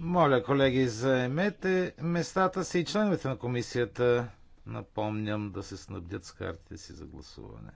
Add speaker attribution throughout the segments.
Speaker 1: Моля, колеги, заемете местата си и членовете на комисията. Напомням да се снабдят с картите си за гласуване.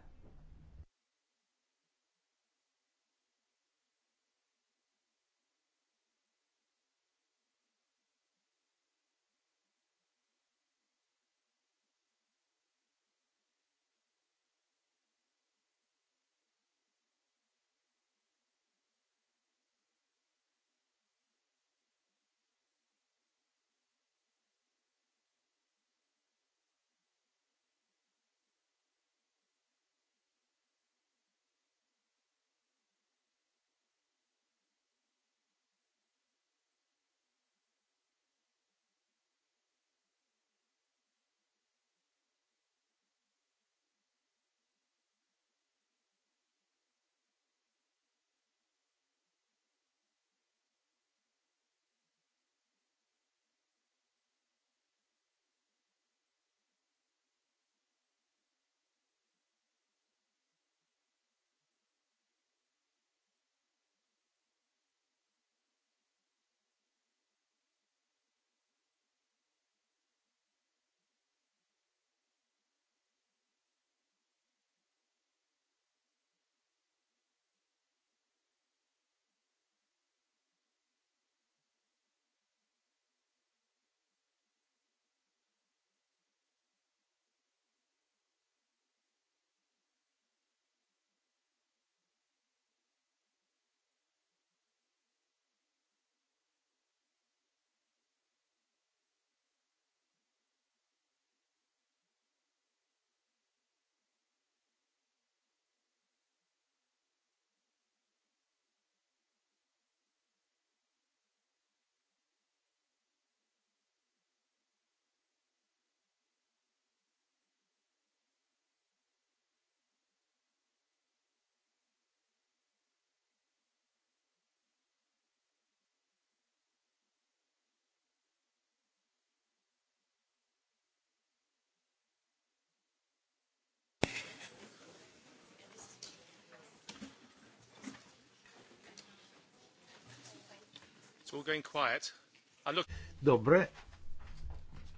Speaker 1: Добре.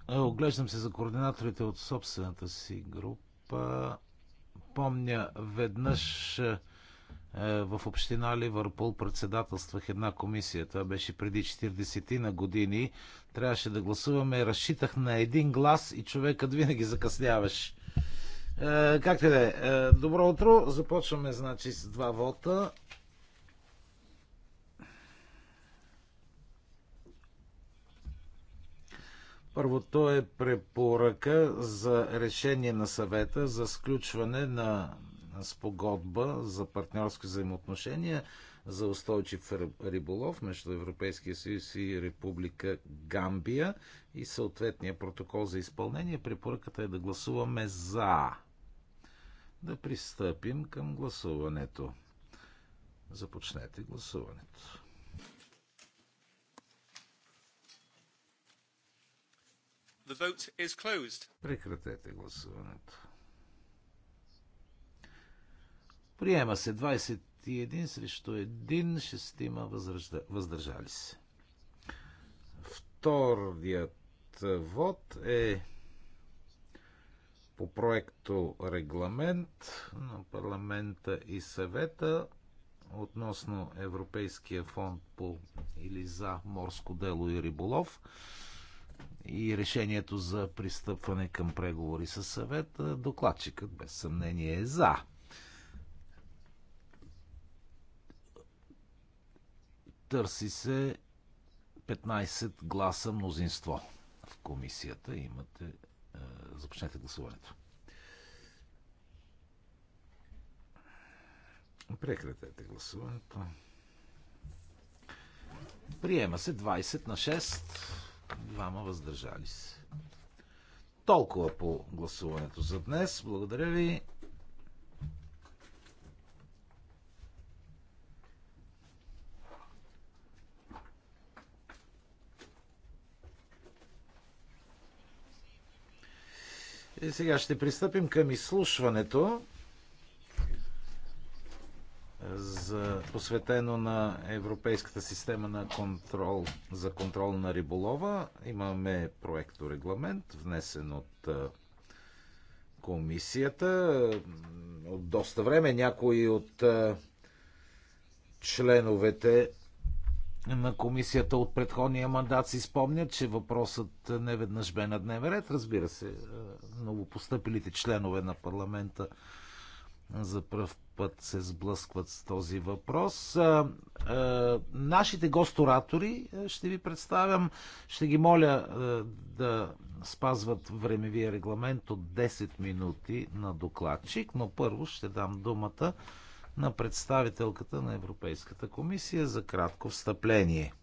Speaker 1: Е, оглеждам се за координаторите от собствената си група. Помня веднъж е, е, в община Ливърпул председателствах една комисия. Това беше преди 40 на години. Трябваше да гласуваме. Разчитах на един глас и човекът винаги закъсняваш. Е, как те да е? Добро утро. Започваме, значи, с два вота. Първото е препоръка за решение на съвета за сключване на спогодба за партньорски взаимоотношения за устойчив риболов между Европейския съюз и Република Гамбия и съответния протокол за изпълнение. Препоръката е да гласуваме за. Да пристъпим към гласуването. Започнете гласуването.
Speaker 2: The vote is closed.
Speaker 1: Прекратете гласуването. Приема се 21 срещу 1, шестима въздържали се. Вторият вод е по проекто регламент на парламента и съвета относно Европейския фонд по или за морско дело и риболов и решението за пристъпване към преговори със съвета, докладчикът без съмнение е за. Търси се 15 гласа мнозинство в комисията. Имате. Е, започнете гласуването. Прекратете гласуването. Приема се 20 на 6. Двама въздържали се. Толкова по гласуването за днес. Благодаря ви. И сега ще пристъпим към изслушването за, посветено на Европейската система на контрол, за контрол на риболова. Имаме проекто регламент, внесен от комисията. От доста време някои от членовете на комисията от предходния мандат си спомнят, че въпросът не веднъж бе на дневен ред. Разбира се, новопостъпилите членове на парламента за пръв път се сблъскват с този въпрос. А, а, нашите госторатори ще ви представям. Ще ги моля а, да спазват времевия регламент от 10 минути на докладчик, но първо ще дам думата на представителката на Европейската комисия за кратко встъпление.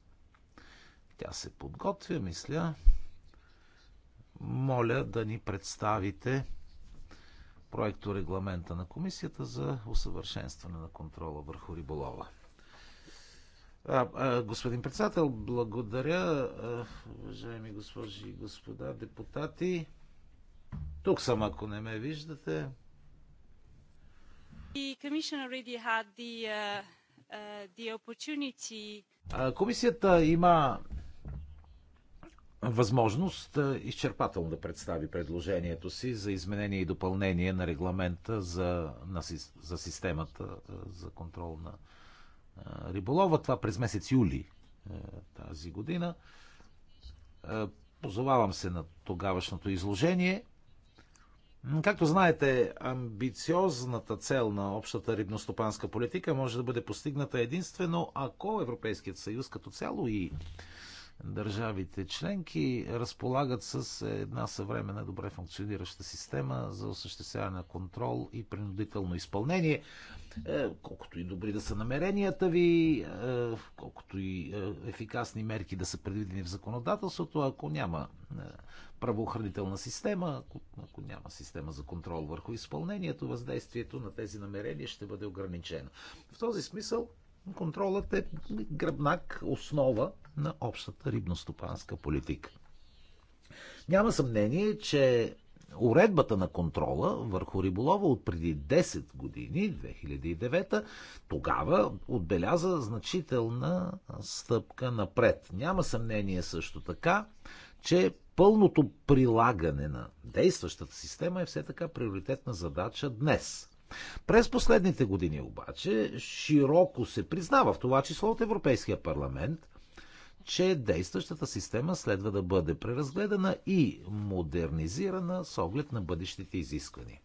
Speaker 1: Тя се подготвя, мисля. Моля да ни представите проекто регламента на комисията за усъвършенстване на контрола върху риболова. А, а, господин председател, благодаря, а, уважаеми госпожи и господа депутати. Тук съм, ако не ме виждате.
Speaker 3: Uh,
Speaker 1: uh, комисията има възможност изчерпателно да представи предложението си за изменение и допълнение на регламента за, на, за системата за контрол на риболова. Това през месец юли тази година. Позовавам се на тогавашното изложение. Както знаете, амбициозната цел на общата рибностопанска политика може да бъде постигната единствено ако Европейският съюз като цяло и държавите членки разполагат с една съвременна, добре функционираща система за осъществяване на контрол и принудително изпълнение. Е, колкото и добри да са намеренията ви, е, колкото и е, ефикасни мерки да са предвидени в законодателството, ако няма правоохранителна система, ако, ако няма система за контрол върху изпълнението, въздействието на тези намерения ще бъде ограничено. В този смисъл Контролът е гръбнак, основа на общата рибностопанска политика. Няма съмнение, че уредбата на контрола върху риболова от преди 10 години, 2009, тогава отбеляза значителна стъпка напред. Няма съмнение също така, че пълното прилагане на действащата система е все така приоритетна задача днес. През последните години обаче широко се признава, в това число от Европейския парламент, че действащата система следва да бъде преразгледана и модернизирана с оглед на бъдещите изисквания.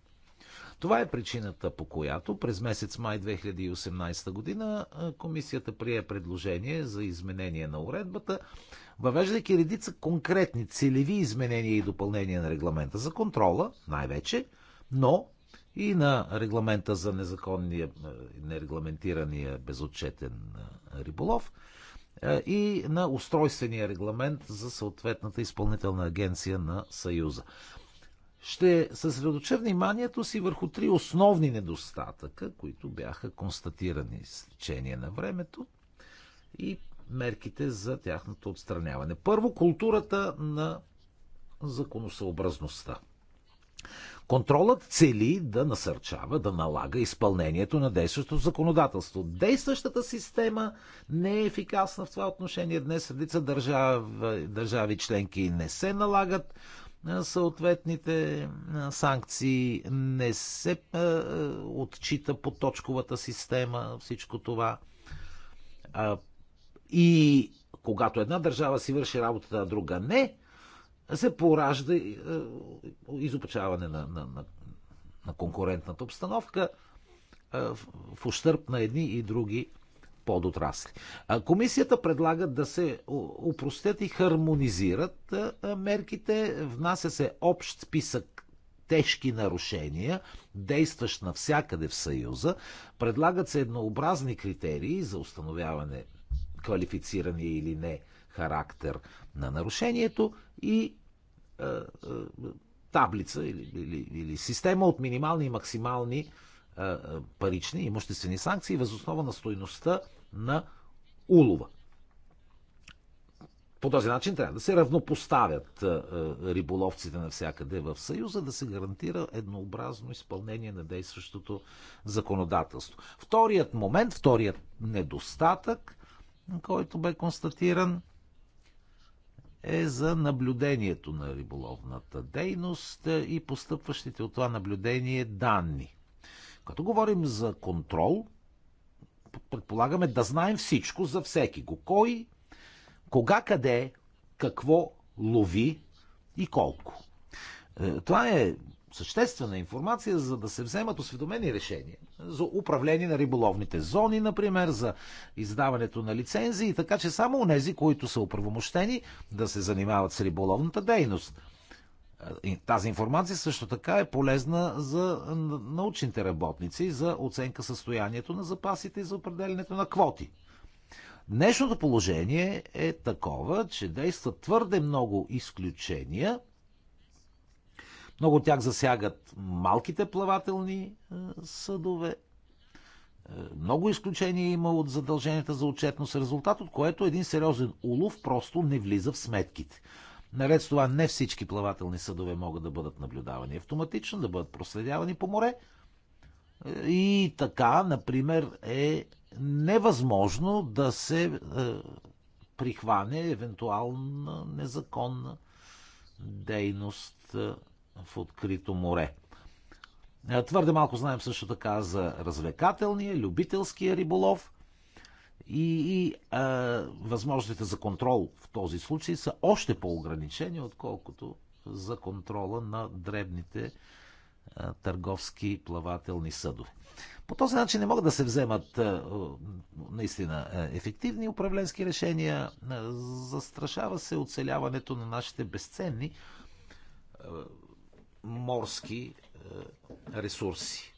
Speaker 1: Това е причината по която през месец май 2018 година комисията прие предложение за изменение на уредбата, въвеждайки редица конкретни целеви изменения и допълнения на регламента за контрола, най-вече, но и на регламента за незаконния, е, нерегламентирания безотчетен е, риболов е, и на устройствения регламент за съответната изпълнителна агенция на Съюза. Ще съсредоча вниманието си върху три основни недостатъка, които бяха констатирани с течение на времето и мерките за тяхното отстраняване. Първо, културата на законосъобразността. Контролът цели да насърчава, да налага изпълнението на действащото законодателство. Действащата система не е ефикасна в това отношение. Днес редица държави, държави членки не се налагат съответните санкции, не се отчита по точковата система всичко това. И когато една държава си върши работата, а друга не, се поражда е, изопачаване на, на, на, на конкурентната обстановка е, в ущърп на едни и други подотрасли. Комисията предлага да се упростят и хармонизират е, мерките. Внася се общ списък тежки нарушения, действащ навсякъде в Съюза. Предлагат се еднообразни критерии за установяване квалифицирани или не характер на нарушението и е, е, таблица или, или, или система от минимални и максимални е, е парични имуществени санкции възоснова на стойността на улова. По този начин трябва да се равнопоставят е, е, риболовците навсякъде в Съюза, да се гарантира еднообразно изпълнение на действащото законодателство. Вторият момент, вторият недостатък, който бе констатиран, е за наблюдението на риболовната дейност е, и постъпващите от това наблюдение данни. Като говорим за контрол, предполагаме да знаем всичко за всеки го. Кой, кога, къде, какво лови и колко. Е, това е съществена информация, за да се вземат осведомени решения за управление на риболовните зони, например, за издаването на лицензии, така че само онези, които са оправомощени да се занимават с риболовната дейност. Тази информация също така е полезна за научните работници, за оценка състоянието на запасите и за определенето на квоти. Днешното положение е такова, че действат твърде много изключения много от тях засягат малките плавателни е, съдове. Е, много изключения има от задълженията за отчетност, резултат от което един сериозен улов просто не влиза в сметките. Наред с това не всички плавателни съдове могат да бъдат наблюдавани автоматично, да бъдат проследявани по море. Е, и така, например, е невъзможно да се е, прихване евентуална незаконна дейност в открито море. Е, твърде малко знаем също така за развлекателния, любителския риболов и, и а, е, възможностите за контрол в този случай са още по-ограничени, отколкото за контрола на дребните а, е, търговски плавателни съдове. По този начин не могат да се вземат а, наистина ефективни управленски решения. Застрашава се оцеляването на нашите безценни морски е, ресурси.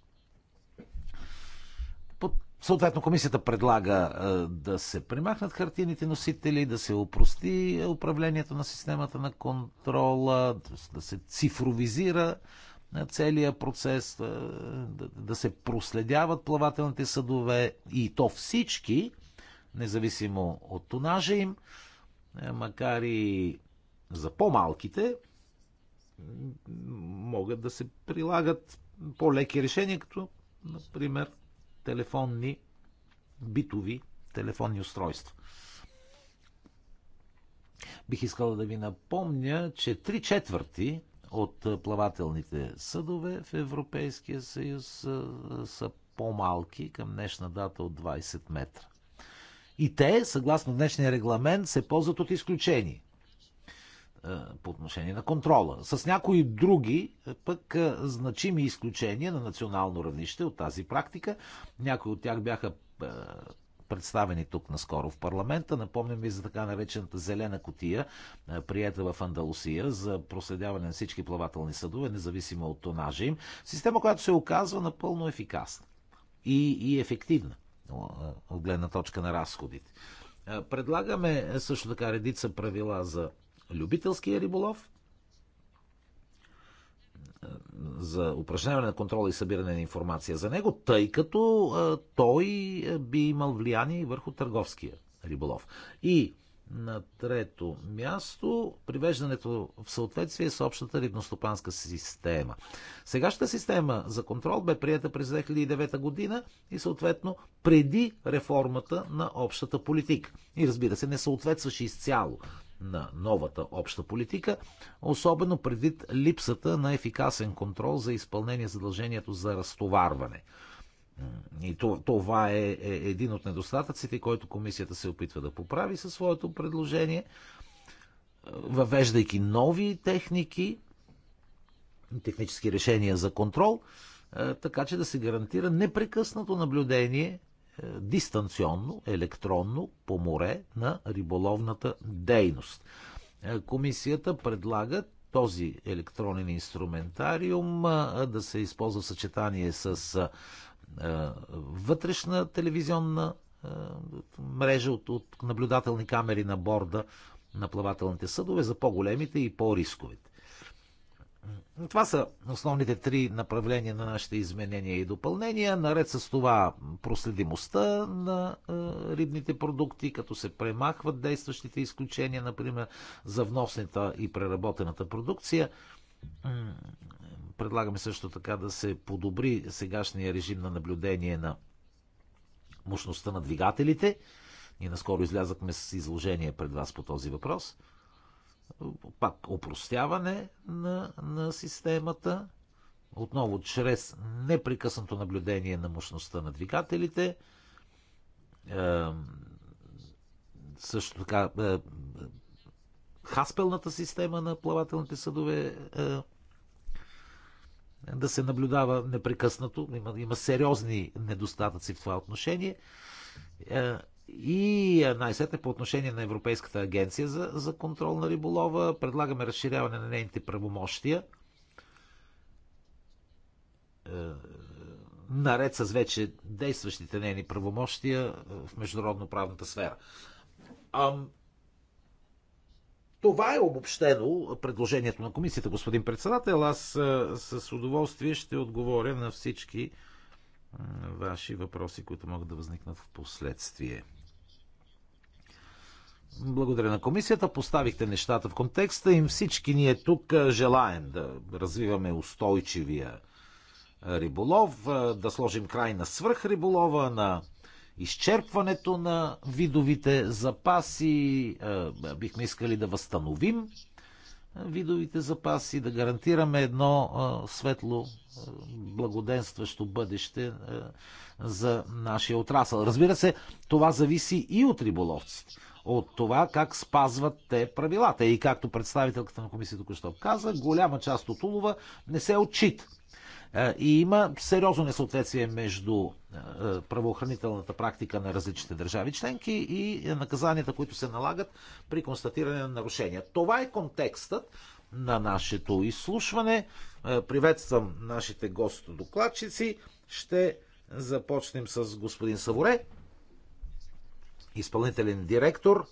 Speaker 1: Съответно, комисията предлага е, да се примахнат хартийните носители, да се упрости е, управлението на системата на контрола, да се цифровизира целият процес, да се проследяват плавателните съдове и то всички, независимо от тонажа им, макар и за по-малките, могат да се прилагат по-леки решения, като, например, телефонни, битови телефонни устройства. Бих искала да ви напомня, че три четвърти от плавателните съдове в Европейския съюз са, са по-малки към днешна дата от 20 метра. И те, съгласно днешния регламент, се ползват от изключение. Е, по отношение на контрола. С някои други, е, пък е, значими изключения на национално равнище от тази практика, някои от тях бяха представени тук наскоро в парламента. Напомням ви за така наречената зелена котия, приета в Андалусия, за проследяване на всички плавателни съдове, независимо от тонажа им. Система, която се оказва напълно ефикасна и, и ефективна от гледна точка на разходите. Предлагаме също така редица правила за любителския риболов, за упражняване на контрол и събиране на информация за него, тъй като той би имал влияние върху търговския риболов. И на трето място привеждането в съответствие с общата рибностопанска система. Сегашната система за контрол бе прията през 2009 година и съответно преди реформата на общата политика. И разбира се, не съответстваше изцяло на новата обща политика, особено предвид липсата на ефикасен контрол за изпълнение задължението за разтоварване. И това е, е един от недостатъците, който комисията се опитва да поправи със своето предложение, въвеждайки нови техники, технически решения за контрол, е, така че да се гарантира непрекъснато наблюдение дистанционно, електронно по море на риболовната дейност. Е, комисията предлага този електронен инструментариум е, да се използва в съчетание с е, вътрешна телевизионна мрежа от, от наблюдателни камери на борда на плавателните съдове за по-големите и по-рисковите. Това са основните три направления на нашите изменения и допълнения. Наред с това проследимостта на рибните продукти, като се премахват действащите изключения, например, за вносната и преработената продукция. Предлагаме също така да се подобри сегашния режим на наблюдение на мощността на двигателите. Ние наскоро излязахме с изложение пред вас по този въпрос – пак опростяване на, на системата, отново чрез непрекъснато наблюдение на мощността на двигателите, е, също така е, хаспелната система на плавателните съдове е, да се наблюдава непрекъснато. Има, има сериозни недостатъци в това отношение. Е, и най-сетне по отношение на Европейската агенция за, за контрол на риболова предлагаме разширяване на нейните правомощия е, наред с вече действащите нейни правомощия в международно-правната сфера. А, Това е обобщено предложението на комисията, господин председател. Аз е, с удоволствие ще отговоря на всички ваши въпроси, които могат да възникнат в последствие. Благодаря на комисията. Поставихте нещата в контекста и Всички ние тук желаем да развиваме устойчивия риболов, да сложим край на свръхриболова, на изчерпването на видовите запаси. Бихме искали да възстановим видовите запаси, да гарантираме едно светло, благоденстващо бъдеще за нашия отрасъл. Разбира се, това зависи и от риболовците от това как спазват те правилата. И както представителката на комисията току-що каза, голяма част от улова не се отчита. Е, и има сериозно несъответствие между е, правоохранителната практика на различните държави членки и наказанията, които се налагат при констатиране на нарушения. Това е контекстът на нашето изслушване. Е, приветствам нашите гостодокладчици. Ще започнем с господин Саворе изпълнителен директор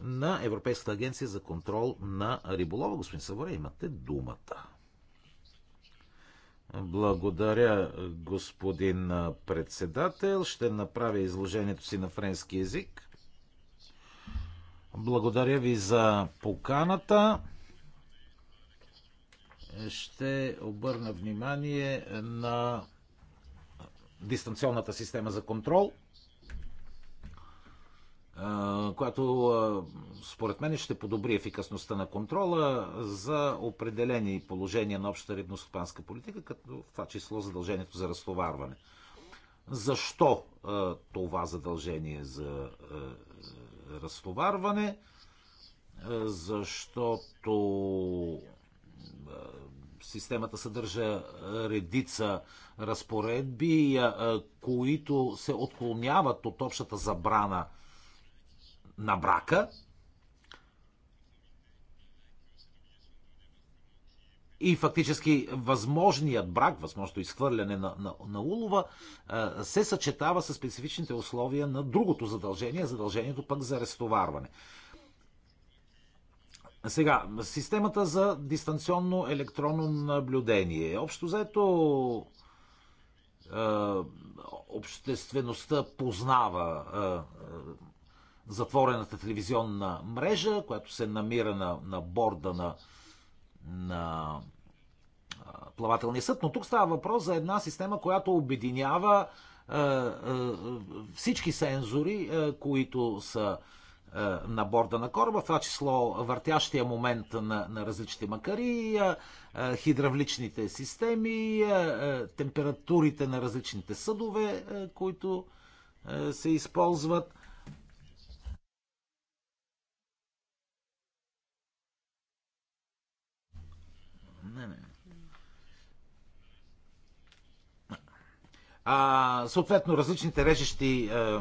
Speaker 1: на Европейската агенция за контрол на риболова. Господин Савора, имате думата. Благодаря, господин председател. Ще направя изложението си на френски язик. Благодаря ви за поканата. Ще обърна внимание на дистанционната система за контрол – която според мен ще подобри ефикасността на контрола за определени положения на общата рибностопанска политика, като в това число задължението за разтоварване. Защо това задължение за разтоварване? Защото системата съдържа редица разпоредби, които се отклоняват от общата забрана – на брака. И фактически възможният брак, възможното изхвърляне на, на, на улова, се съчетава с специфичните условия на другото задължение, задължението пък за рестоварване. Сега, системата за дистанционно електронно наблюдение. Общо заето обществеността познава затворената телевизионна мрежа, която се намира на, на борда на, на плавателния съд, но тук става въпрос за една система, която обединява е, е, всички сензори, е, които са на борда на кораба, в това число въртящия момент на, на различните макари, хидравличните системи, температурите на различните съдове, които се използват. а, съответно различните режещи а, е,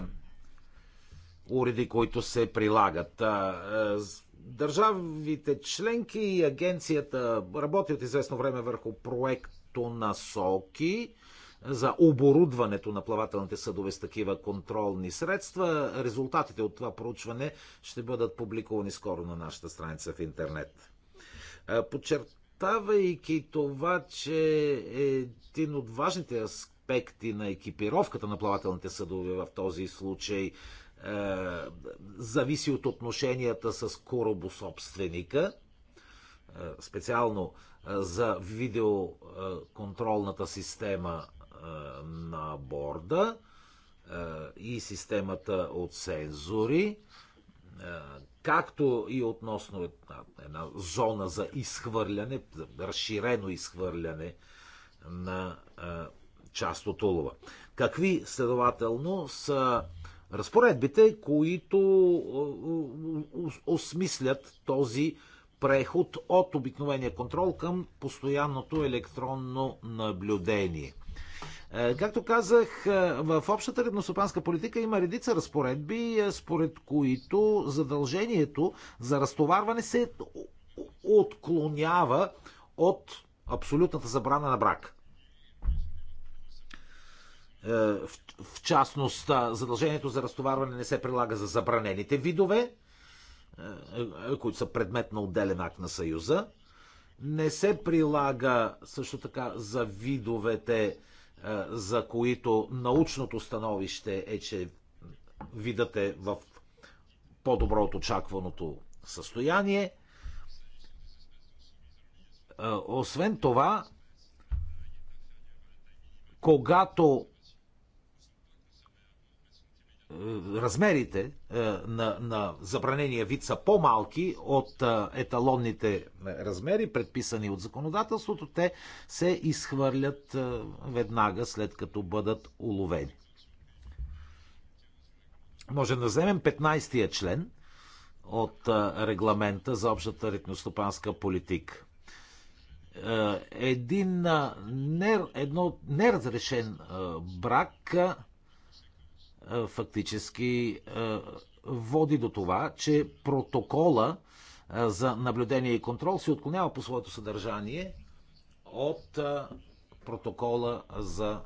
Speaker 1: уреди, които се прилагат. А, а, е, държавите членки и агенцията работят известно време върху проекто на СОКИ за оборудването на плавателните съдове с такива контролни средства. Резултатите от това проучване ще бъдат публикувани скоро на нашата страница в интернет. Е, подчертавайки това, че един от важните аспекти аспекти на екипировката на плавателните съдове в този случай е, зависи от отношенията с корабособственика, е, специално е, за видеоконтролната система на борда и системата от сензори, както и относно една, една зона за изхвърляне, разширено изхвърляне на част от улова. Какви, следователно, са разпоредбите, които осмислят този преход от обикновения контрол към постоянното електронно наблюдение. Е, както казах, е, в общата рибностопанска политика има редица разпоредби, е, според които задължението за разтоварване се отклонява от абсолютната забрана на брак. Е, в частност, задължението за разтоварване не се прилага за забранените видове, е, е, които са предмет на отделен акт на Съюза. Не се прилага също така за видовете, за които научното становище е, че видът е в по-добро от очакваното състояние. Освен това, когато е, размерите е, на, на забранения вид са по-малки от е, еталонните размери, предписани от законодателството, те се изхвърлят веднага след като бъдат уловени. Може да вземем 15-я член от регламента за общата ритмостопанска политика един едно неразрешен брак е, фактически е, води до това, че протокола е, за наблюдение и контрол се отклонява по своето съдържание от протокола за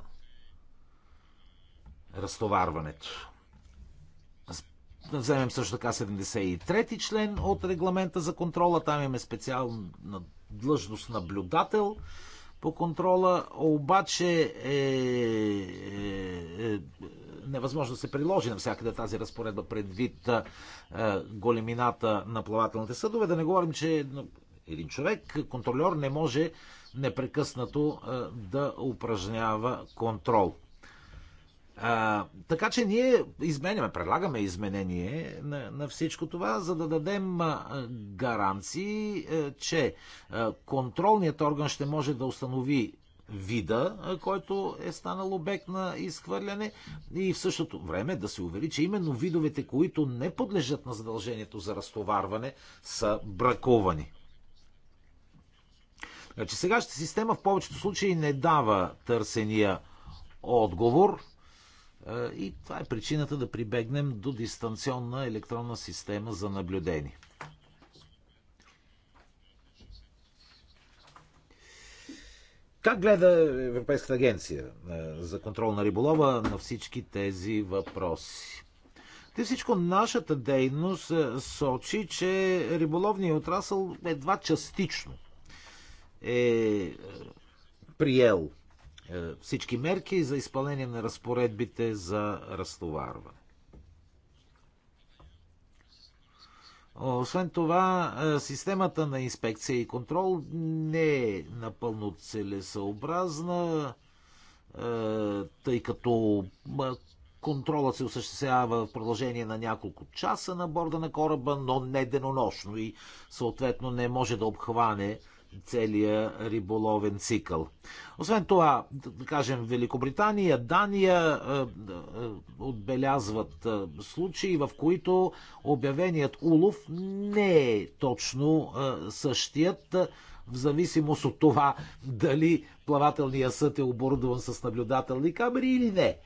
Speaker 1: разтоварването. вземем също така 73-ти член от регламента за контрола. Там имаме специална длъжност наблюдател по контрола, обаче е, е, е, невъзможно да се приложи навсякъде тази разпоредба предвид големината на плавателните съдове. Да не говорим, че един човек, контролер, не може непрекъснато да упражнява контрол. А, така че ние изменяме, предлагаме изменение на, на всичко това, за да дадем гаранции, че контролният орган ще може да установи вида, който е станал обект на изхвърляне и в същото време да се увери, че именно видовете, които не подлежат на задължението за разтоварване, са бракувани. Значи сегашната система в повечето случаи не дава търсения отговор и това е причината да прибегнем до дистанционна електронна система за наблюдение. Как гледа Европейската агенция е, за контрол на риболова на всички тези въпроси? Те всичко нашата дейност е, сочи, че риболовният отрасъл едва частично е, е приел всички мерки за изпълнение на разпоредбите за разтоварване. Освен това, е, системата на инспекция и контрол не е напълно целесъобразна, е, тъй като е, контролът се осъществява в продължение на няколко часа на борда на кораба, но не денонощно и съответно не може да обхване целия риболовен цикъл. Освен това, да кажем, Великобритания, Дания е, е, отбелязват е, случаи, в които обявеният улов не е точно е, същият, е, в зависимост от това дали плавателният съд е оборудван с наблюдателни камери или не. Е,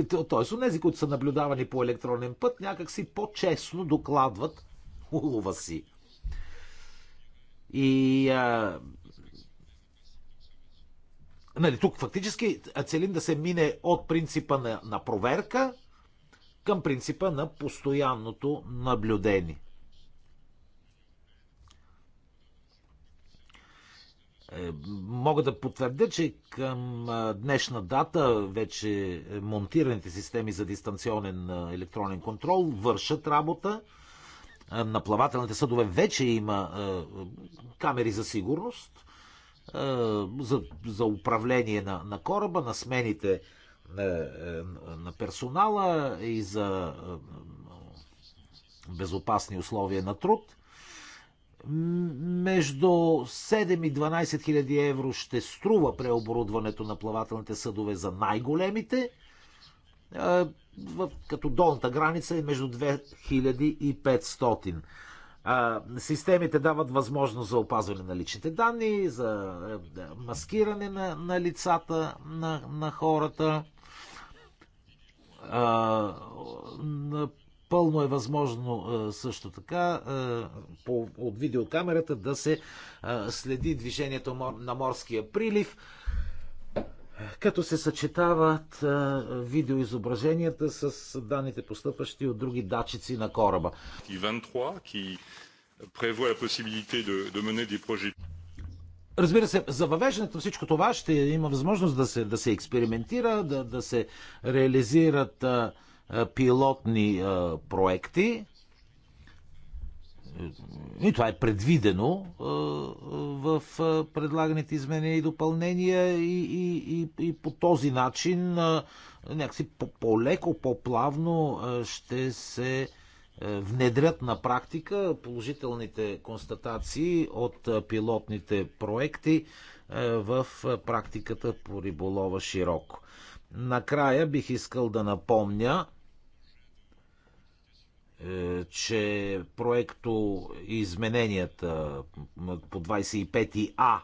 Speaker 1: е, тоест, тези, които са наблюдавани по електронен път, някакси по-честно докладват улова си. И а, нали, тук фактически целим да се мине от принципа на, на проверка към принципа на постоянното наблюдение. Е, мога да потвърдя, че към днешна дата вече монтираните системи за дистанционен електронен контрол вършат работа. Е, на плавателните съдове вече има е, камери за сигурност, е, за, за управление на, на кораба, на смените на, на персонала и за безопасни условия на труд. Между 7 и 12 хиляди евро ще струва преоборудването на плавателните съдове за най-големите – е, като долната граница е между 2000 и 500. Системите дават възможност за опазване на личните данни, за е, е, маскиране на, на лицата на, на хората. Пълно е възможно също така по, от видеокамерата да се следи движението на морския прилив като се съчетават видеоизображенията с данните постъпващи от други датчици на кораба.
Speaker 2: 23, prévoit la possibilité de, de mener des projets.
Speaker 1: Разбира се, за въвеждането всичко това ще има възможност да се, да се експериментира, да, да се реализират а, а, пилотни а, проекти. И това е предвидено в предлаганите изменения и допълнения и, и, и, и по този начин някакси по-леко, по-плавно ще се внедрят на практика положителните констатации от пилотните проекти в практиката по риболова широко. Накрая бих искал да напомня, е, че проекто измененията по 25А е,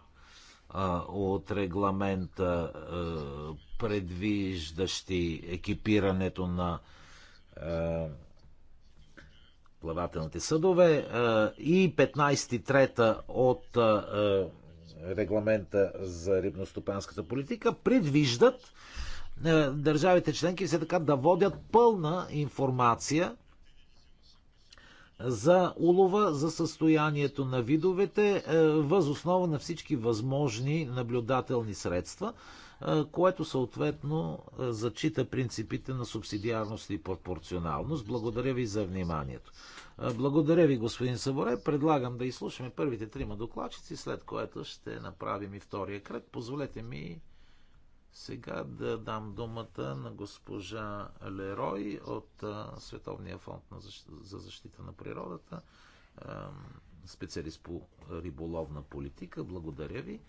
Speaker 1: от регламента е, предвиждащи екипирането на плавателните съдове и 15.3 от регламента за рибностопанската политика предвиждат държавите членки все така да водят пълна информация за улова, за състоянието на видовете, е, възоснова на всички възможни наблюдателни средства, е, което съответно е, зачита принципите на субсидиарност и пропорционалност. Благодаря ви за вниманието. Благодаря ви, господин Саборе. Предлагам да изслушаме първите трима докладчици, след което ще направим и втория кръг. Позволете ми сега да дам думата на госпожа Лерой от Световния фонд за защита на природата, специалист по риболовна политика. Благодаря ви.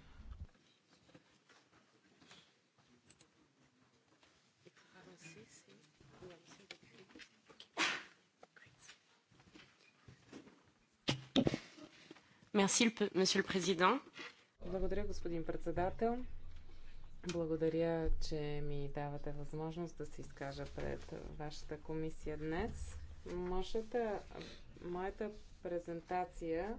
Speaker 4: Благодаря, господин председател. Благодаря, че ми давате възможност да се изкажа пред вашата комисия днес. Мошата, моята презентация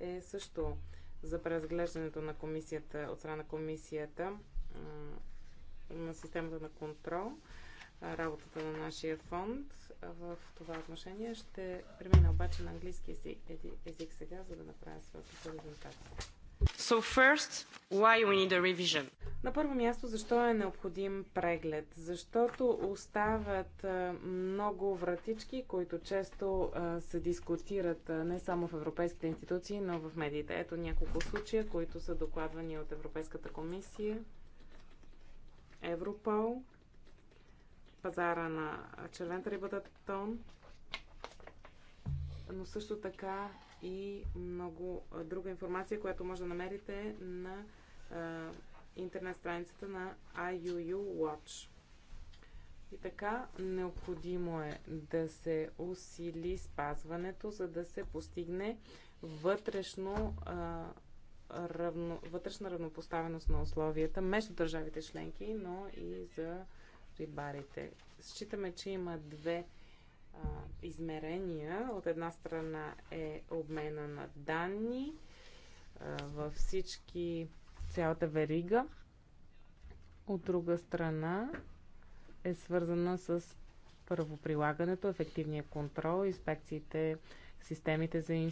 Speaker 4: е също за преразглеждането на комисията, от страна на комисията на системата на контрол, работата на нашия фонд. В това отношение ще премина обаче на английски език сега, за да направя своята презентация. So first, why we need a revision? На първо място, защо е необходим преглед? Защото остават много вратички, които често се дискутират не само в европейските институции, но в медиите. Ето няколко случая, които са докладвани от Европейската комисия, Европол, пазара на червената риба е тон, но също така и много друга информация, която може да намерите на а, интернет страницата на IUU Watch. И така, необходимо е да се усили спазването, за да се постигне вътрешно, а, равно, вътрешна равнопоставеност на условията между държавите членки, но и за рибарите. Считаме, че има две измерения. От една страна е обмена на данни във всички цялата верига. От друга страна е свързана с правоприлагането, ефективния контрол, инспекциите, системите за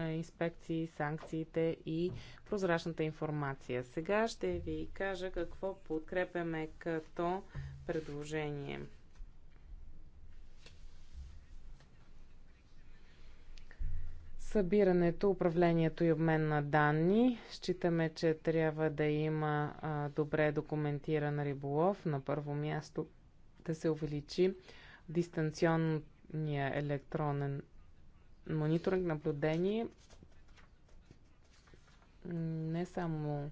Speaker 4: инспекции, санкциите и прозрачната информация. Сега ще ви кажа какво подкрепяме като предложение. Събирането, управлението и обмен на данни. Считаме, че трябва да има а, добре документиран риболов. На първо място да се увеличи дистанционния електронен мониторинг, наблюдение. Не само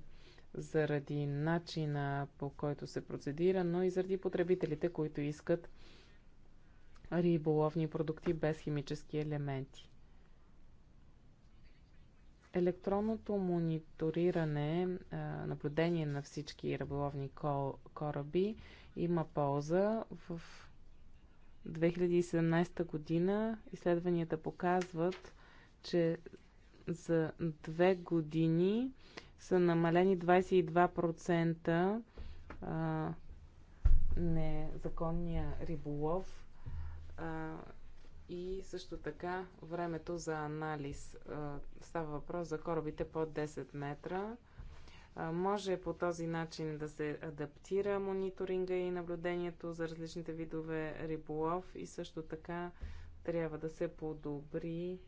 Speaker 4: заради начина по който се процедира, но и заради потребителите, които искат риболовни продукти без химически елементи. Електронното мониториране, наблюдение на всички риболовни кораби има полза. В 2017 година изследванията показват, че за две години са намалени 22% незаконния риболов и също така времето за анализ. Става въпрос за корабите под 10 метра. Може по този начин да се адаптира мониторинга и наблюдението за различните видове риболов и също така трябва да се подобри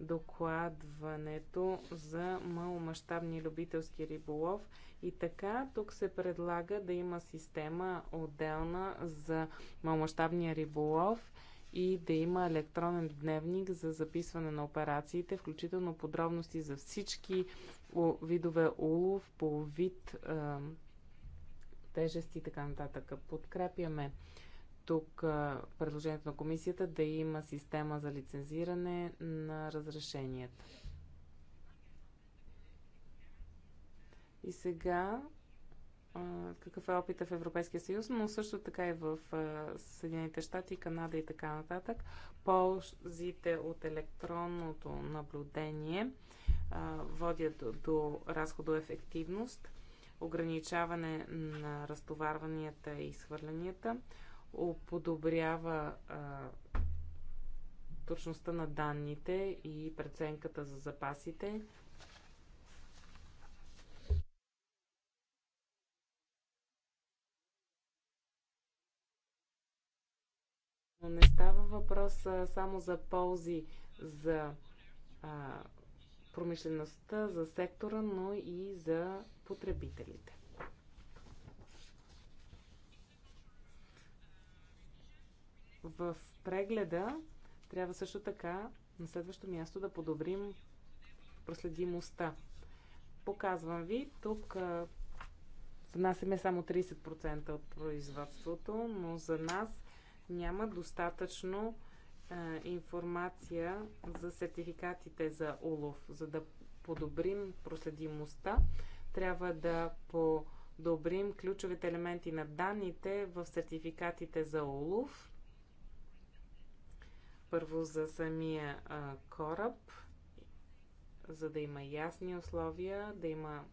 Speaker 4: докладването за маломащабни любителски риболов. И така тук се предлага да има система отделна за маломащабния риболов – и да има електронен дневник за записване на операциите, включително подробности за всички видове улов, по вид, тежести и така нататък. Подкрепяме тук предложението на комисията да има система за лицензиране на разрешенията. И сега какъв е опита в Европейския съюз, но също така и в Съединените щати, Канада и така нататък. Ползите от електронното наблюдение водят до, до разходоефективност, ограничаване на разтоварванията и изхвърлянията, подобрява точността на данните и преценката за запасите, Не става въпрос само за ползи за а, промишлеността, за сектора, но и за потребителите. В прегледа трябва също така на следващо място да подобрим проследимостта. Показвам ви, тук внасяме само 30% от производството, но за нас няма достатъчно е, информация за сертификатите за улов. За да подобрим проследимостта, трябва да подобрим ключовите елементи на данните в сертификатите за улов. Първо за самия е, кораб, за да има ясни условия, да има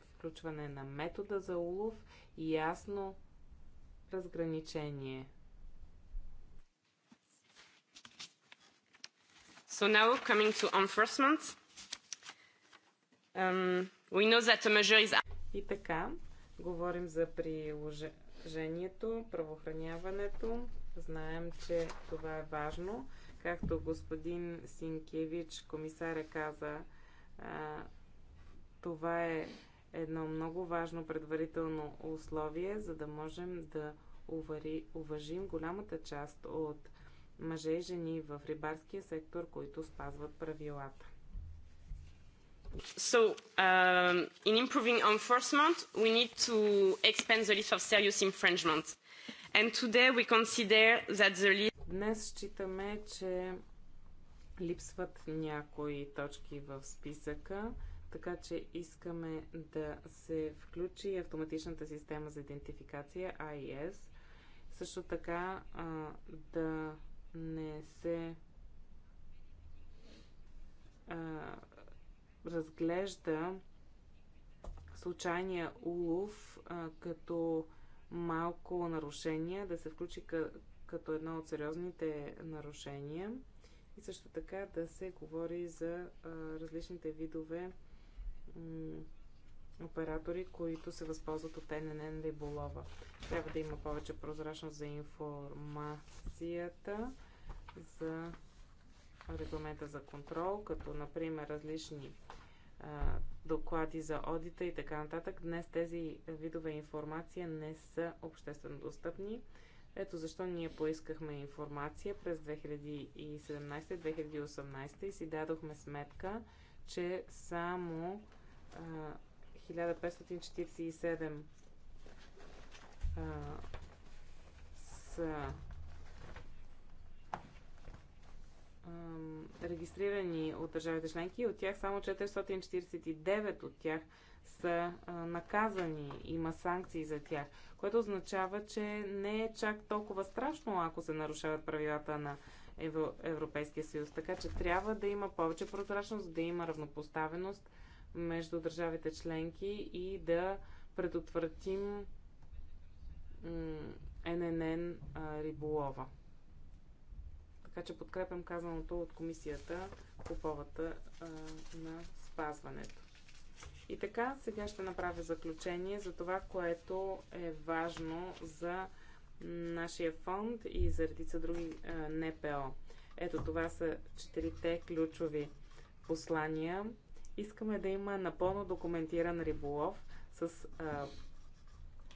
Speaker 4: включване на метода за улов и ясно разграничение So now coming to enforcement. Um, we know that a measure is... И така, говорим за приложението, правоохраняването. Знаем, че това е важно. Както господин Синкевич, комисаря, каза, а, това е едно много важно предварително условие, за да можем да уважим голямата част от мъже и жени в рибарския сектор, които спазват правилата. So, um, in improving enforcement, we need to expand the list of serious infringements. And today we consider that the list... Днес считаме, че липсват някои точки в списъка, така че искаме да се включи автоматичната система за идентификация AIS. E също така а, да не се а, разглежда случайния улов а, като малко нарушение, да се включи къ, като едно от сериозните нарушения и също така да се говори за а, различните видове оператори, които се възползват от ННН риболова. Трябва да има повече прозрачност за информацията за регламента за контрол, като например различни а, доклади за одита и така нататък. Днес тези видове информация не са обществено достъпни. Ето защо ние поискахме информация през 2017-2018 и си дадохме сметка, че само а, 1547 а, са регистрирани от държавите членки и от тях само 449 от тях са наказани, има санкции за тях, което означава, че не е чак толкова страшно, ако се нарушават правилата на Европейския съюз. Така че трябва да има повече прозрачност, да има равнопоставеност между държавите членки и да предотвратим ННН риболова. Така че подкрепям казаното от комисията по повата а, на спазването. И така, сега ще направя заключение за това, което е важно за нашия фонд и за редица други а, НПО. Ето това са четирите ключови послания. Искаме да има напълно документиран риболов с а,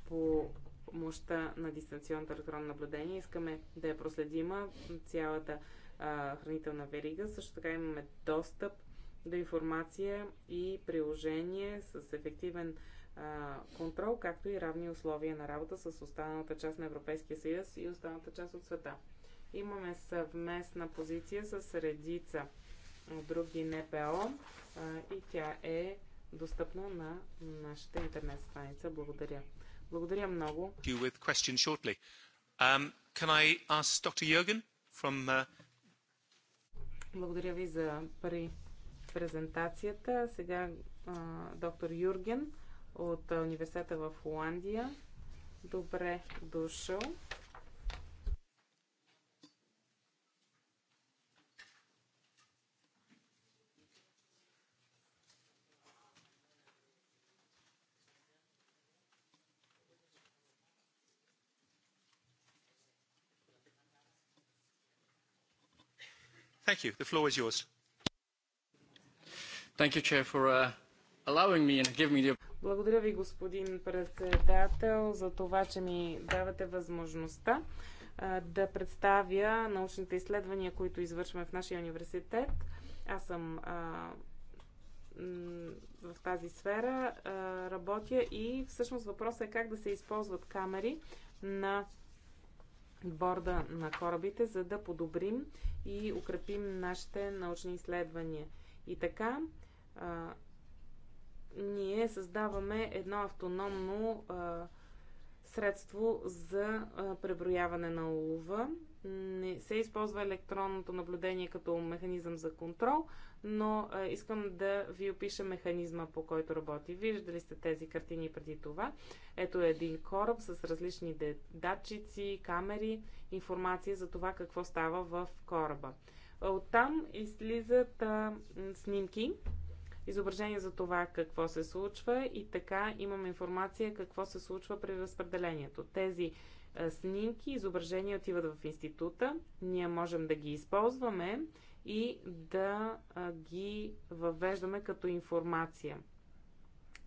Speaker 4: по мощта на дистанционното електронно наблюдение. Искаме да я е проследима цялата а, хранителна верига. Също така имаме достъп до информация и приложение с ефективен а, контрол, както и равни условия на работа с останалата част на Европейския съюз и останалата част от света. Имаме съвместна позиция с редица други НПО а, и тя е достъпна на нашата интернет страница. Благодаря. Благодаря много.
Speaker 2: Um, uh,
Speaker 4: Благодаря ви за при презентацията. Сега доктор Юрген от университета в Холандия. Добре дошъл.
Speaker 2: Thank you. The floor is yours. Thank you, Chair, for uh, allowing me and giving me the...
Speaker 4: Благодаря ви, господин председател, за това, че ми давате възможността да представя научните изследвания, които извършваме в нашия университет. Аз съм а, в тази сфера а, работя и всъщност въпросът е как да се използват камери на борда на корабите, за да подобрим и укрепим нашите научни изследвания. И така, а, ние създаваме едно автономно а, средство за а, преброяване на улова не се използва електронното наблюдение като механизъм за контрол, но искам да ви опиша механизма по който работи. Виждали сте тези картини преди това. Ето е един кораб с различни датчици, камери, информация за това какво става в кораба. Оттам излизат а, снимки, Изображения за това какво се случва и така имаме информация какво се случва при разпределението. Тези е, снимки, изображения отиват в института, ние можем да ги използваме и да ги въвеждаме като информация.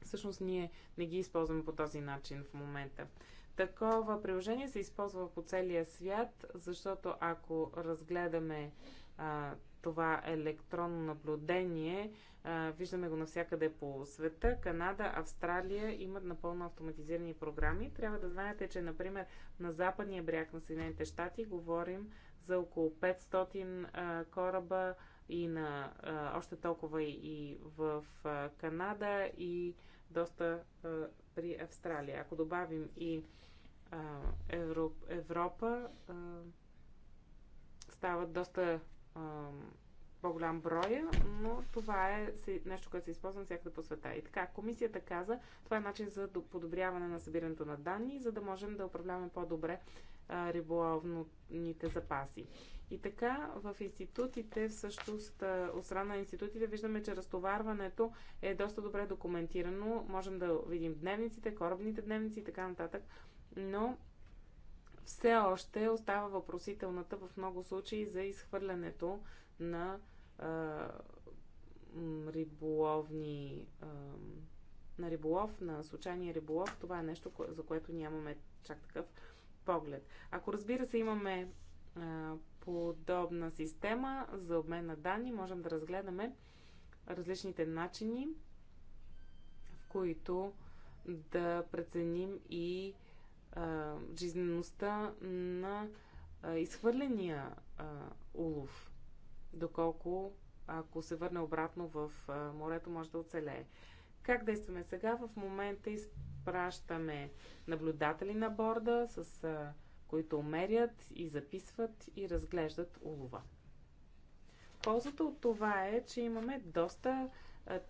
Speaker 4: Всъщност ние не ги използваме по този начин в момента. Такова приложение се използва по целия свят, защото ако разгледаме а, това електронно наблюдение, Виждаме го навсякъде по света. Канада, Австралия имат напълно автоматизирани програми. Трябва да знаете, че, например, на западния бряг на Съединените щати говорим за около 500 кораба и на още толкова и в Канада и доста при Австралия. Ако добавим и Европа, стават доста по-голям броя, но това е нещо, което се използва всяка по света. И така, комисията каза, това е начин за подобряване на събирането на данни, за да можем да управляваме по-добре риболовните запаси. И така в институтите, всъщност от страна на институтите, виждаме, че разтоварването е доста добре документирано. Можем да видим дневниците, корабните дневници и така нататък. Но все още остава въпросителната в много случаи за изхвърлянето на риболовни а, на риболов, на случайния риболов, това е нещо, за което нямаме чак такъв поглед. Ако разбира се имаме а, подобна система за обмен на данни, можем да разгледаме различните начини, в които да преценим и а, жизнеността на а, изхвърления а, улов доколко ако се върне обратно в морето, може да оцелее. Как действаме сега? В момента изпращаме наблюдатели на борда, с които мерят и записват и разглеждат улова. Ползата от това е, че имаме доста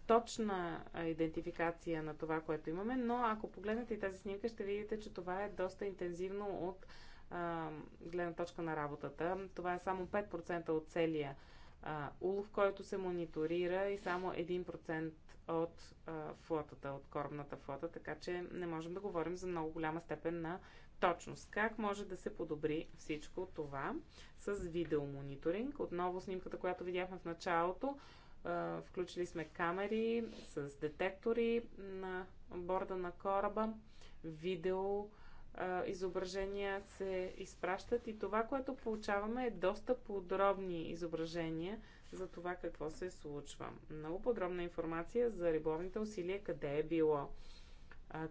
Speaker 4: точна идентификация на това, което имаме, но ако погледнете и тази снимка, ще видите, че това е доста интензивно от гледна точка на работата. Това е само 5% от целия а, улов, който се мониторира и само 1% от а, флотата, от корабната флота, така че не можем да говорим за много голяма степен на точност. Как може да се подобри всичко това с видеомониторинг? Отново снимката, която видяхме в началото, а, включили сме камери с детектори на борда на кораба, видео изображения се изпращат и това, което получаваме е доста подробни изображения за това какво се случва. Много подробна информация за рибовните усилия, къде е било,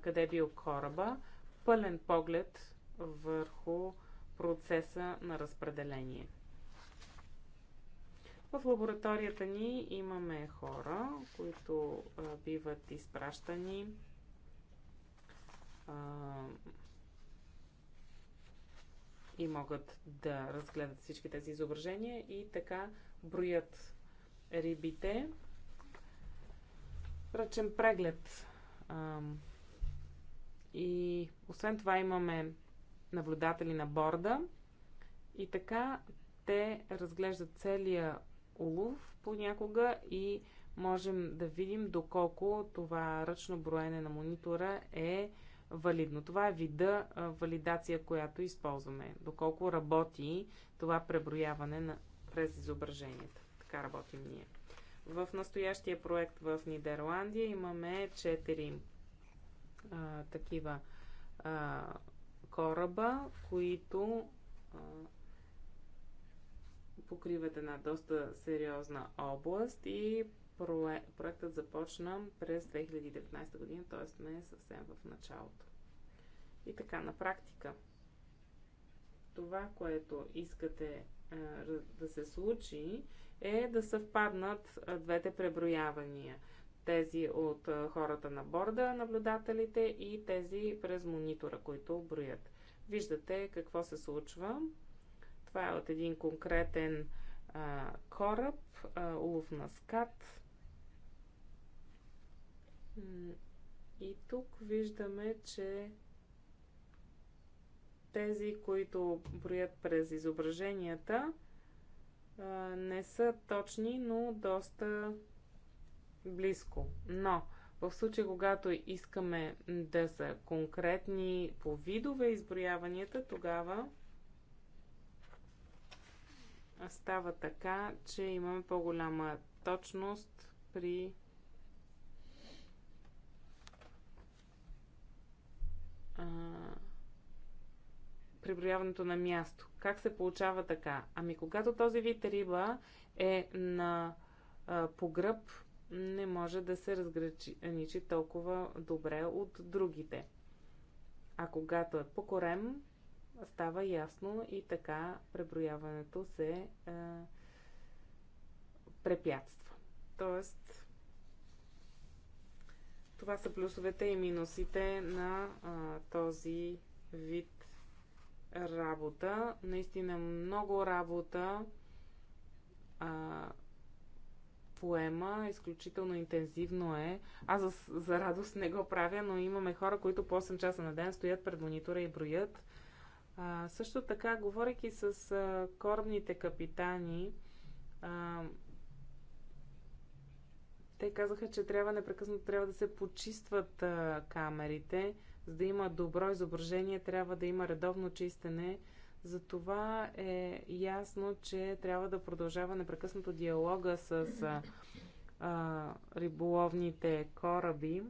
Speaker 4: къде е бил кораба, пълен поглед върху процеса на разпределение. В лабораторията ни имаме хора, които биват изпращани а, и могат да разгледат всички тези изображения и така броят рибите. Ръчен преглед. И освен това имаме наблюдатели на борда и така те разглеждат целия улов понякога и можем да видим доколко това ръчно броене на монитора е валидно. Това е вида а, валидация, която използваме. Доколко работи това преброяване на, през изображенията. Така работим ние. В настоящия проект в Нидерландия имаме 4 а, такива а, кораба, които а, покриват една доста сериозна област и проектът започна през 2019 година, т.е. не е съвсем в началото. И така, на практика, това, което искате е, да се случи, е да съвпаднат двете преброявания. Тези от хората на борда, наблюдателите и тези през монитора, които броят. Виждате какво се случва. Това е от един конкретен а, кораб, а, улов на скат, и тук виждаме, че тези, които броят през изображенията, не са точни, но доста близко. Но в случай, когато искаме да са конкретни по видове изброяванията, тогава става така, че имаме по-голяма точност при а, преброяването на място. Как се получава така? Ами когато този вид риба е на а, погръб, не може да се разграничи толкова добре от другите. А когато е покорем, става ясно и така преброяването се а, препятства. Тоест, това са плюсовете и минусите на а, този вид работа. Наистина много работа а, поема, изключително интензивно е. Аз за, за радост не го правя, но имаме хора, които по 8 часа на ден стоят пред монитора и броят. А, също така, говоряки с а, корабните капитани, а, те казаха, че трябва непрекъснато трябва да се почистват а, камерите, за да има добро изображение, трябва да има редовно чистене. Затова е ясно, че трябва да продължава непрекъснато диалога с а, а, риболовните кораби.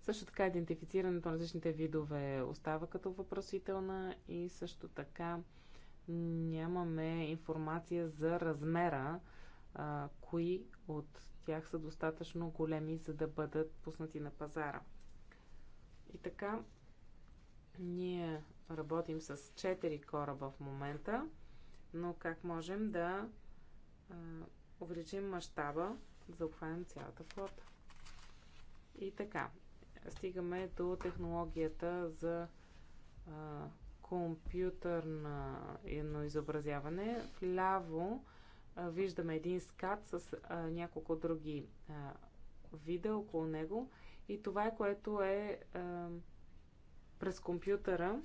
Speaker 4: Също така идентифицирането на различните видове остава като въпросителна и също така нямаме информация за размера, а, кои от тях са достатъчно големи, за да бъдат пуснати на пазара. И така, ние работим с 4 кораба в момента, но как можем да а, увеличим мащаба, за да обхванем цялата флота. И така, стигаме до технологията за а, компютърно изобразяване. Вляво виждаме един скат с няколко други вида около него. И това е което е през компютъра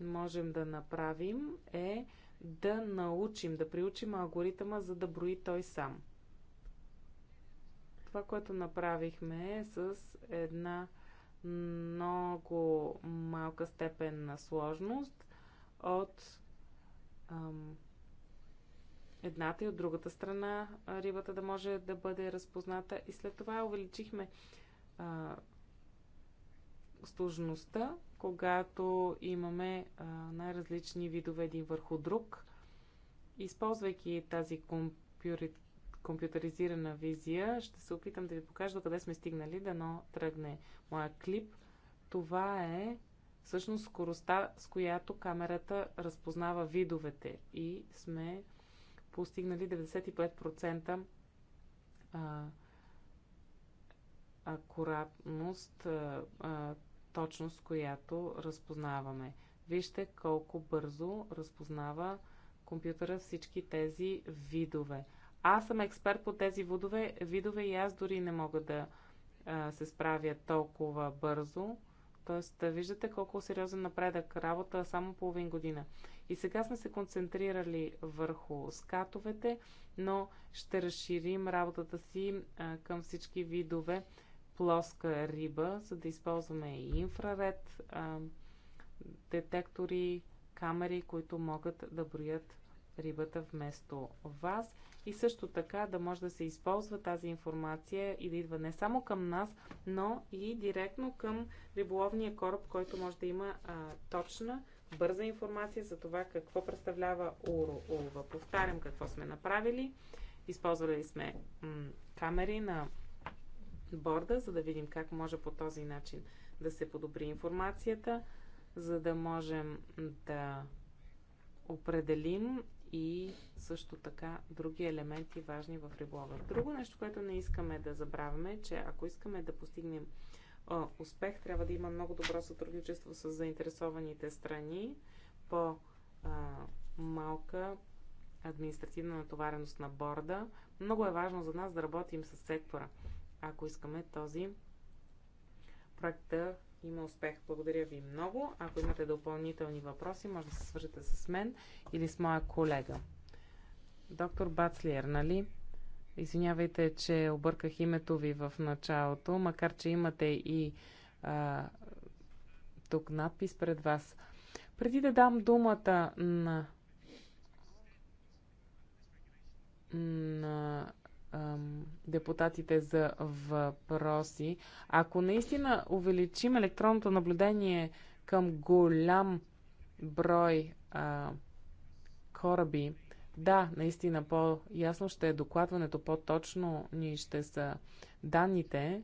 Speaker 4: можем да направим е да научим, да приучим алгоритъма, за да брои той сам. Това, което направихме е с една много малка степен на сложност от ам, едната и от другата страна рибата да може да бъде разпозната. И след това увеличихме а, сложността, когато имаме най-различни видове един върху друг. Използвайки тази компюри... компютъризирана визия, ще се опитам да ви покажа къде сме стигнали, дано тръгне моя клип. Това е всъщност скоростта, с която камерата разпознава видовете и сме постигнали 95% акуратност, точност, която разпознаваме. Вижте колко бързо разпознава компютъра всички тези видове. Аз съм експерт по тези водове, видове и аз дори не мога да се справя толкова бързо. Тоест, виждате колко сериозен напредък. Работа само половин година. И сега сме се концентрирали върху скатовете, но ще разширим работата си а, към всички видове плоска риба, за да използваме и инфраред, а, детектори, камери, които могат да броят рибата вместо вас и също така да може да се използва тази информация и да идва не само към нас, но и директно към риболовния кораб, който може да има а, точна бърза информация за това какво представлява УРУВА. Повтарям какво сме направили. Използвали сме камери на борда, за да видим как може по този начин да се подобри информацията, за да можем да определим и също така други елементи важни в риболова. Друго нещо, което не искаме да забравяме, че ако искаме да постигнем а, успех, трябва да има много добро сътрудничество с заинтересованите страни, по а, малка административна натовареност на борда. Много е важно за нас да работим с сектора, ако искаме този проект да има успех. Благодаря ви много. Ако имате допълнителни въпроси, може да се свържете с мен или с моя колега. Доктор Бацлиер, нали? Извинявайте, че обърках името ви в началото, макар че имате и а, тук надпис пред вас. Преди да дам думата на, на ам, депутатите за въпроси, ако наистина увеличим електронното наблюдение към голям брой а, кораби, да, наистина по-ясно ще е докладването, по-точно ни ще са данните.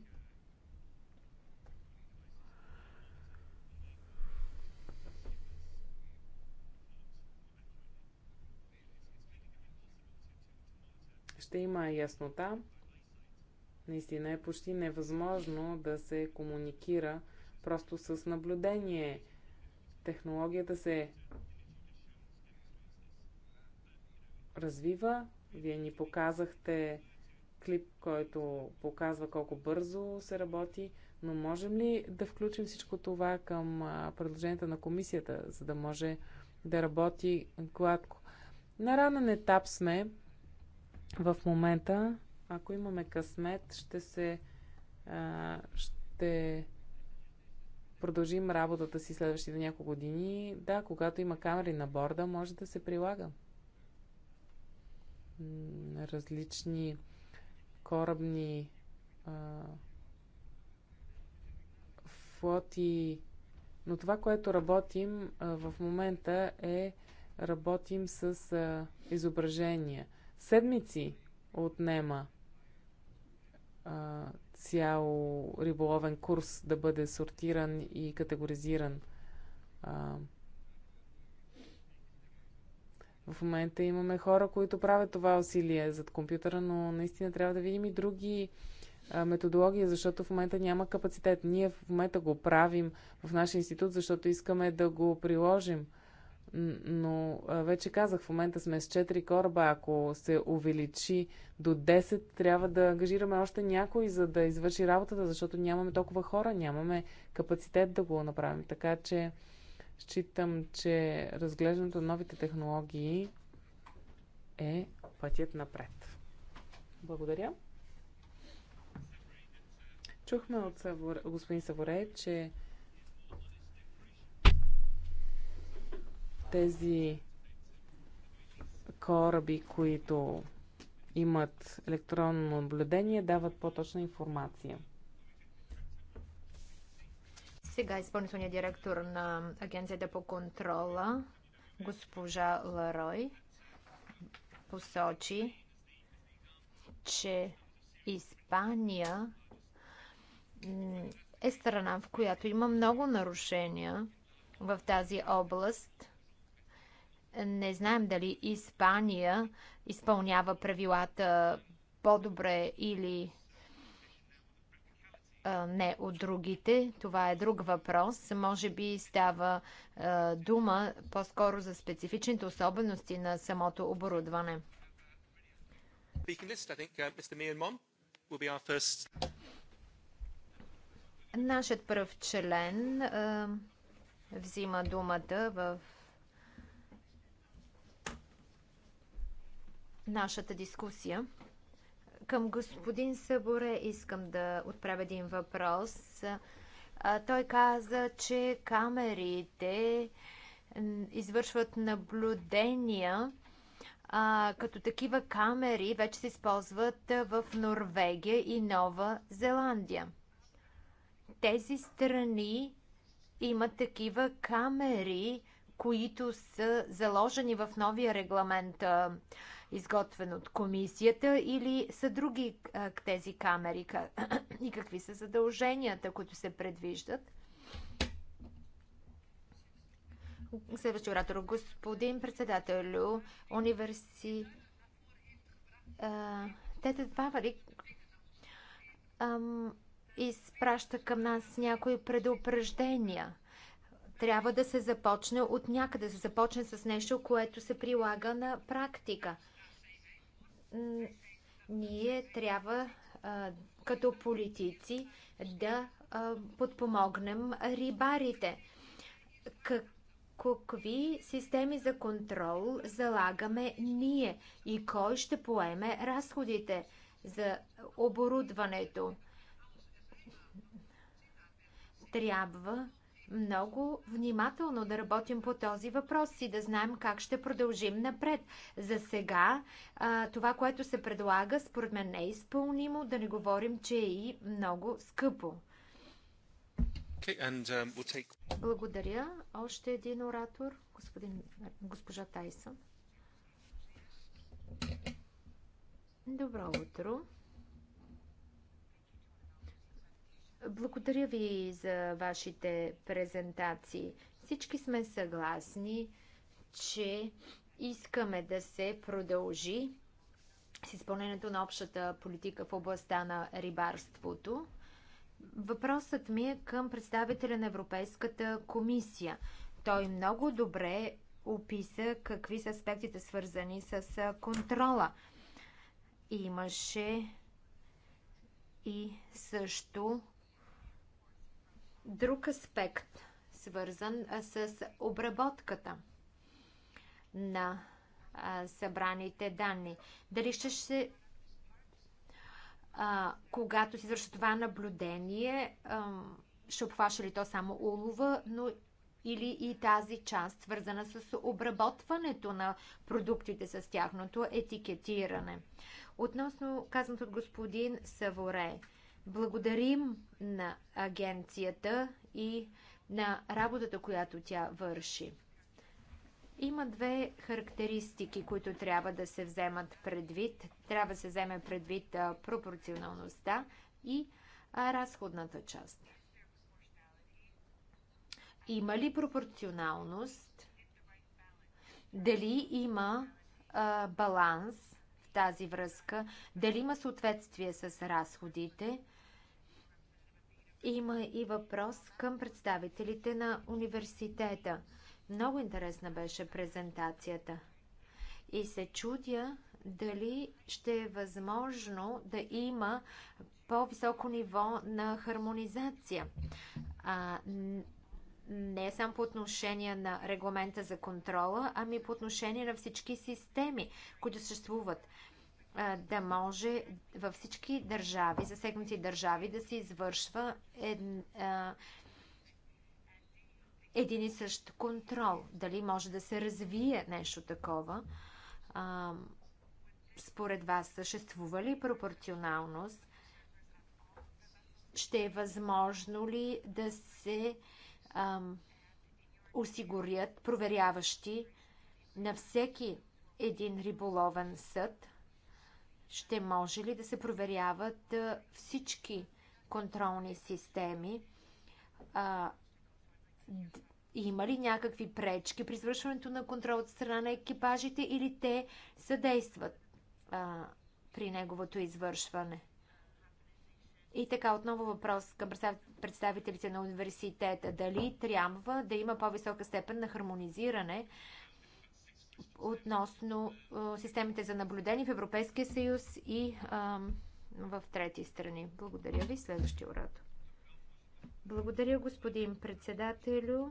Speaker 4: Ще има яснота. Наистина е почти невъзможно да се комуникира просто с наблюдение. Технологията се развива. Вие ни показахте клип, който показва колко бързо се работи, но можем ли да включим всичко това към предложенията на комисията, за да може да работи гладко? На ранен етап сме в момента. Ако имаме късмет, ще се. ще продължим работата си следващите няколко години. Да, когато има камери на борда, може да се прилага различни корабни а, флоти. Но това, което работим а, в момента е работим с а, изображения. Седмици отнема а, цяло риболовен курс да бъде сортиран и категоризиран. А, в момента имаме хора, които правят това усилие зад компютъра, но наистина трябва да видим и други методология, защото в момента няма капацитет. Ние в момента го правим в нашия институт, защото искаме да го приложим. Но вече казах, в момента сме с 4 кораба. Ако се увеличи до 10, трябва да ангажираме още някой, за да извърши работата, защото нямаме толкова хора, нямаме капацитет да го направим. Така че Считам, че разглеждането на новите технологии е пътят напред. Благодаря. Чухме от Савор... господин Саворе, че тези кораби, които имат електронно наблюдение, дават по-точна информация.
Speaker 5: Сега изпълнителният директор на Агенцията по контрола, госпожа Ларой, посочи, че Испания е страна, в която има много нарушения в тази област. Не знаем дали Испания изпълнява правилата по-добре или не от другите. Това е друг въпрос. Може би става дума по-скоро за специфичните особености на самото оборудване.
Speaker 2: Uh,
Speaker 5: Нашият пръв член взима думата в нашата дискусия. Към господин Саборе искам да отправя един въпрос. Той каза, че камерите извършват наблюдения а, като такива камери вече се използват в Норвегия и Нова Зеландия. Тези страни имат такива камери, които са заложени в новия регламент, изготвен от комисията, или са други тези камери и какви са задълженията, които се предвиждат? Следващия оратор. Господин председателю, универси... Тете Павари изпраща към нас някои предупреждения – трябва да се започне от някъде, да се започне с нещо, което се прилага на практика. Ние трябва като политици да подпомогнем рибарите. Какви системи за контрол залагаме ние и кой ще поеме разходите за оборудването? Трябва много внимателно да работим по този въпрос и да знаем как ще продължим напред. За сега това, което се предлага, според мен не е изпълнимо, да не говорим, че е и много скъпо.
Speaker 2: Okay, and, um, we'll take...
Speaker 5: Благодаря. Още един оратор, господин, госпожа Тайсън. Добро утро. Благодаря ви за вашите презентации. Всички сме съгласни, че искаме да се продължи с изпълнението на общата политика в областта на рибарството. Въпросът ми е към представителя на Европейската комисия. Той много добре описа какви са аспектите свързани с контрола. Имаше и също друг аспект, свързан с обработката на събраните данни. Дали ще се а, когато си извършва това наблюдение, а, ще обхваща ли то само улова, но или и тази част, свързана с обработването на продуктите с тяхното етикетиране. Относно казаното от господин Саворе, Благодарим на агенцията и на работата, която тя върши. Има две характеристики, които трябва да се вземат предвид. Трябва да се вземе предвид пропорционалността и разходната част. Има ли пропорционалност? Дали има а, баланс в тази връзка? Дали има съответствие с разходите? Има и въпрос към представителите на университета. Много интересна беше презентацията. И се чудя дали ще е възможно да има по-високо ниво на хармонизация. А, не е само по отношение на регламента за контрола, ами по отношение на всички системи, които съществуват да може във всички държави, засегнати държави, да се извършва ед, а, един и същ контрол. Дали може да се развие нещо такова? А, според вас съществува ли пропорционалност? Ще е възможно ли да се а, осигурят проверяващи на всеки един риболовен съд – ще може ли да се проверяват всички контролни системи? Има ли някакви пречки при извършването на контрол от страна на екипажите или те съдействат а, при неговото извършване? И така, отново въпрос към представителите на университета. Дали трябва да има по-висока степен на хармонизиране относно системите за наблюдение в Европейския съюз и в трети страни. Благодаря ви. Следващия оратор. Благодаря, господин председателю.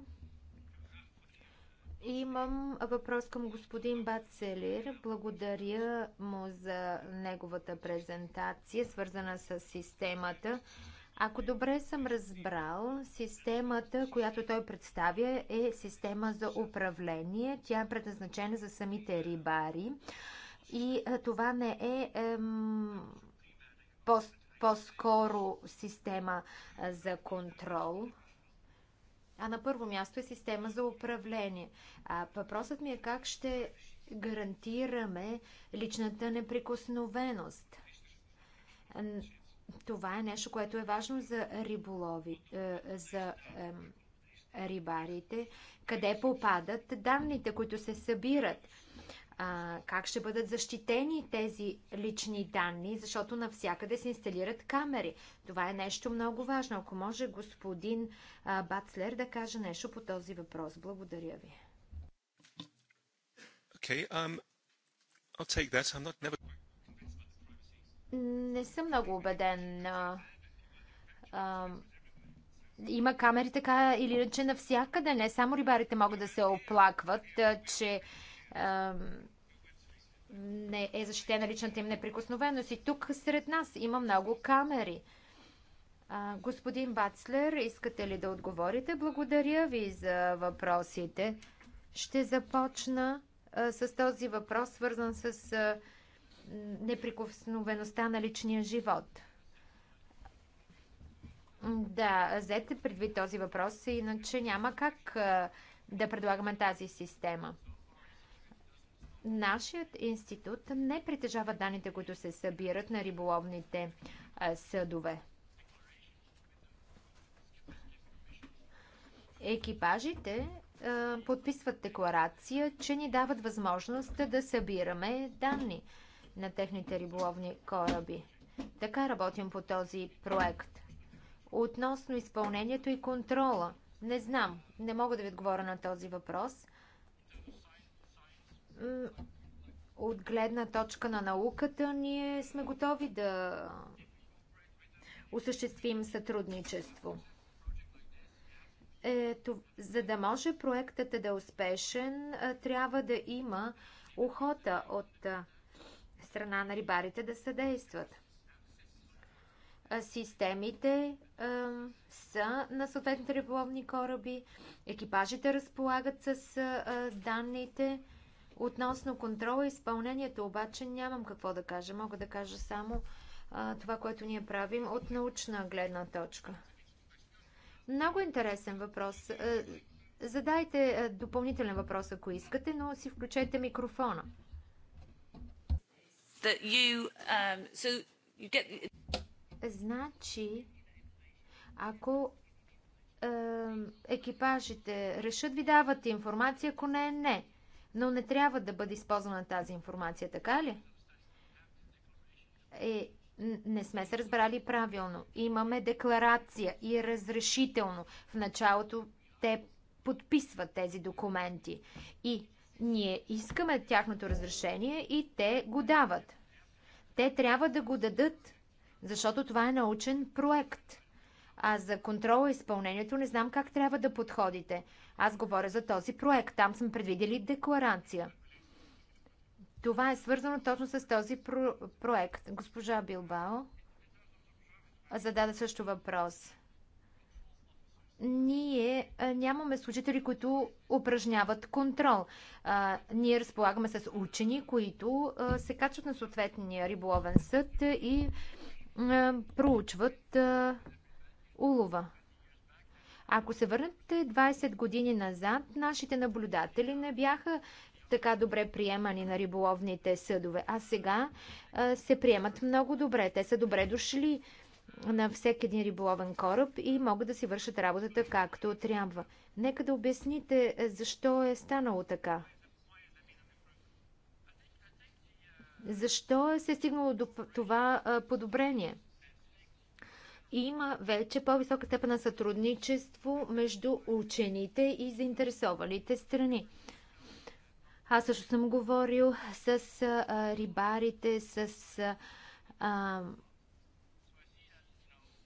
Speaker 5: Имам въпрос към господин Бацелир. Благодаря му за неговата презентация, свързана с системата. Ако добре съм разбрал, системата, която той представя, е система за управление. Тя е предназначена за самите рибари. И това не е ем, по, по-скоро система за контрол, а на първо място е система за управление. А, въпросът ми е как ще гарантираме личната неприкосновеност това е нещо, което е важно за риболови, е, за рибарите. Къде попадат данните, които се събират? Как ще бъдат защитени тези лични данни, защото навсякъде се инсталират камери. Това е нещо много важно. Ако може господин Бацлер да каже нещо по този въпрос. Благодаря ви.
Speaker 2: Okay, um, I'll take that. I'm not never
Speaker 5: не съм много убеден. А, а, има камери така или иначе навсякъде. Не само рибарите могат да се оплакват, а, че а, не е защитена личната им неприкосновеност. И тук сред нас има много камери. А, господин Бацлер, искате ли да отговорите? Благодаря ви за въпросите. Ще започна а, с този въпрос, свързан с. А, неприкосновеността на личния живот. Да, взете предвид този въпрос, иначе няма как да предлагаме тази система. Нашият институт не притежава данните, които се събират на риболовните съдове. Екипажите подписват декларация, че ни дават възможност да събираме данни на техните риболовни кораби. Така работим по този проект. Относно изпълнението и контрола, не знам, не мога да ви отговоря на този въпрос. От гледна точка на науката, ние сме готови да осъществим сътрудничество. Ето, за да може проектът да е успешен, трябва да има охота от страна на рибарите да съдействат. Системите е, са на съответните риболовни кораби, екипажите разполагат с е, данните. Относно контрола и изпълнението обаче нямам какво да кажа. Мога да кажа само а, това, което ние правим от научна гледна точка. Много интересен въпрос. Задайте допълнителен въпрос, ако искате, но си включете микрофона that you, um, so you get... Значи, ако е, екипажите решат ви дават информация, ако не, не. Но не трябва да бъде използвана тази информация, така ли? Е, не сме се разбрали правилно. Имаме декларация и е разрешително. В началото те подписват тези документи. И ние искаме тяхното разрешение и те го дават. Те трябва да го дадат, защото това е научен проект. А за контрола и изпълнението не знам как трябва да подходите. Аз говоря за този проект. Там съм предвидели декларация. Това е свързано точно с този про- проект. Госпожа Билбао зададе също въпрос ние нямаме служители, които упражняват контрол. А, ние разполагаме с учени, които а, се качват на съответния риболовен съд и а, проучват улова. Ако се върнете 20 години назад, нашите наблюдатели не бяха така добре приемани на риболовните съдове, а сега се приемат много добре. Те са добре дошли на всеки един риболовен кораб и могат да си вършат работата както трябва. Нека да обясните е, защо е станало така. Защо се е стигнало до това подобрение? Има вече по-висока степен на сътрудничество между учените и заинтересованите страни. Аз също съм говорил с рибарите, с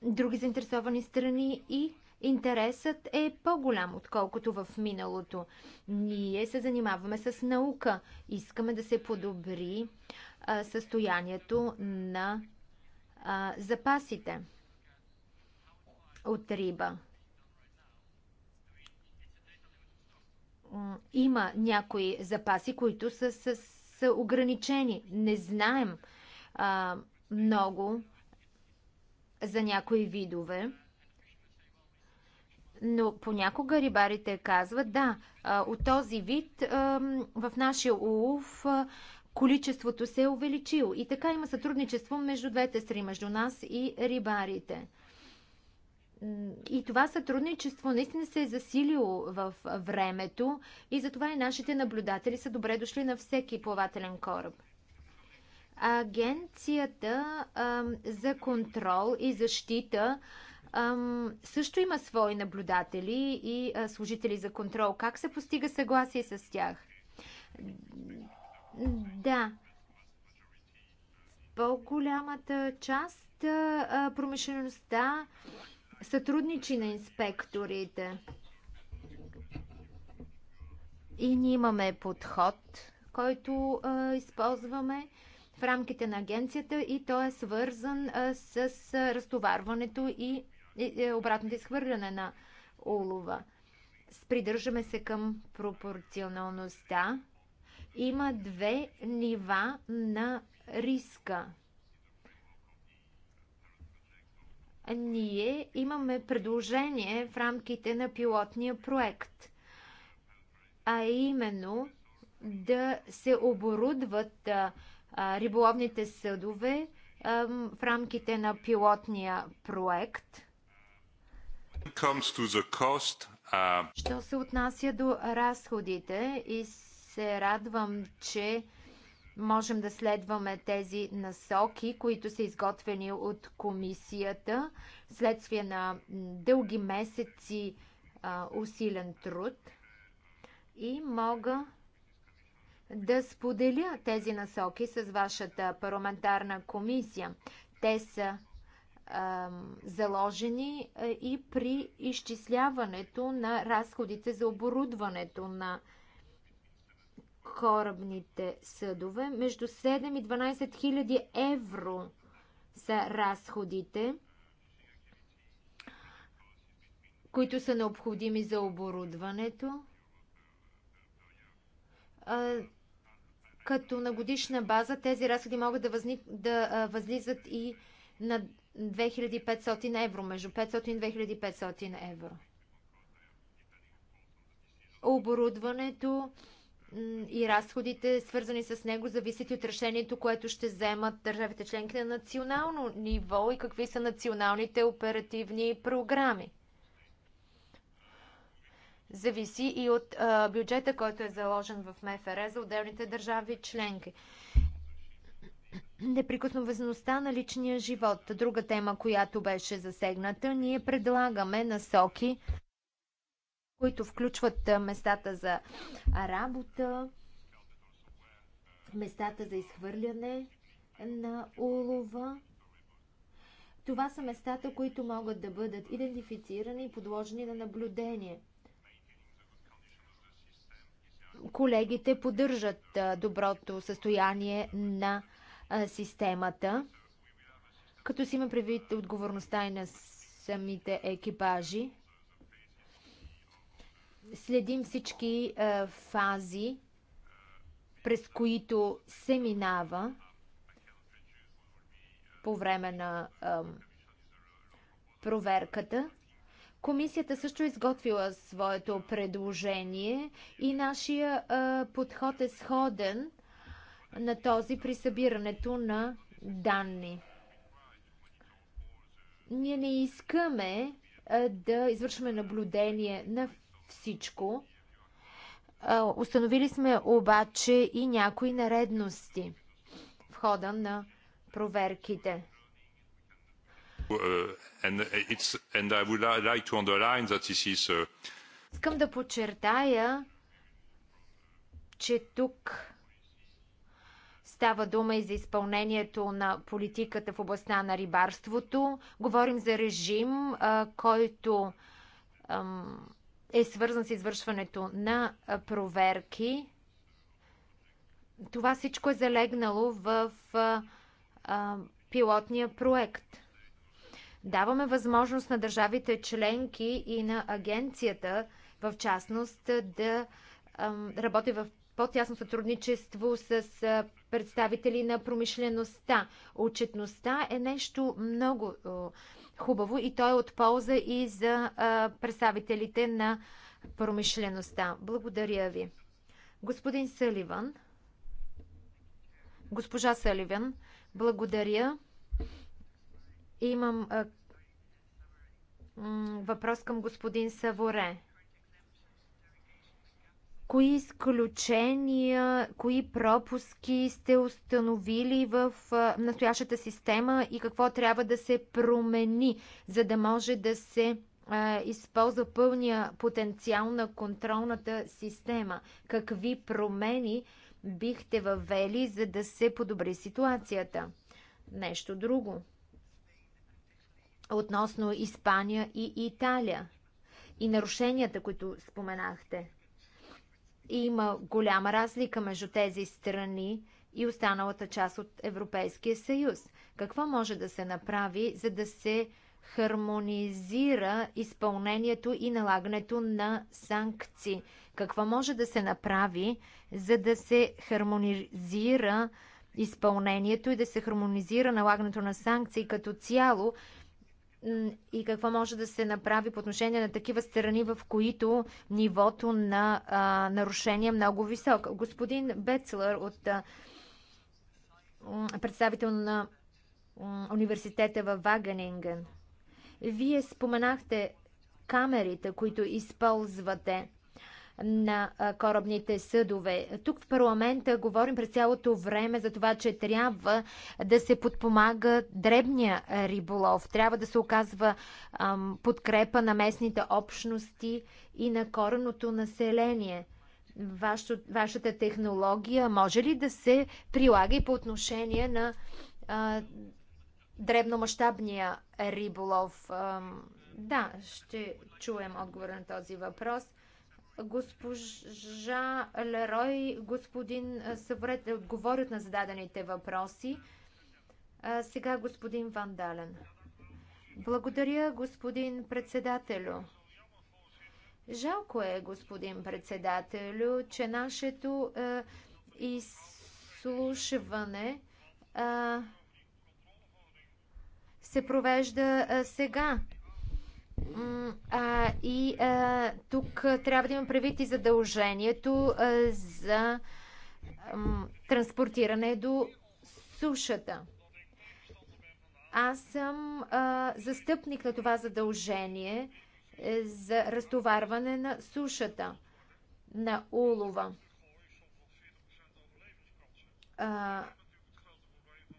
Speaker 5: други заинтересовани страни и интересът е по-голям, отколкото в миналото. Ние се занимаваме с наука. Искаме да се подобри а, състоянието на а, запасите от риба. Има някои запаси, които са, са, са ограничени. Не знаем а, много за някои видове. Но понякога рибарите казват, да, от този вид в нашия улов количеството се е увеличило. И така има сътрудничество между двете страни, между нас и рибарите. И това сътрудничество наистина се е засилило в времето и затова и нашите наблюдатели са добре дошли на всеки плавателен кораб. Агенцията а, за контрол и защита а, също има свои наблюдатели и а, служители за контрол. Как се постига съгласие с тях? Да. По-голямата част а, промишлеността сътрудничи на инспекторите. И ние имаме подход, който а, използваме. А, в рамките на агенцията и той е свързан с разтоварването и обратното изхвърляне на улова. Придържаме се към пропорционалността. Има две нива на риска. Ние имаме предложение в рамките на пилотния проект, а именно да се оборудват риболовните съдове в рамките на пилотния проект. Що се отнася до разходите и се радвам, че можем да следваме тези насоки, които са изготвени от комисията следствие на дълги месеци усилен труд. И мога да споделя тези насоки с вашата парламентарна комисия. Те са заложени и при изчисляването на разходите за оборудването на корабните съдове. Между 7 и 12 хиляди евро са разходите, които са необходими за оборудването като на годишна база тези разходи могат да, възник, да възлизат и на 2500 евро, между 500 и 2500 евро. Оборудването и разходите, свързани с него, зависят от решението, което ще вземат държавите членки на национално ниво и какви са националните оперативни програми зависи и от а, бюджета, който е заложен в МФР за отделните държави членки. Неприкосновеността на личния живот. Друга тема, която беше засегната, ние предлагаме насоки, които включват местата за работа, местата за изхвърляне на улова. Това са местата, които могат да бъдат идентифицирани и подложени на наблюдение – колегите поддържат доброто състояние на системата, като си има предвид отговорността и на самите екипажи. Следим всички фази, през които се минава по време на проверката. Комисията също е изготвила своето предложение и нашия а, подход е сходен на този при събирането на данни. Ние не искаме а, да извършваме наблюдение на всичко. А, установили сме обаче и някои наредности в хода на проверките.
Speaker 2: Uh, uh,
Speaker 5: Искам да подчертая, че тук Става дума и за изпълнението на политиката в областта на рибарството. Говорим за режим, който е свързан с извършването на проверки. Това всичко е залегнало в пилотния проект. Даваме възможност на държавите членки и на агенцията, в частност, да работи в по-тясно сътрудничество с представители на промишлеността. Отчетността е нещо много хубаво и то е от полза и за представителите на промишлеността. Благодаря ви. Господин Саливан, госпожа Саливан, благодаря. Имам а, въпрос към господин Саворе. Кои изключения, кои пропуски сте установили в а, настоящата система и какво трябва да се промени, за да може да се а, използва пълния потенциал на контролната система? Какви промени бихте въвели, за да се подобри ситуацията? Нещо друго относно Испания и Италия и нарушенията, които споменахте. Има голяма разлика между тези страни и останалата част от Европейския съюз. Какво може да се направи, за да се хармонизира изпълнението и налагането на санкции? Какво може да се направи, за да се хармонизира изпълнението и да се хармонизира налагането на санкции като цяло и какво може да се направи по отношение на такива страни, в които нивото на а, нарушение е много високо. Господин Бецлър от а, представител на а, университета в Ваганинген, вие споменахте камерите, които използвате на корабните съдове. Тук в парламента говорим през цялото време за това, че трябва да се подпомага дребния риболов, трябва да се оказва ам, подкрепа на местните общности и на коренното население. Вашо, вашата технология може ли да се прилага и по отношение на а, дребномащабния риболов? Ам, да, ще чуем отговора на този въпрос. Госпожа Лерой, господин Съвред да отговорят на зададените въпроси. А, сега господин Вандален. Благодаря, господин председателю. Жалко е, господин председателю, че нашето е, изслушване е, се провежда е, сега. А, и а, тук трябва да има предвид и задължението а, за а, транспортиране до сушата. Аз съм а, застъпник на това задължение е, за разтоварване на сушата, на улова. А,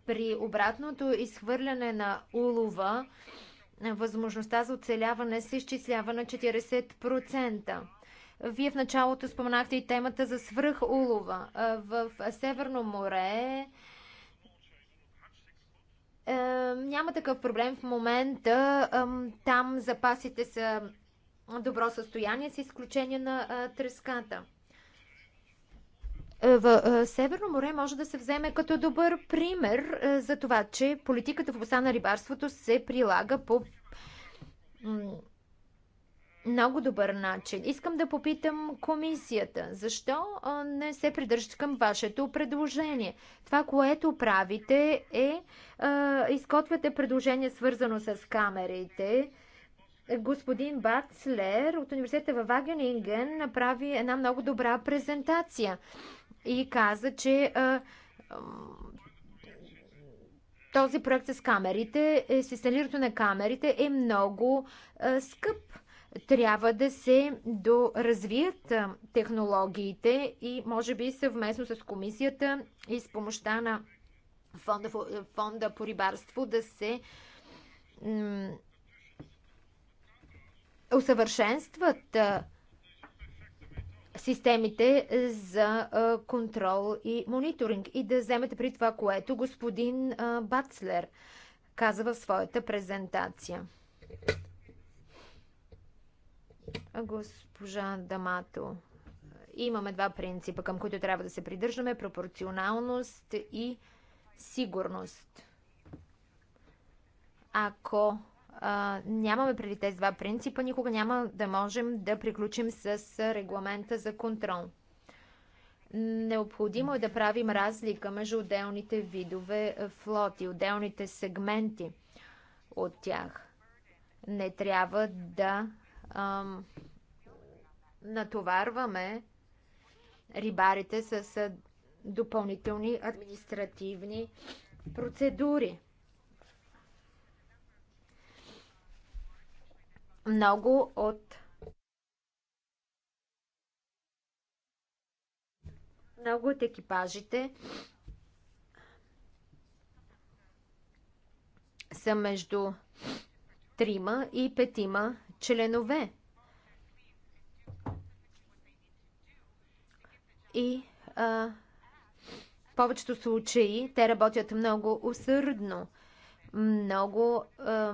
Speaker 5: при обратното изхвърляне на улова, а, възможността за оцеляване се изчислява на 40%. Вие в началото споменахте и темата за свръхулова. В Северно море е, няма такъв проблем в момента. там запасите са добро състояние, с изключение на треската. Е, в е, Северно море може да се вземе като добър пример е, за това, че политиката в областта на рибарството се прилага по много добър начин. Искам да попитам комисията, защо не се придържате към вашето предложение? Това, което правите е, е изготвяте предложение свързано с камерите. Господин Бацлер от университета във Вагенинген направи една много добра презентация и каза, че този проект с камерите, е, с инсталирането на камерите е много скъп. Трябва да се доразвият технологиите и може би съвместно с комисията и с помощта на фонда, фонда по рибарство да се усъвършенстват системите за контрол и мониторинг и да вземете при това, което господин Бацлер каза в своята презентация. Госпожа Дамато, имаме два принципа, към които трябва да се придържаме пропорционалност и сигурност. Ако нямаме преди тези два принципа, никога няма да можем да приключим с регламента за контрол. Необходимо е да правим разлика между отделните видове е, флоти, отделните сегменти от тях. Не трябва да ам, натоварваме рибарите с допълнителни административни процедури. много от много от екипажите са между трима и петима членове. И а, в повечето случаи те работят много усърдно, много а,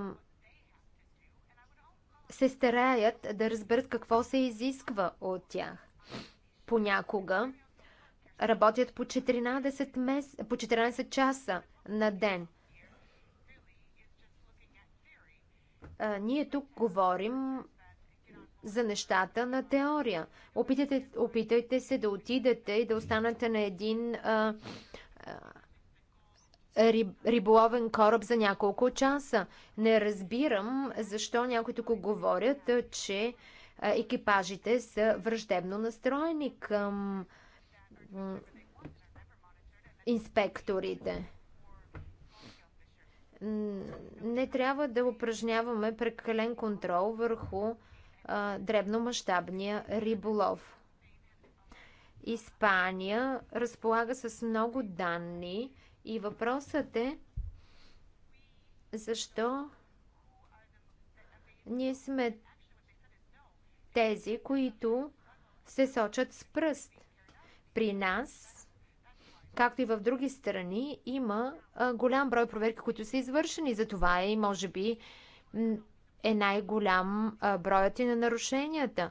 Speaker 5: се стараят да разберат какво се изисква от тях. Понякога работят по 14, мес... по 14 часа на ден. А, ние тук говорим за нещата на теория. Опитайте, опитайте се да отидете и да останете на един а, риболовен кораб за няколко часа. Не разбирам защо някои тук говорят, че екипажите са враждебно настроени към инспекторите. Не трябва да упражняваме прекален контрол върху дребномащабния риболов. Испания разполага с много данни, и въпросът е защо ние сме тези, които се сочат с пръст. При нас, както и в други страни, има голям брой проверки, които са извършени. това е и, може би, е най-голям броят и на нарушенията.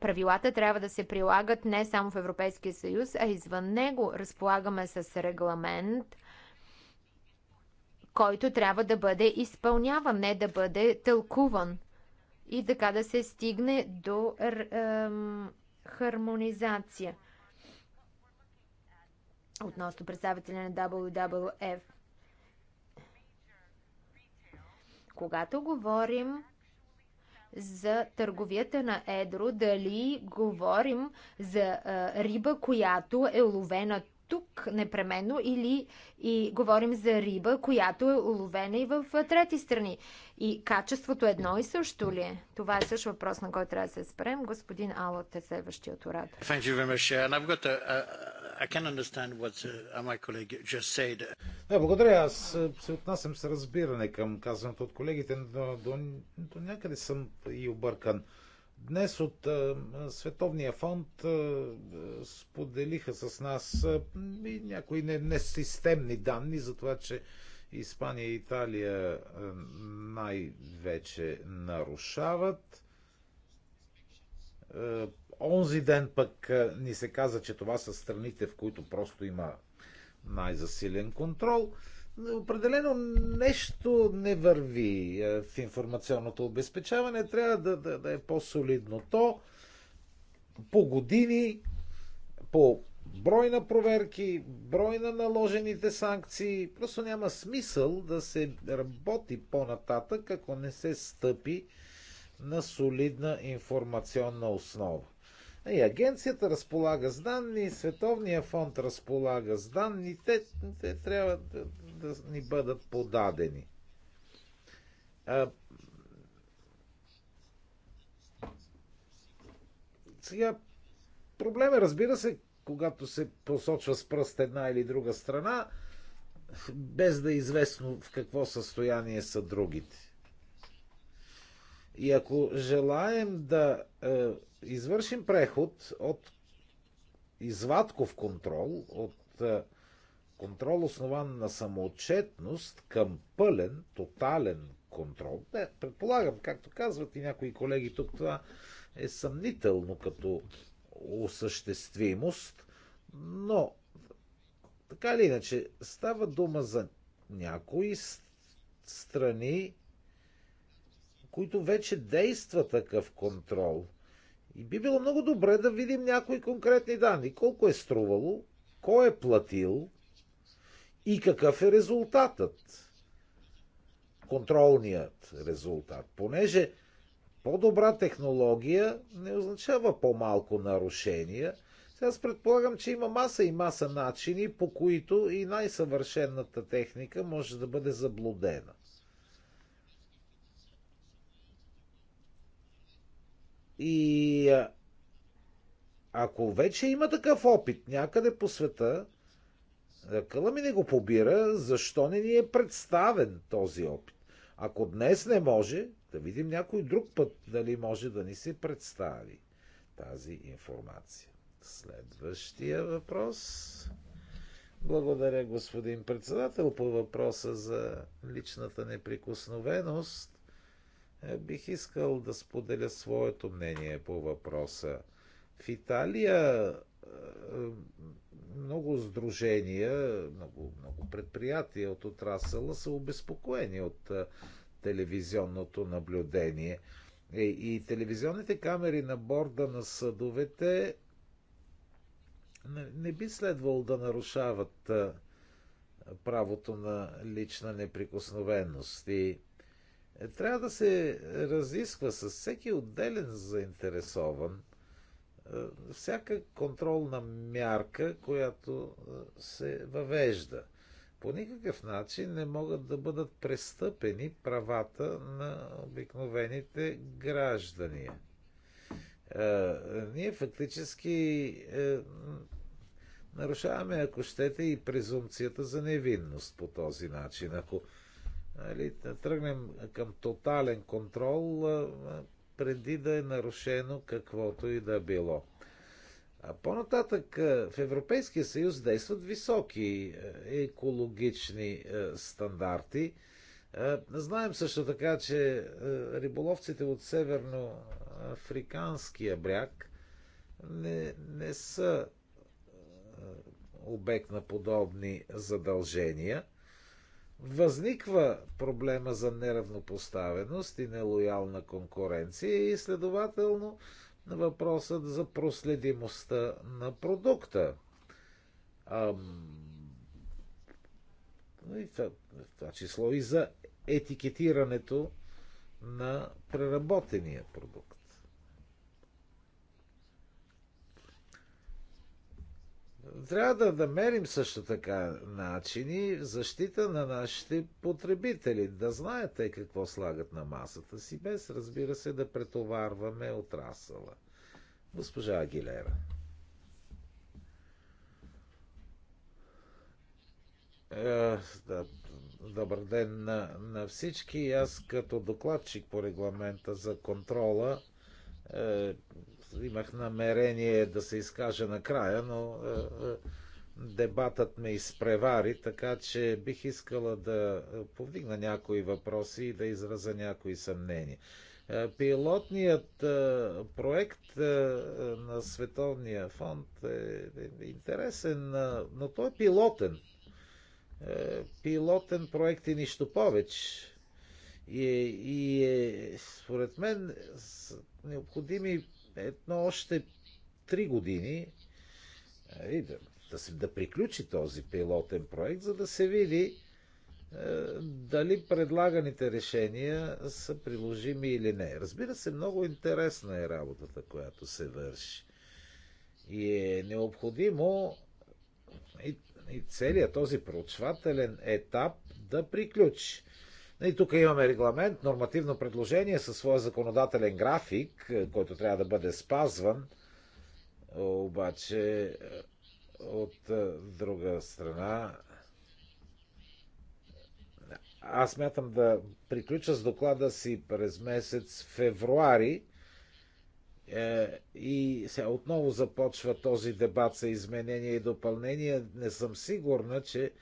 Speaker 5: Правилата трябва да се прилагат не само в Европейския съюз, а извън него. Разполагаме с регламент – който трябва да бъде изпълняван, не да бъде тълкуван. И така да се стигне до ем, хармонизация. Относно представителя на WWF. Когато говорим за търговията на едро, дали говорим за е, риба, която е ловена тук непременно или и говорим за риба, която е уловена и в трети страни. И качеството е едно и също ли е? Това е също въпрос, на който трябва да се спрем. Господин Алът е следващият урад.
Speaker 1: Uh, да, благодаря. Аз се отнасям с разбиране към казаното от колегите, но до, до някъде съм и объркан. Днес от Световния фонд споделиха с нас някои несистемни данни за това, че Испания и Италия най-вече нарушават. Онзи ден пък ни се каза, че това са страните, в които просто има най-засилен контрол. Определено нещо не върви е, в информационното обезпечаване. Трябва да, да, да е по-солидно. То по години, по брой на проверки, брой на наложените санкции. Просто няма смисъл да се работи по-нататък, ако не се стъпи на солидна информационна основа. И агенцията разполага с данни, Световния фонд разполага с данни, те, те трябва да, да ни бъдат подадени. А, сега, проблем е, разбира се, когато се посочва с пръст една или друга страна, без да е известно в какво състояние са другите. И ако желаем да е, извършим преход от извадков контрол, от е, контрол, основан на самоотчетност, към пълен, тотален контрол. Не, предполагам, както казват и някои колеги тук, това е съмнително като осъществимост, но така или иначе става дума за някои страни, които вече действа такъв контрол. И би било много добре да видим някои конкретни данни. Колко е струвало, кой е платил, и какъв е резултатът? Контролният резултат. Понеже по-добра технология не означава по-малко нарушения. Сега аз предполагам, че има маса и маса начини, по които и най-съвършенната техника може да бъде заблудена. И ако вече има такъв опит някъде по света, Къла ми не го побира, защо не ни е представен този опит. Ако днес не може, да видим някой друг път дали може да ни се представи тази информация. Следващия въпрос. Благодаря, господин председател, по въпроса за личната неприкосновеност. Е, бих искал да споделя своето мнение по въпроса. В Италия е, много сдружения, много, много предприятия от отрасъла са обезпокоени от телевизионното наблюдение. Е, и телевизионните камери на борда на съдовете не, би следвало да нарушават правото на лична неприкосновеност. И е, трябва да се разисква с всеки отделен заинтересован – е, всяка контролна мярка, която е, се въвежда. По никакъв начин не могат да бъдат престъпени правата на обикновените граждани. Е, ние фактически нарушаваме, ако щете, и презумпцията за невинност по този начин. Ако нали, тръгнем към тотален контрол, преди да е нарушено каквото и да било. А по-нататък е, в Европейския съюз действат високи е, екологични е, стандарти. Знаем също така, че риболовците от северноафриканския бряг не, не са обект на подобни задължения – възниква проблема за неравнопоставеност и нелоялна конкуренция и следователно въпросът за проследимостта на продукта. Ам... И това, това число и за етикетирането на преработения продукт. Трябва да намерим също така начини в защита на нашите потребители, да знаят те какво слагат на масата си, без разбира се да претоварваме отрасъла. Госпожа Агилера. Е, да, добър ден на, на всички. Аз като докладчик по регламента за контрола е, имах намерение да се изкажа накрая, но е, е, дебатът ме изпревари, така че бих искала да повдигна някои въпроси и да израза някои съмнения. Е, пилотният проект на Световния фонд е интересен, но той е пилотен. Пилотен проект и нищо повече. И, и е, според мен необходими едно още три години е, и да, да, се, да приключи този пилотен проект, за да се види е, дали предлаганите решения са приложими или не. Разбира се, много интересна е работата, която се върши. И е необходимо и, и целият този проучвателен етап да приключи. И тук имаме регламент, нормативно предложение със своя законодателен график, е, който трябва да бъде спазван. Обаче, е, от е, друга страна, аз мятам да приключа с доклада си през месец февруари и сега отново започва този дебат за изменения и допълнения. Не съм сигурна, че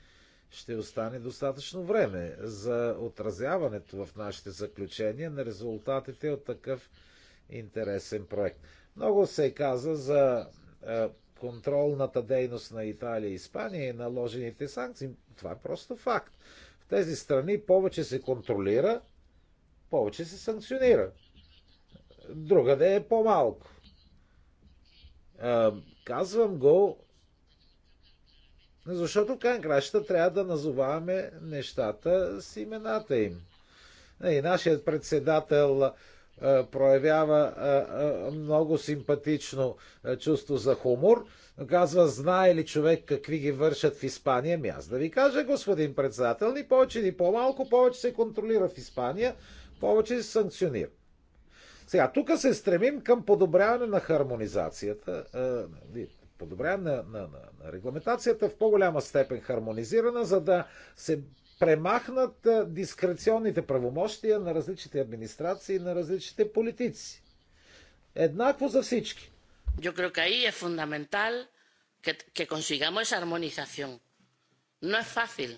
Speaker 1: ще остане достатъчно време за отразяването в нашите заключения на резултатите от такъв интересен проект. Много се каза за е, контролната дейност на Италия и Испания и наложените санкции. Това е просто факт. В тези страни повече се контролира, повече се санкционира. Другаде е по-малко. Е, казвам го, защото край краща трябва да назоваваме нещата с имената им. И нашият председател проявява много симпатично чувство за хумор. Казва, знае ли човек какви ги вършат в Испания? Ми аз да ви кажа, господин председател, ни повече, ни по-малко, повече се контролира в Испания, повече се санкционира. Сега, тук се стремим към подобряване на хармонизацията. Нали? подобряване на, на, на регламентацията в по-голяма степен хармонизирана, за да се премахнат дискреционните правомощия на различните администрации, на различните политици. Еднакво
Speaker 4: за всички. Yo creo que ahí es fundamental que, que consigamos esa armonización. No es fácil.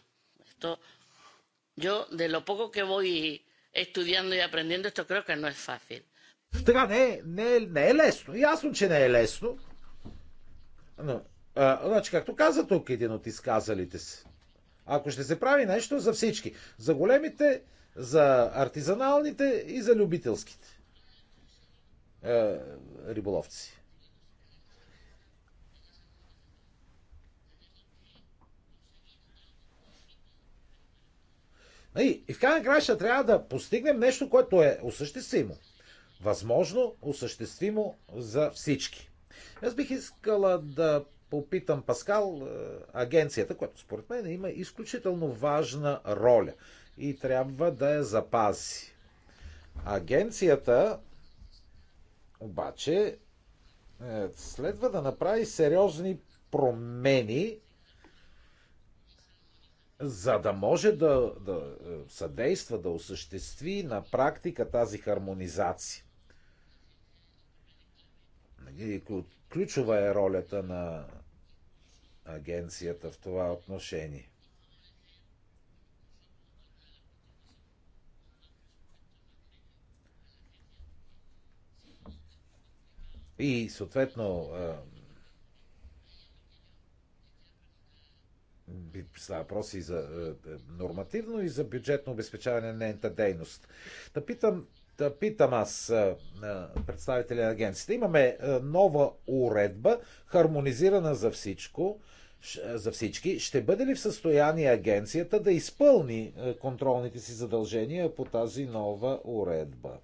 Speaker 4: Esto, yo, de lo poco que voy estudiando y aprendiendo, esto creo que no es fácil.
Speaker 1: Така, не, не, не е лесно. Ясно, че не е лесно. Но, а, значи, както каза тук един от изказалите се, ако ще се прави нещо за всички, за големите, за артизаналните и за любителските а, е, риболовци. И, и в крайна краща трябва да постигнем нещо, което е осъществимо. Възможно, осъществимо за всички. Аз бих искала да попитам Паскал, е, агенцията, която според мен има изключително важна роля и трябва да я запази. Агенцията обаче е, следва да направи сериозни промени, за да може да, да е, съдейства, да осъществи на практика тази хармонизация. Нали, от Ключова е ролята на агенцията в това отношение. И съответно става въпрос и за нормативно и за бюджетно обезпечаване на нейната дейност. Да питам, Та питам аз представителя на агенцията. Имаме нова уредба, хармонизирана за всичко, за всички. Ще бъде ли в състояние агенцията да изпълни контролните си задължения по тази нова уредба?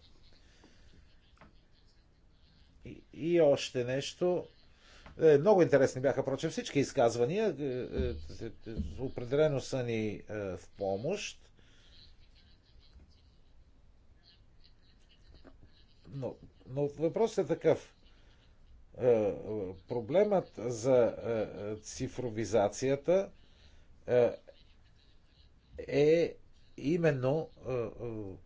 Speaker 1: И, и още нещо. Е, много интересни бяха, проче, всички изказвания. Е, е, определено са ни в помощ. Но, но въпросът е такъв. Е, е, проблемът за е, цифровизацията е именно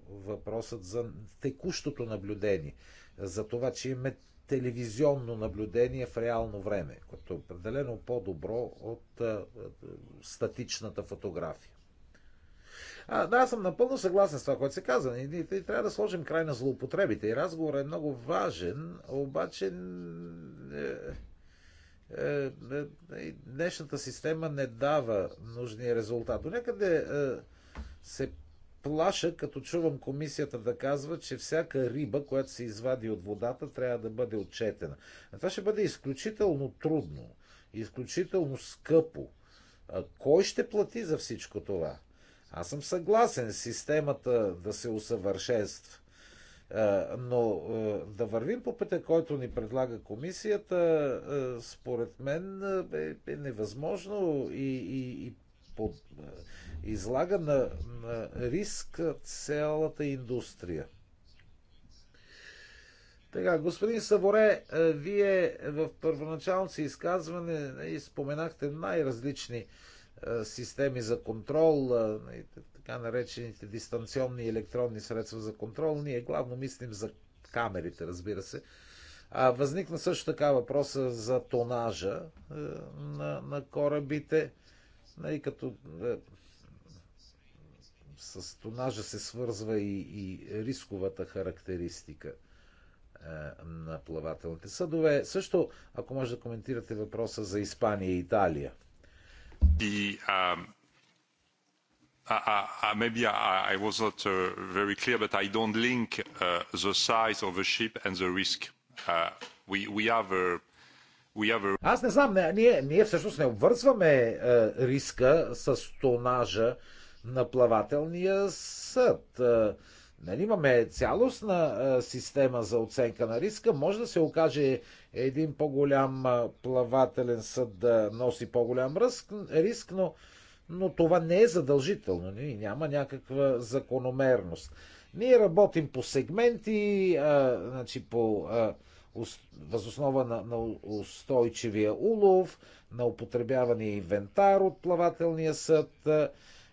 Speaker 1: въпросът за текущото наблюдение. За това, че имаме телевизионно наблюдение в реално време, което е определено по-добро от статичната фотография. А, да, аз съм напълно съгласен с това, което се казва. И, и, и трябва да сложим край на злоупотребите. И разговорът е много важен, обаче е, е, е днешната система не дава нужния резултат. До някъде е, се плаша, като чувам комисията да казва, че всяка риба, която се извади от водата, трябва да бъде отчетена. А това ще бъде изключително трудно, изключително скъпо. А кой ще плати за всичко това? Аз съм съгласен системата да се усъвършенства. Е, но е, да вървим по пътя, който ни предлага комисията, е, според мен е невъзможно и, и, и под, излага на, на риск цялата индустрия. Така, господин Саворе, вие в първоначалното си изказване споменахте най-различни е, системи за контрол, е, така наречените дистанционни електронни средства за контрол. Ние главно мислим за камерите, разбира се. А, възникна също така въпроса за тонажа е, на, на корабите. и нали, като с тонажа се свързва и, и рисковата характеристика на плавателните съдове. Също, ако може да коментирате въпроса за Испания и Италия –
Speaker 2: The, um, Maybe I was not very clear, but I don't link the size of a ship and the risk. We have a
Speaker 1: Аз не знам, не, ние, ние всъщност не обвързваме е, риска с тонажа на плавателния съд. Е, нали, имаме цялостна система за оценка на риска, може да се окаже един по-голям плавателен съд да носи по-голям риск, но, но това не е задължително. Нали, няма някаква закономерност. Ние работим по сегменти, а, значи по а, възоснова на, на устойчивия улов, на употребявания инвентар от плавателния съд,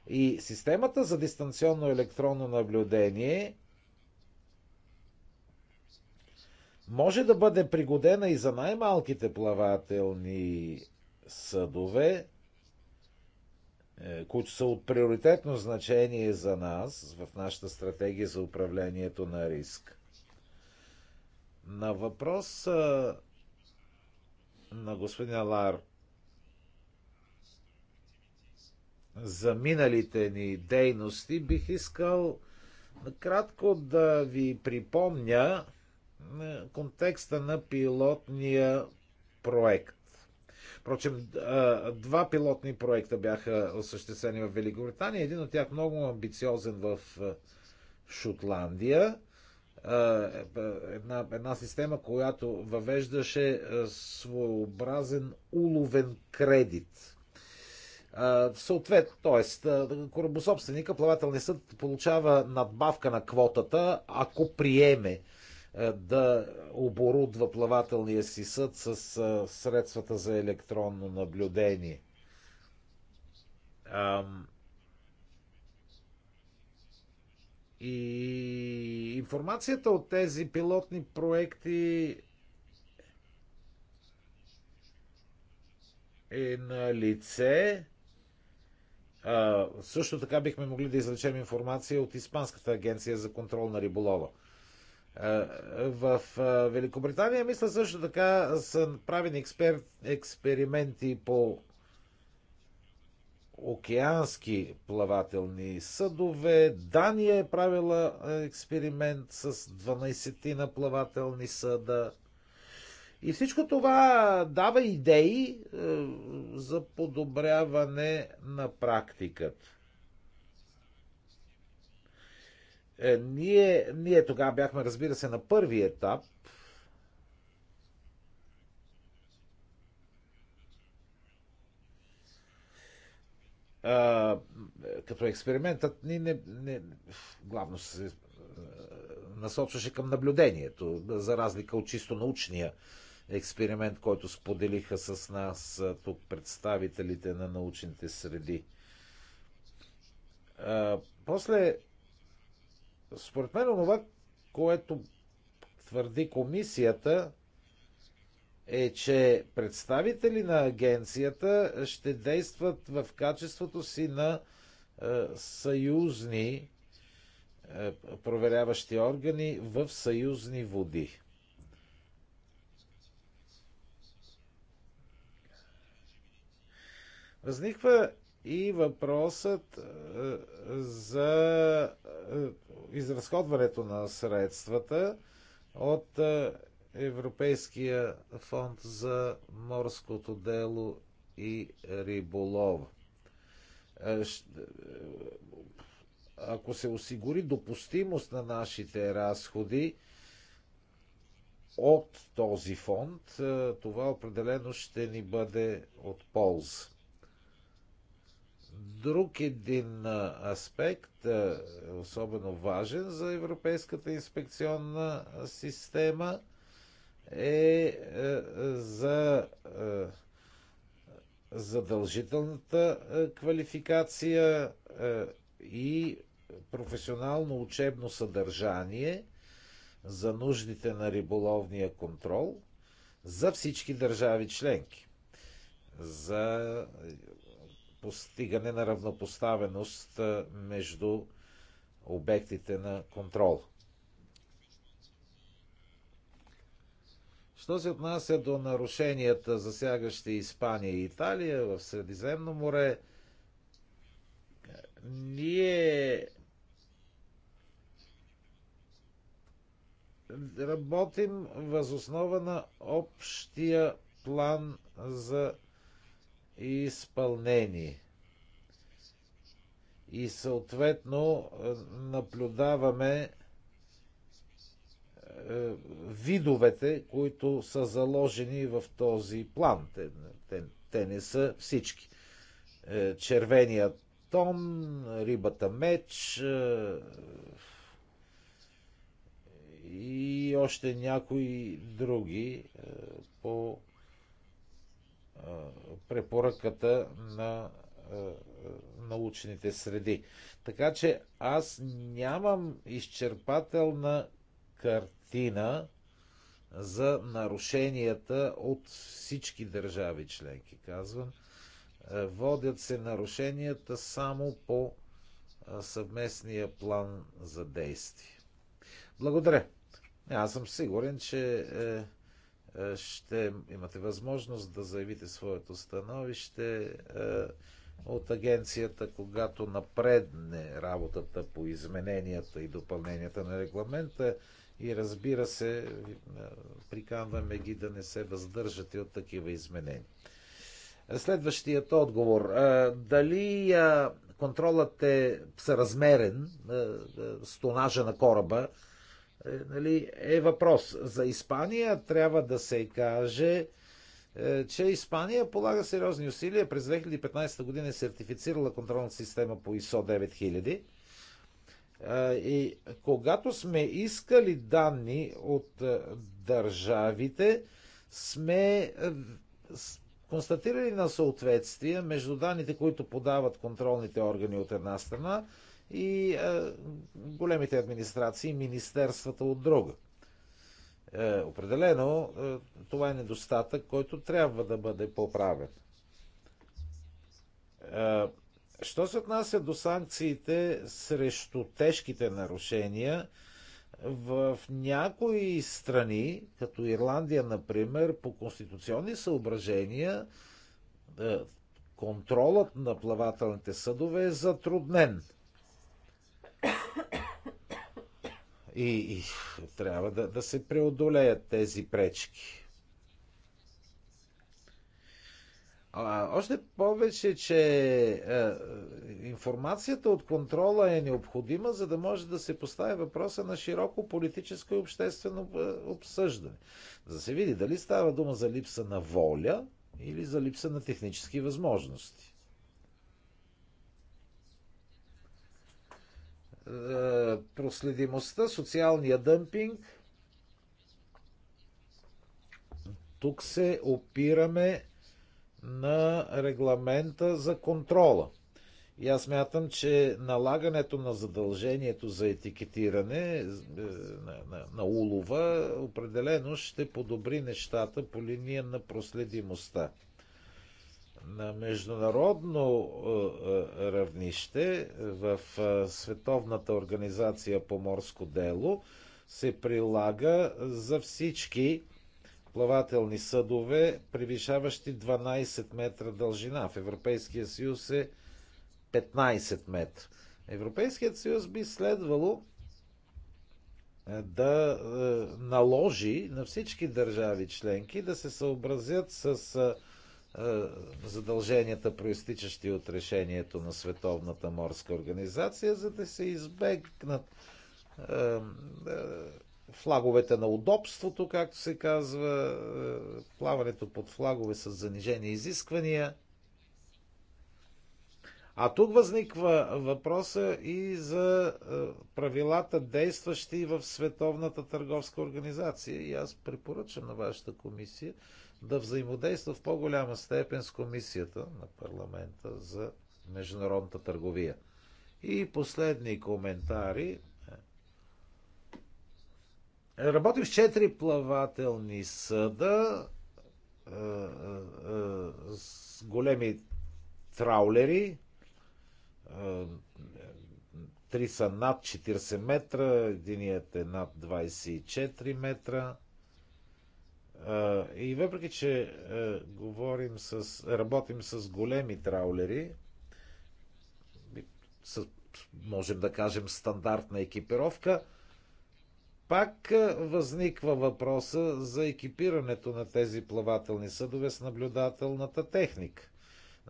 Speaker 1: и системата за дистанционно електронно наблюдение може да бъде пригодена и за най-малките плавателни съдове, е, които са от приоритетно значение за нас в нашата стратегия за управлението на риск. На въпрос на господин Лар за миналите ни дейности, бих искал кратко да ви припомня е, контекста на пилотния проект. Впрочем, е, два пилотни проекта бяха осъществени в Великобритания. Един от тях много амбициозен в е, Шотландия. Една, една система, която въвеждаше своеобразен уловен кредит – Съответно, т.е. корабособственика, плавателния съд получава надбавка на квотата, ако приеме е, да оборудва плавателния си съд с средствата за електронно наблюдение. И информацията от тези пилотни проекти е на лице. Също така бихме могли да извлечем информация от Испанската агенция за контрол на риболова. В Великобритания, мисля също така, са правени експер... експерименти по океански плавателни съдове. Дания е правила експеримент с 12 на плавателни съда. И всичко това дава идеи е, за подобряване на практиката. Е, ние, ние тогава бяхме, разбира се, на първи етап. А, като експериментът ни не, не, главно се е, насочваше към наблюдението, за разлика от чисто научния експеримент, който споделиха с нас тук представителите на научните среди. После, според мен, това, което твърди комисията, е, че представители на агенцията ще действат в качеството си на съюзни проверяващи органи в съюзни води. Възниква и въпросът е, за е, изразходването на средствата от е, Европейския фонд за морското дело и риболов. Ако се осигури допустимост на нашите разходи от този фонд, това определено ще ни бъде от полза. Друг един аспект, особено важен за Европейската инспекционна система, е за задължителната квалификация и професионално учебно съдържание за нуждите на риболовния контрол за всички държави членки. За постигане на равнопоставеност между обектите на контрол. Що се отнася до нарушенията, засягащи Испания и Италия в Средиземно море, ние работим възоснова на общия план за изпълнени. И съответно е, наблюдаваме е, видовете, които са заложени в този план. Те, те, те не са всички. Е, Червеният тон, рибата меч и още някои други по препоръката на е, е, научните среди. Така че аз нямам изчерпателна картина за нарушенията от всички държави членки, казвам. Е, водят се нарушенията само по съвместния план за действие. Благодаря. Аз съм сигурен, че е, ще имате възможност да заявите своето становище е, от агенцията, когато напредне работата по измененията и допълненията на регламента. И разбира се, е, приканваме ги да не се въздържате от такива изменения. Следващият отговор. Дали контролът е съразмерен с тонажа на кораба, е, нали, е въпрос. За Испания трябва да се каже, е, че Испания полага сериозни усилия. През 2015 година е сертифицирала контролната система по ISO 9000. Е, и когато сме искали данни от държавите, сме констатирали на съответствие между данните, които подават контролните органи от една страна и е, големите администрации, министерствата от друга. Е, определено е, това е недостатък, който трябва да бъде поправен. Е, що се отнася до санкциите срещу тежките нарушения, в някои страни, като Ирландия, например, по конституционни съображения, е, контролът на плавателните съдове е затруднен. И, и трябва да, да се преодолеят тези пречки. А, още повече, че е, информацията от контрола е необходима, за да може да се постави въпроса на широко политическо и обществено е, обсъждане. За да се види дали става дума за липса на воля или за липса на технически възможности. Е, проследимостта, социалния дъмпинг. Тук се опираме на регламента за контрола. И аз мятам, че налагането на задължението за етикетиране е, на, на, на улова определено ще подобри нещата по линия на проследимостта на международно е, е, равнище в е, Световната организация по морско дело се прилага за всички плавателни съдове, превишаващи 12 метра дължина. В Европейския съюз е 15 метра. Европейският съюз би следвало да наложи на всички държави членки да се съобразят с е, задълженията, проистичащи от решението на Световната морска организация, за да се избегнат е, е, флаговете на удобството, както се казва, плаването под флагове с занижени изисквания. А тук възниква въпроса и за правилата, действащи в Световната търговска организация. И аз препоръчам на вашата комисия да взаимодейства в по-голяма степен с Комисията на парламента за международната търговия. И последни коментари. Работим с четири плавателни съда е, е, е, с големи траулери. Три са над 40 метра, единият е над 24 метра – и въпреки, че говорим с, работим с големи траулери, с, можем да кажем стандартна екипировка, пак възниква въпроса за екипирането на тези плавателни съдове с наблюдателната техника.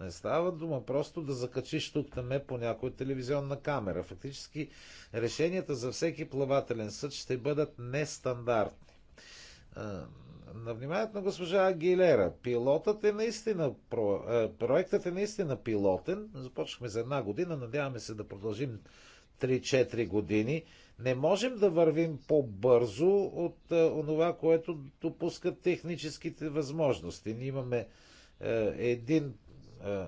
Speaker 1: Не става дума просто да закачиш тук на ме по някоя телевизионна камера. Фактически решенията за всеки плавателен съд ще бъдат нестандартни на вниманието на госпожа Агилера. Пилотът е наистина, е, проектът е наистина пилотен. Започнахме за една година, надяваме се да продължим 3-4 години. Не можем да вървим по-бързо от това, е, което допускат техническите възможности. Ние имаме е, един е, е,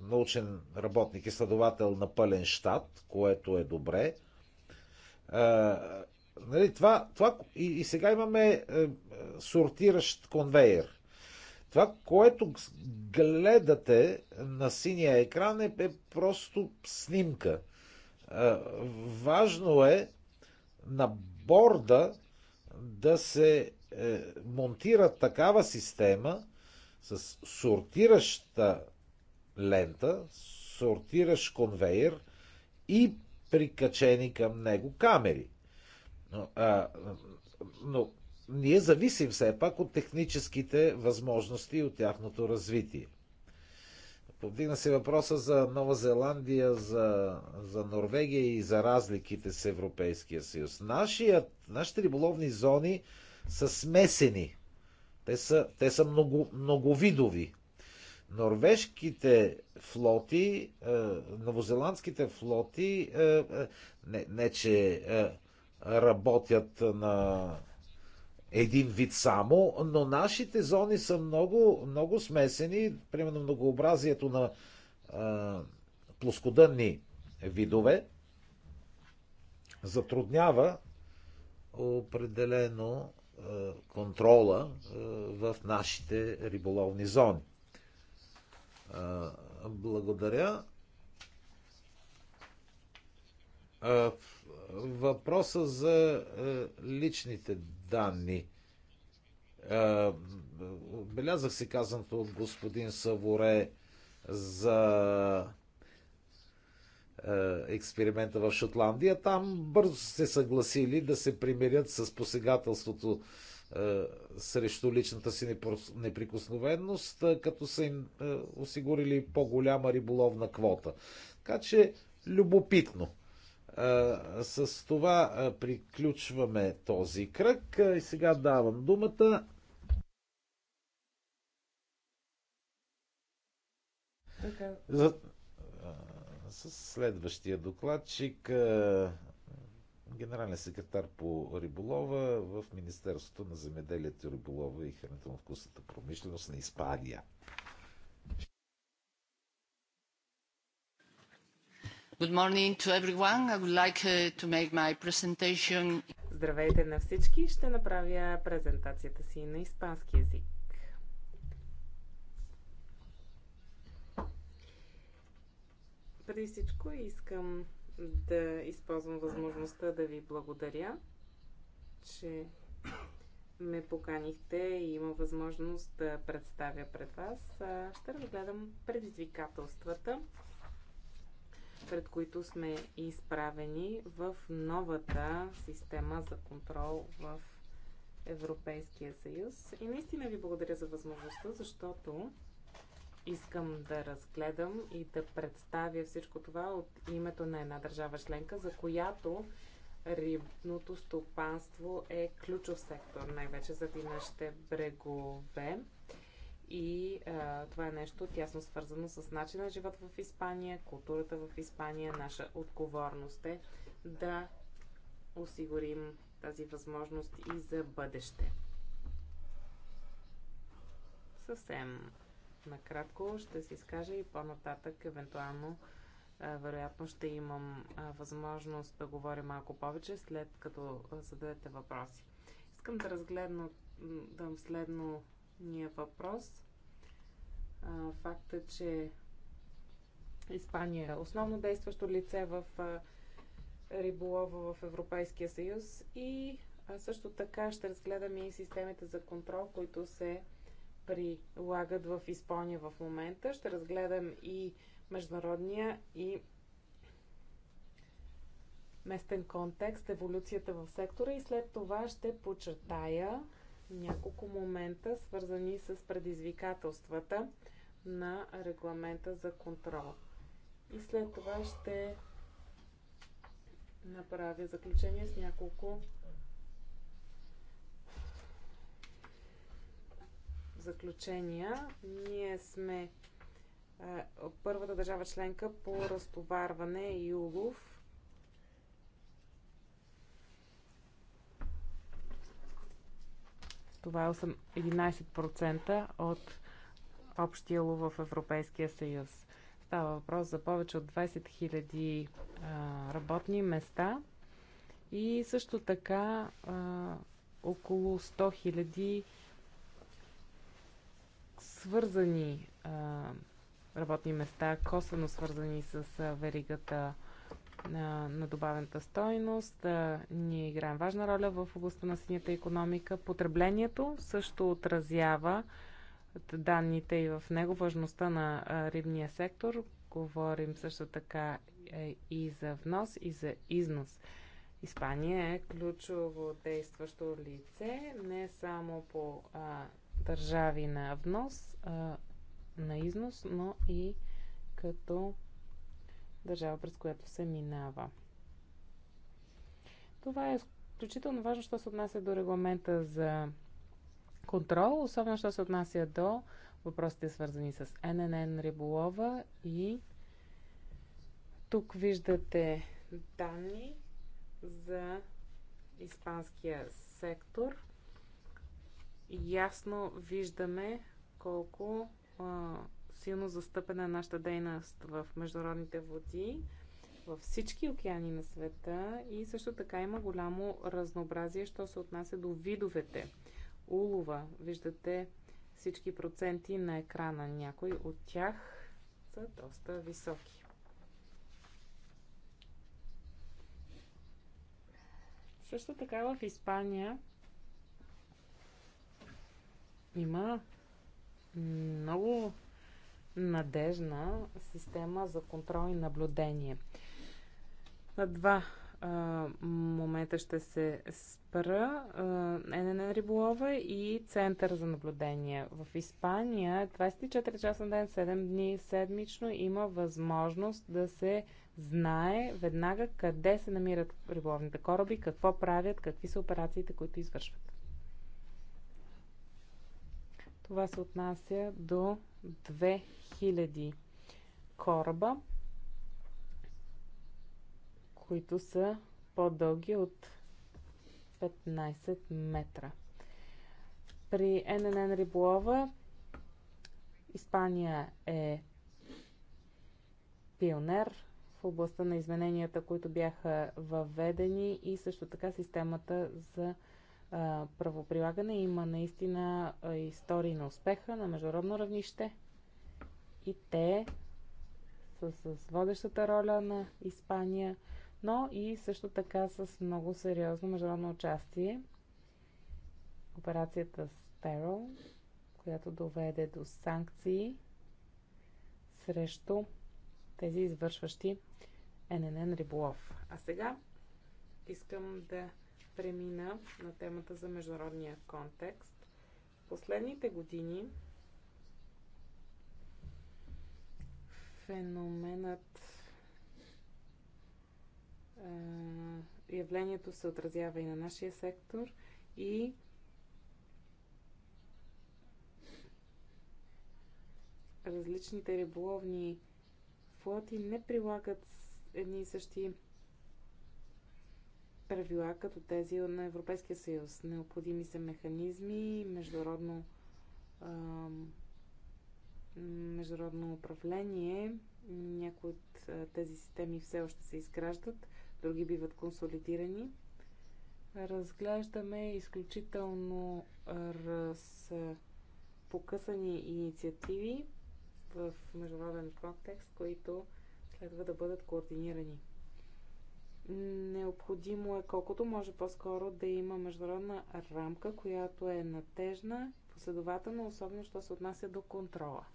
Speaker 1: научен работник и следовател на пълен щат, което е добре е, Нали, това, това, и, и сега имаме е, е сортиращ конвейер. Това, което гледате на синия екран е, е просто снимка. Е, важно е на борда да се е, монтира такава система с сортираща лента, сортиращ конвейер и прикачени към него камери – но, а, но ние зависим все пак от техническите възможности и от тяхното развитие. Повдигна се въпроса за Нова Зеландия, за, за Норвегия и за разликите с Европейския съюз. Нашият, нашите риболовни зони са смесени. Те са, те са много, многовидови. Норвежките флоти, е, новозеландските флоти, е, е, не, не че работят на един вид само, но нашите зони са много, много смесени. Примерно многообразието на а, плоскодънни видове затруднява определено а, контрола а, в нашите риболовни зони. А, благодаря. А, въпроса за е, личните данни. Е, Белязах си казаното от господин Саворе за е, експеримента в Шотландия. Там бързо се съгласили да се примирят с посегателството срещу личната си неприкосновеност, като са им осигурили по-голяма риболовна квота. Така че, любопитно. С това приключваме този кръг и сега давам думата Така. За... С следващия докладчик, генерален секретар по риболова в Министерството на земеделието, риболова и хранително-вкусната промишленост на Испания.
Speaker 4: Good morning to everyone. I would like uh, to make my presentation. Здравейте на всички. Ще направя презентацията си на испански язик. Преди всичко искам да използвам възможността да ви благодаря, че ме поканихте и има възможност да представя пред вас. Ще разгледам предизвикателствата пред които сме изправени в новата система за контрол в Европейския съюз. И наистина ви благодаря за възможността, защото искам да разгледам и да представя всичко това от името на една държава членка, за която рибното стопанство е ключов сектор, най-вече за нашите брегове. И а, това е нещо тясно свързано с начина на живот в Испания, културата в Испания. Наша отговорност е да осигурим тази възможност и за бъдеще. Съвсем накратко ще се изкажа и по-нататък, евентуално, вероятно ще имам възможност да говоря малко повече, след като зададете въпроси. Искам да разгледам следно ния въпрос. А, факта, че Испания е основно действащо лице в а, риболова в Европейския съюз и а също така ще разгледаме и системите за контрол, които се прилагат в Испания в момента. Ще разгледам и международния и местен контекст, еволюцията в сектора и след това ще почертая няколко момента, свързани с предизвикателствата на регламента за контрол. И след това ще направя заключение с няколко заключения. Ние сме първата държава членка по разтоварване и улов Това е 11% от общия лов в Европейския съюз. Става въпрос за повече от 20 000 работни места и също така около 100 000 свързани работни места, косвено свързани с а, веригата на добавената стойност. Ние играем важна роля в областта на синята економика. Потреблението също отразява данните и в него важността на рибния сектор. Говорим също така е, и за внос, и за износ. Испания е ключово действащо лице не само по а, държави на внос, а, на износ, но и като държава, през която се минава. Това е изключително важно, що се отнася до регламента за контрол, особено що се отнася до въпросите свързани с ННН риболова и тук виждате данни за испанския сектор. Ясно виждаме колко а, силно застъпена нашата дейност в международните води, във всички океани на света и също така има голямо разнообразие, що се отнася до видовете. Улова, виждате всички проценти на екрана. Някои от тях са доста високи. Също така в Испания има много надежна система за контрол и наблюдение. На два а, момента ще се спра. А, ННН Риболова и Център за наблюдение. В Испания 24 часа на ден, 7 дни седмично има възможност да се знае веднага къде се намират риболовните кораби, какво правят, какви са операциите, които извършват. Това се отнася до две 000 кораба, които са по-дълги от 15 метра. При ННН Риболова Испания е пионер в областта на измененията, които бяха въведени и също така системата за правоприлагане има наистина истории на успеха на международно равнище. И те са с водещата роля на Испания, но и също така с много сериозно международно участие. Операцията Sparrow, която доведе до санкции срещу тези извършващи ННН Риболов. А сега искам да премина на темата за международния контекст. В последните години феноменът явлението се отразява и на нашия сектор и различните риболовни флоти не прилагат едни и същи правила, като тези на Европейския съюз. Необходими са механизми, международно международно управление. Някои от тези системи все още се изграждат, други биват консолидирани. Разглеждаме изключително разпокъсани покъсани инициативи в международен контекст, които следва да бъдат координирани. Необходимо е колкото може по-скоро да има международна рамка, която е натежна, последователна, особено що се отнася до контрола.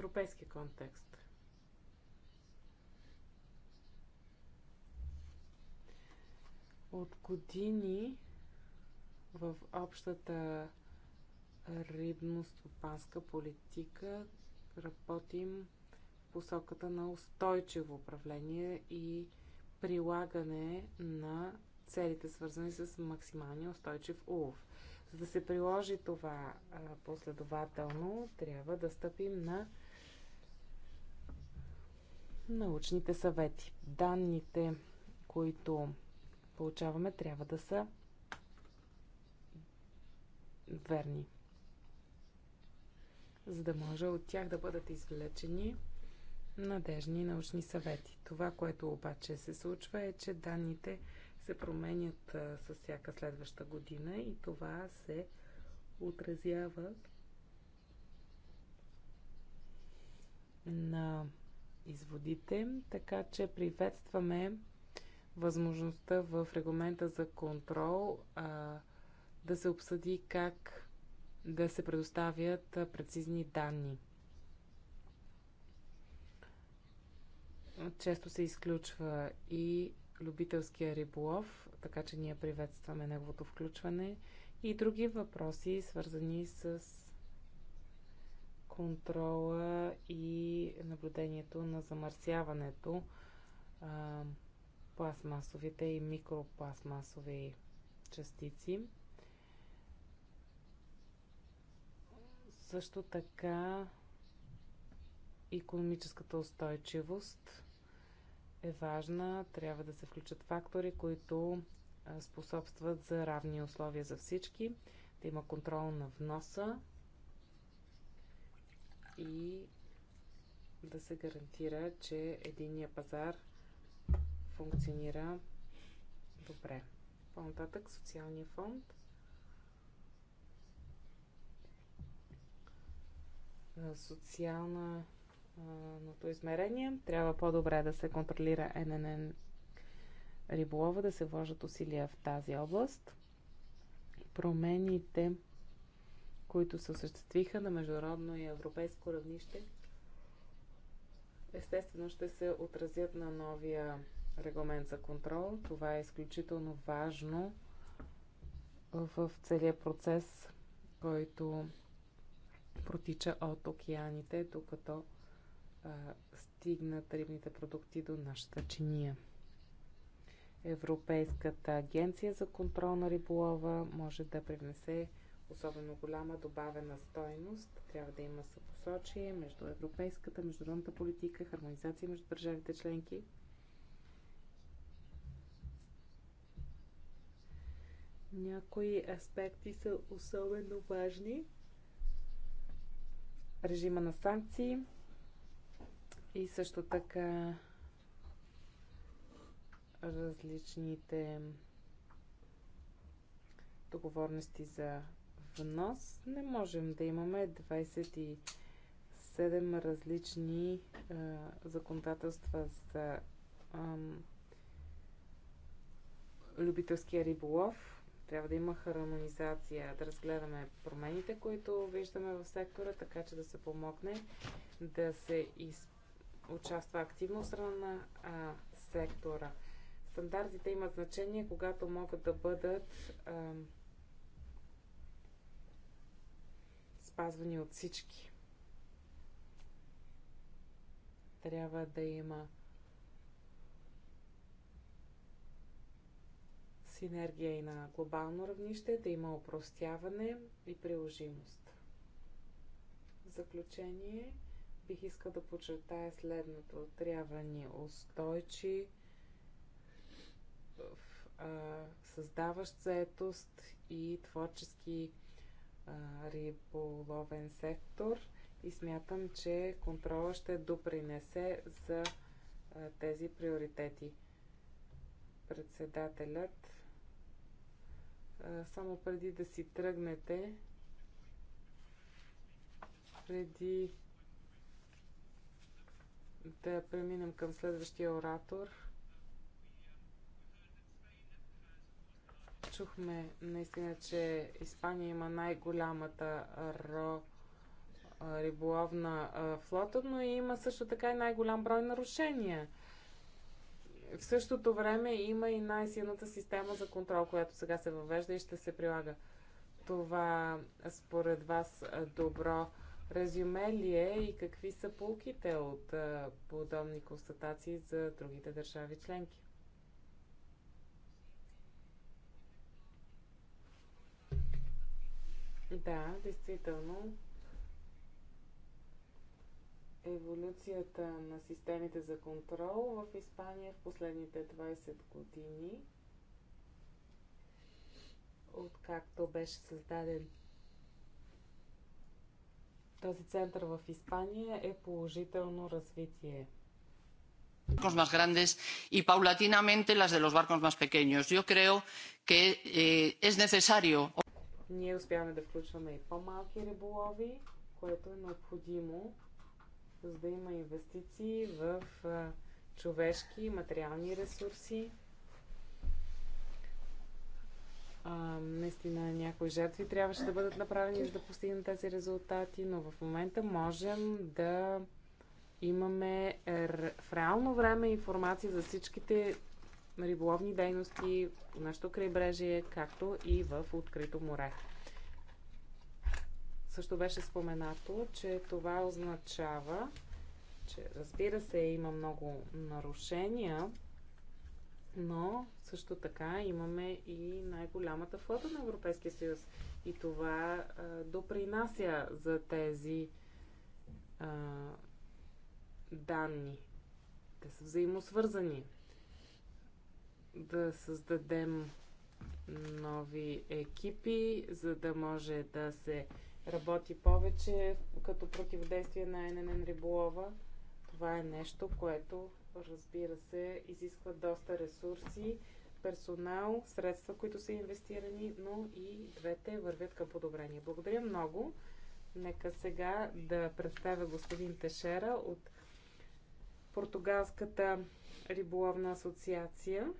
Speaker 4: европейски контекст. От години в общата рибно-стопанска политика работим в посоката на устойчиво управление и прилагане на целите, свързани с максималния устойчив улов. За да се приложи това последователно, трябва да стъпим на научните съвети. Данните, които получаваме, трябва да са верни, за да може от тях да бъдат извлечени надежни научни съвети. Това, което обаче се случва е, че данните се променят с всяка следваща година и това се отразява на изводите, така че приветстваме възможността в регламента за контрол а, да се обсъди как да се предоставят прецизни данни. Често се изключва и любителския риболов, така че ние приветстваме неговото включване и други въпроси, свързани с контрола и наблюдението на замърсяването, а, пластмасовите и микропластмасови частици. Също така економическата устойчивост е важна. Трябва да се включат фактори, които способстват за равни условия за всички, да има контрол на вноса и да се гарантира, че единния пазар функционира добре. По-нататък социалния фонд. Социалното измерение трябва по-добре да се контролира ННН риболова, да се вложат усилия в тази област. Промените които се осъществиха на международно и европейско равнище, естествено ще се отразят на новия регламент за контрол. Това е изключително важно в целия процес, който протича от океаните, докато а, стигнат рибните продукти до нашата чиния. Европейската агенция за контрол на риболова може да привнесе особено голяма добавена стойност. Трябва да има съпосочие между европейската, международната политика, хармонизация между държавите членки. Някои аспекти са особено важни. Режима на санкции и също така различните договорности за внос не можем да имаме 27 различни законодателства за любителския риболов. Трябва да има хармонизация, да разгледаме промените, които виждаме в сектора, така че да се помогне да се из... участва активно страна на а, сектора. Стандартите имат значение, когато могат да бъдат а, спазвани от всички. Трябва да има синергия и на глобално равнище, да има опростяване и приложимост. В заключение бих искал да подчертая следното. Трябва ни устойчи а, създаващ заетост и творчески риболовен сектор и смятам, че контрола ще допринесе за тези приоритети. Председателят, само преди да си тръгнете, преди да преминем към следващия оратор, Чухме наистина, че Испания има най-голямата ро риболовна флота, но и има също така и най-голям брой нарушения. В същото време има и най-силната система за контрол, която сега се въвежда и ще се прилага. Това според вас добро резюме ли е и какви са полките от подобни констатации за другите държави членки? Да, действително. Еволюцията на системите за контрол в Испания в последните 20 години, откакто беше създаден този център в Испания, е положително развитие
Speaker 3: barcos más grandes y paulatinamente las de los barcos más pequeños. Yo creo que eh, es necesario.
Speaker 4: Ние успяваме да включваме и по-малки риболови, което е необходимо, за да има инвестиции в човешки и материални ресурси. А, наистина някои жертви трябваше да бъдат направени, за да постигнем тези резултати, но в момента можем да имаме в реално време информация за всичките риболовни дейности по нашето крайбрежие, както и в открито море. Също беше споменато, че това означава, че разбира се има много нарушения, но също така имаме и най-голямата флота на Европейския съюз. И това а, допринася за тези а, данни. Те са взаимосвързани да създадем нови екипи, за да може да се работи повече като противодействие на ННН Риболова. Това е нещо, което, разбира се, изисква доста ресурси, персонал, средства, които са инвестирани, но и двете вървят към подобрение. Благодаря много. Нека сега да представя господин Тешера от Португалската риболовна асоциация.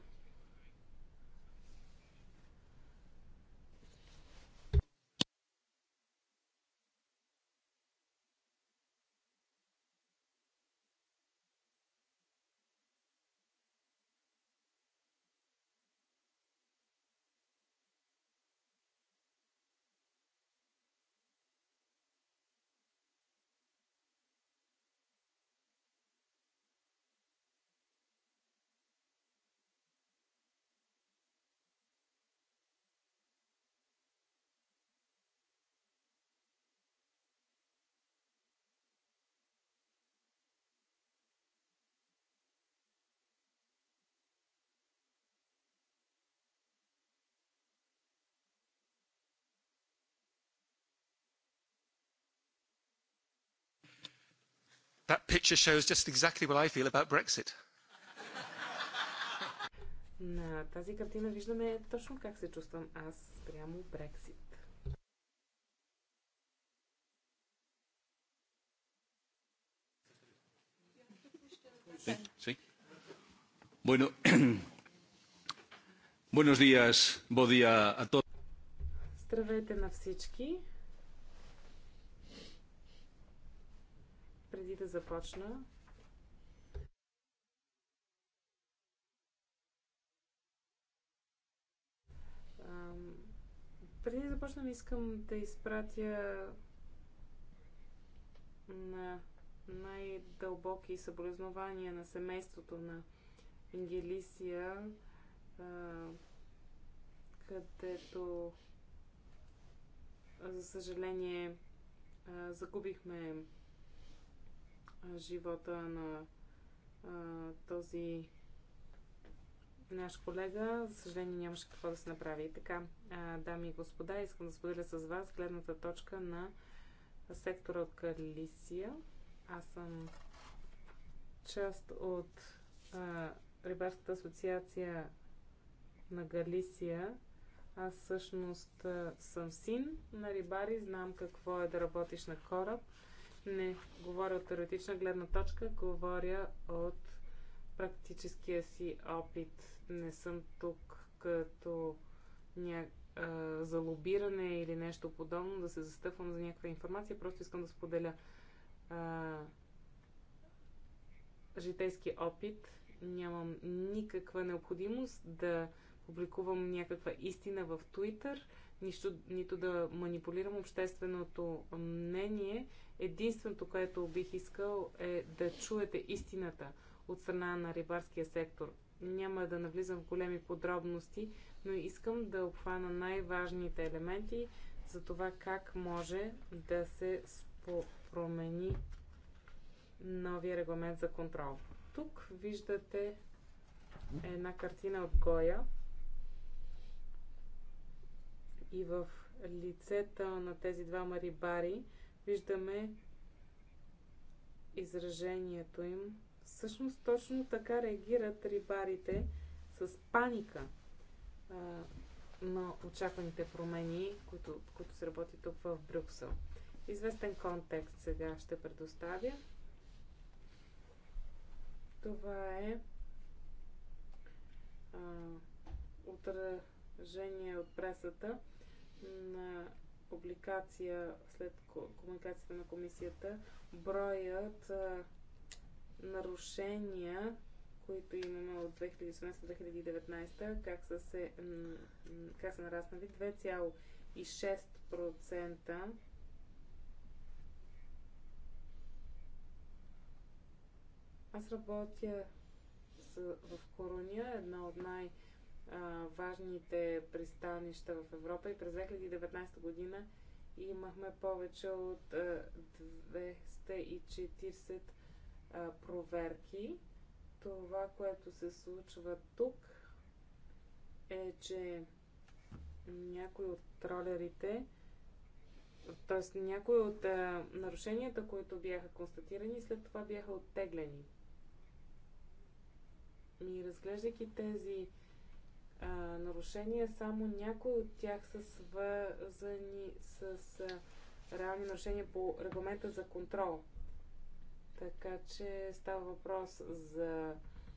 Speaker 2: That picture shows just exactly what I feel about Brexit.
Speaker 4: На тази картина виждаме точно как се чувствам аз прямо Брексит. Sí, sí. Bueno, buenos días, buen día a todos. Здравейте на всички! преди да започна, преди да започнем, искам да изпратя на най-дълбоки съболезнования на семейството на Ингелисия, където, за съжаление, загубихме живота на а, този наш колега. За съжаление нямаше какво да се направи. И така, а, дами и господа, искам да споделя с вас гледната точка на сектора от Галисия. Аз съм част от а, Рибарската асоциация на Галисия. Аз всъщност съм син на рибари, знам какво е да работиш на кораб не говоря от теоретична гледна точка, говоря от практическия си опит. Не съм тук като ня... за лобиране или нещо подобно, да се застъпвам за някаква информация, просто искам да споделя а, житейски опит. Нямам никаква необходимост да публикувам някаква истина в Twitter нищо, нито да манипулирам общественото мнение. Единственото, което бих искал е да чуете истината от страна на рибарския сектор. Няма да навлизам в големи подробности, но искам да обхвана най-важните елементи за това как може да се промени новия регламент за контрол. Тук виждате една картина от Гоя, и в лицета на тези двама рибари виждаме изражението им. Всъщност точно така реагират рибарите с паника а, на очакваните промени, които, които се работи тук в Брюксел. Известен контекст сега ще предоставя. Това е а, отражение от пресата на публикация след комуникацията на комисията, броят нарушения, които имаме от 2018-2019, как са, се, как са нараснали 2,6% Аз работя в Корония, една от най- важните пристанища в Европа и през 2019 година имахме повече от 240 проверки. Това, което се случва тук е, че някои от тролерите, т.е. някои от нарушенията, които бяха констатирани, след това бяха оттеглени. И разглеждайки тези а, нарушения, само някои от тях са свързани с а, реални нарушения по регламента за контрол. Така че става въпрос за,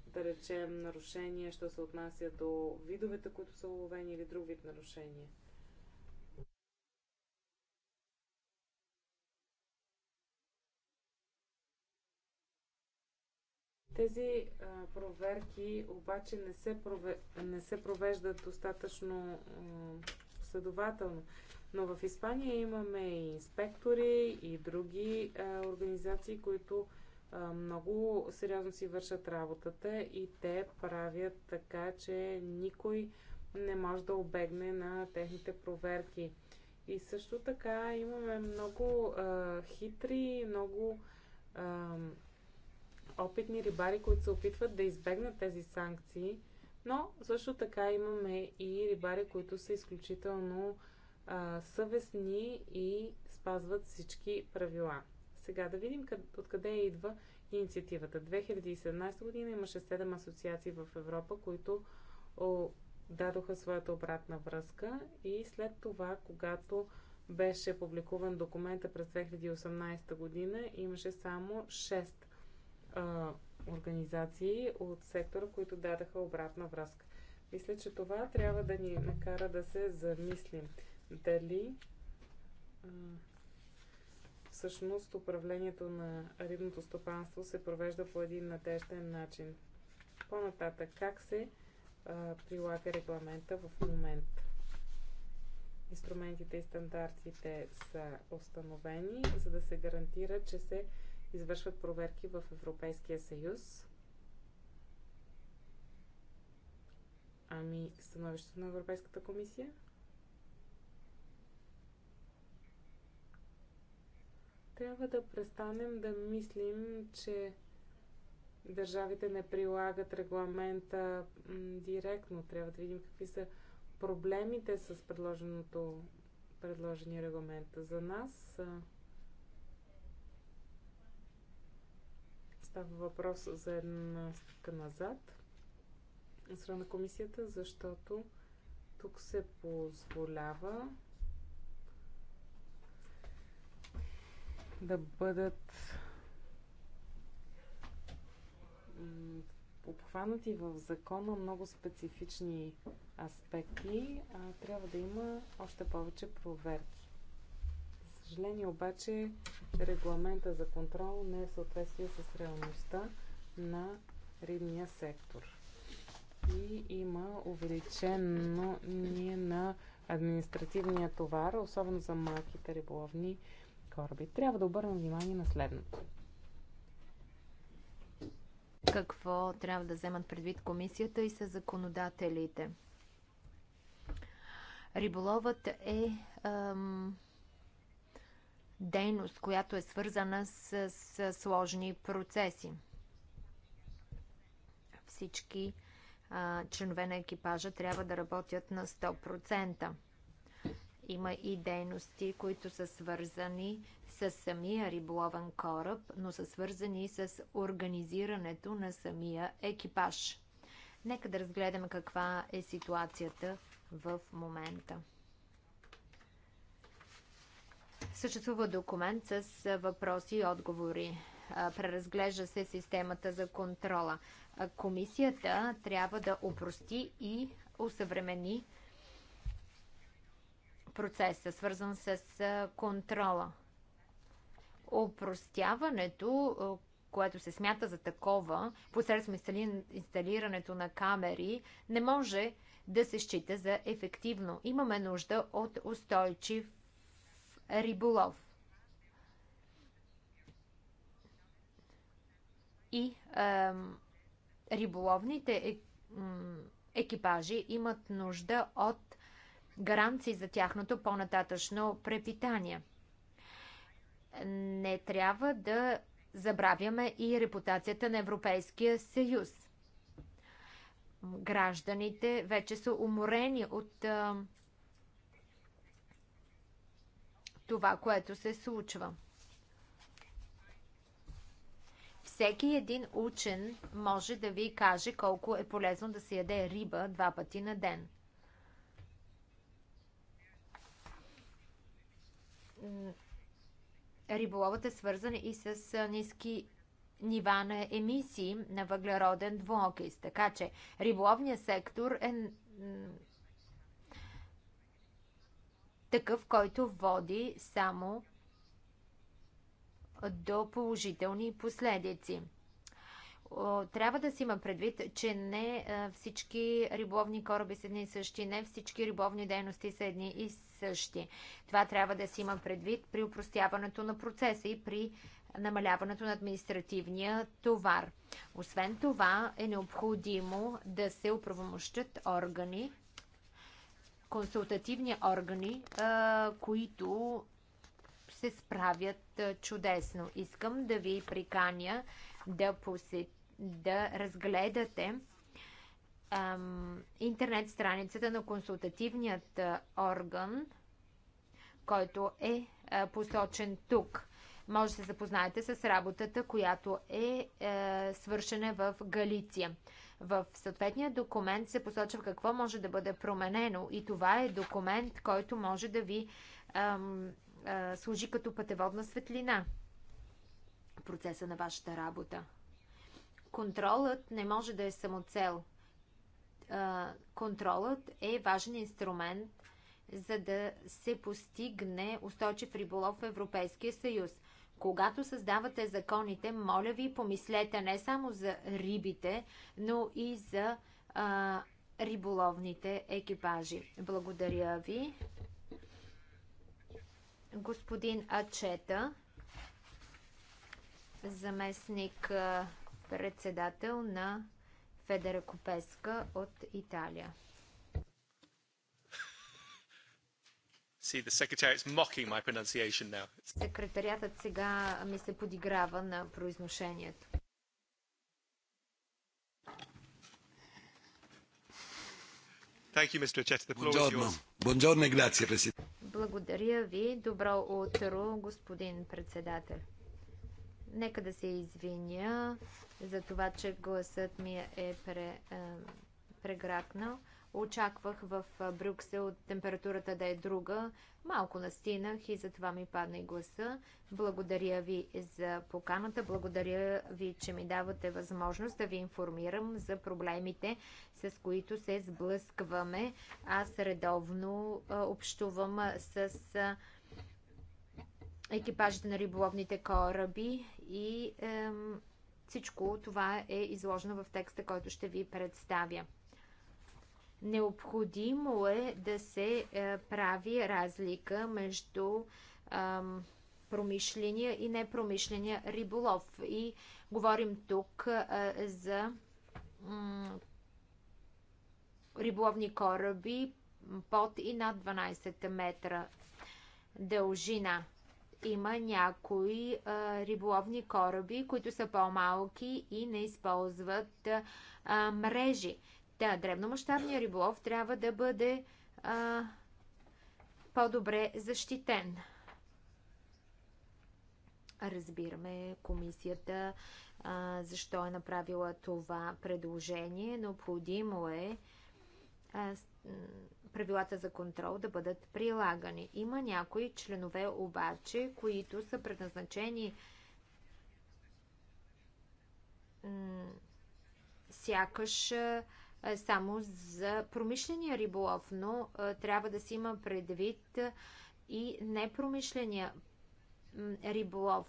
Speaker 4: да речем, нарушения, що се отнася до видовете, които са уловени или друг вид нарушения. Тези а, проверки обаче не се, не се провеждат достатъчно а, следователно. Но в Испания имаме и инспектори и други а, организации, които а, много сериозно си вършат работата и те правят така, че никой не може да обегне на техните проверки. И също така имаме много а, хитри, много. А, опитни рибари, които се опитват да избегнат тези санкции, но също така имаме и рибари, които са изключително а, съвестни и спазват всички правила. Сега да видим къд, откъде идва инициативата. 2017 година имаше 7 асоциации в Европа, които о, дадоха своята обратна връзка и след това, когато беше публикуван документа през 2018 година, имаше само 6 а, организации от сектора, които дадаха обратна връзка. Мисля, че това трябва да ни накара да се замислим дали а, всъщност управлението на рибното стопанство се провежда по един надежден начин. По-нататък, как се а, прилага регламента в момента? Инструментите и стандартите са установени, за да се гарантира, че се извършват проверки в Европейския съюз. Ами, становището на Европейската комисия? Трябва да престанем да мислим, че държавите не прилагат регламента директно. Трябва да видим какви са проблемите с предложеното, предложения регламент. За нас Става въпрос за една стъпка назад от страна на комисията, защото тук се позволява да бъдат обхванати в закона много специфични аспекти, а трябва да има още повече проверки съжаление обаче регламента за контрол не е в съответствие с реалността на рибния сектор. И има увеличено ние на административния товар, особено за малките риболовни
Speaker 5: кораби. Трябва
Speaker 4: да обърнем внимание на следното.
Speaker 5: Какво трябва да вземат предвид комисията и са законодателите? Риболовът е ам, дейност, която е свързана с, с сложни процеси. Всички а, членове на екипажа трябва да работят на 100%. Има и дейности, които са свързани с самия риболовен кораб, но са свързани с организирането на самия екипаж. Нека да разгледаме каква е ситуацията в момента. Съществува документ с въпроси и отговори. Преразглежда се системата за контрола. Комисията трябва да опрости и усъвремени процеса, свързан с контрола. Опростяването, което се смята за такова, посредством инсталирането на камери, не може да се счита за ефективно. Имаме нужда от устойчив риболов. И ем, риболовните е, екипажи имат нужда от гаранции за тяхното по-нататъчно препитание. Не трябва да забравяме и репутацията на Европейския съюз. Гражданите вече са уморени от това, което се случва. Всеки един учен може да ви каже колко е полезно да се яде риба два пъти на ден. Риболовът е свързан и с ниски нива на емисии на въглероден двуокис. Така че риболовният сектор е такъв, който води само до положителни последици. Трябва да си има предвид, че не всички риболовни кораби са едни и същи, не всички риболовни дейности са едни и същи. Това трябва да си има предвид при упростяването на процеса и при намаляването на административния товар. Освен това е необходимо да се оправомощат органи, консултативни органи, които се справят чудесно. Искам да ви приканя да, посет... да разгледате ам, интернет страницата на консултативният орган, който е посочен тук. Може да се запознаете с работата, която е, е свършена в Галиция. В съответния документ се посочва какво може да бъде променено и това е документ, който може да ви ам, а, служи като пътеводна светлина в процеса на вашата работа. Контролът не може да е самоцел. контролът е важен инструмент, за да се постигне устойчив риболов в Европейския съюз. Когато създавате законите, моля ви, помислете не само за рибите, но и за а, риболовните екипажи. Благодаря ви. Господин Ачета, заместник председател на Федера Копеска от Италия. Секретариатът сега ми се подиграва на произношението.
Speaker 2: E
Speaker 5: Благодаря ви. Добро утро, господин председател. Нека да се извиня за това, че гласът ми е, е прегракнал очаквах в Брюксел температурата да е друга. Малко настинах и затова ми падна и гласа. Благодаря ви за поканата. Благодаря ви, че ми давате възможност да ви информирам за проблемите, с които се сблъскваме. Аз редовно общувам с екипажите на риболовните кораби и всичко това е изложено в текста, който ще ви представя. Необходимо е да се е, прави разлика между промишления и непромишления риболов. И говорим тук е, за риболовни кораби под и над 12 метра дължина. Има някои е, риболовни кораби, които са по-малки и не използват мрежи. Да, дребномащабният риболов трябва да бъде по-добре защитен. Разбираме комисията а, защо е направила това предложение. Необходимо е а, правилата за контрол да бъдат прилагани. Има някои членове обаче, които са предназначени сякаш а, е, само за промишления риболов, но е, трябва да се има предвид е, и непромишления риболов.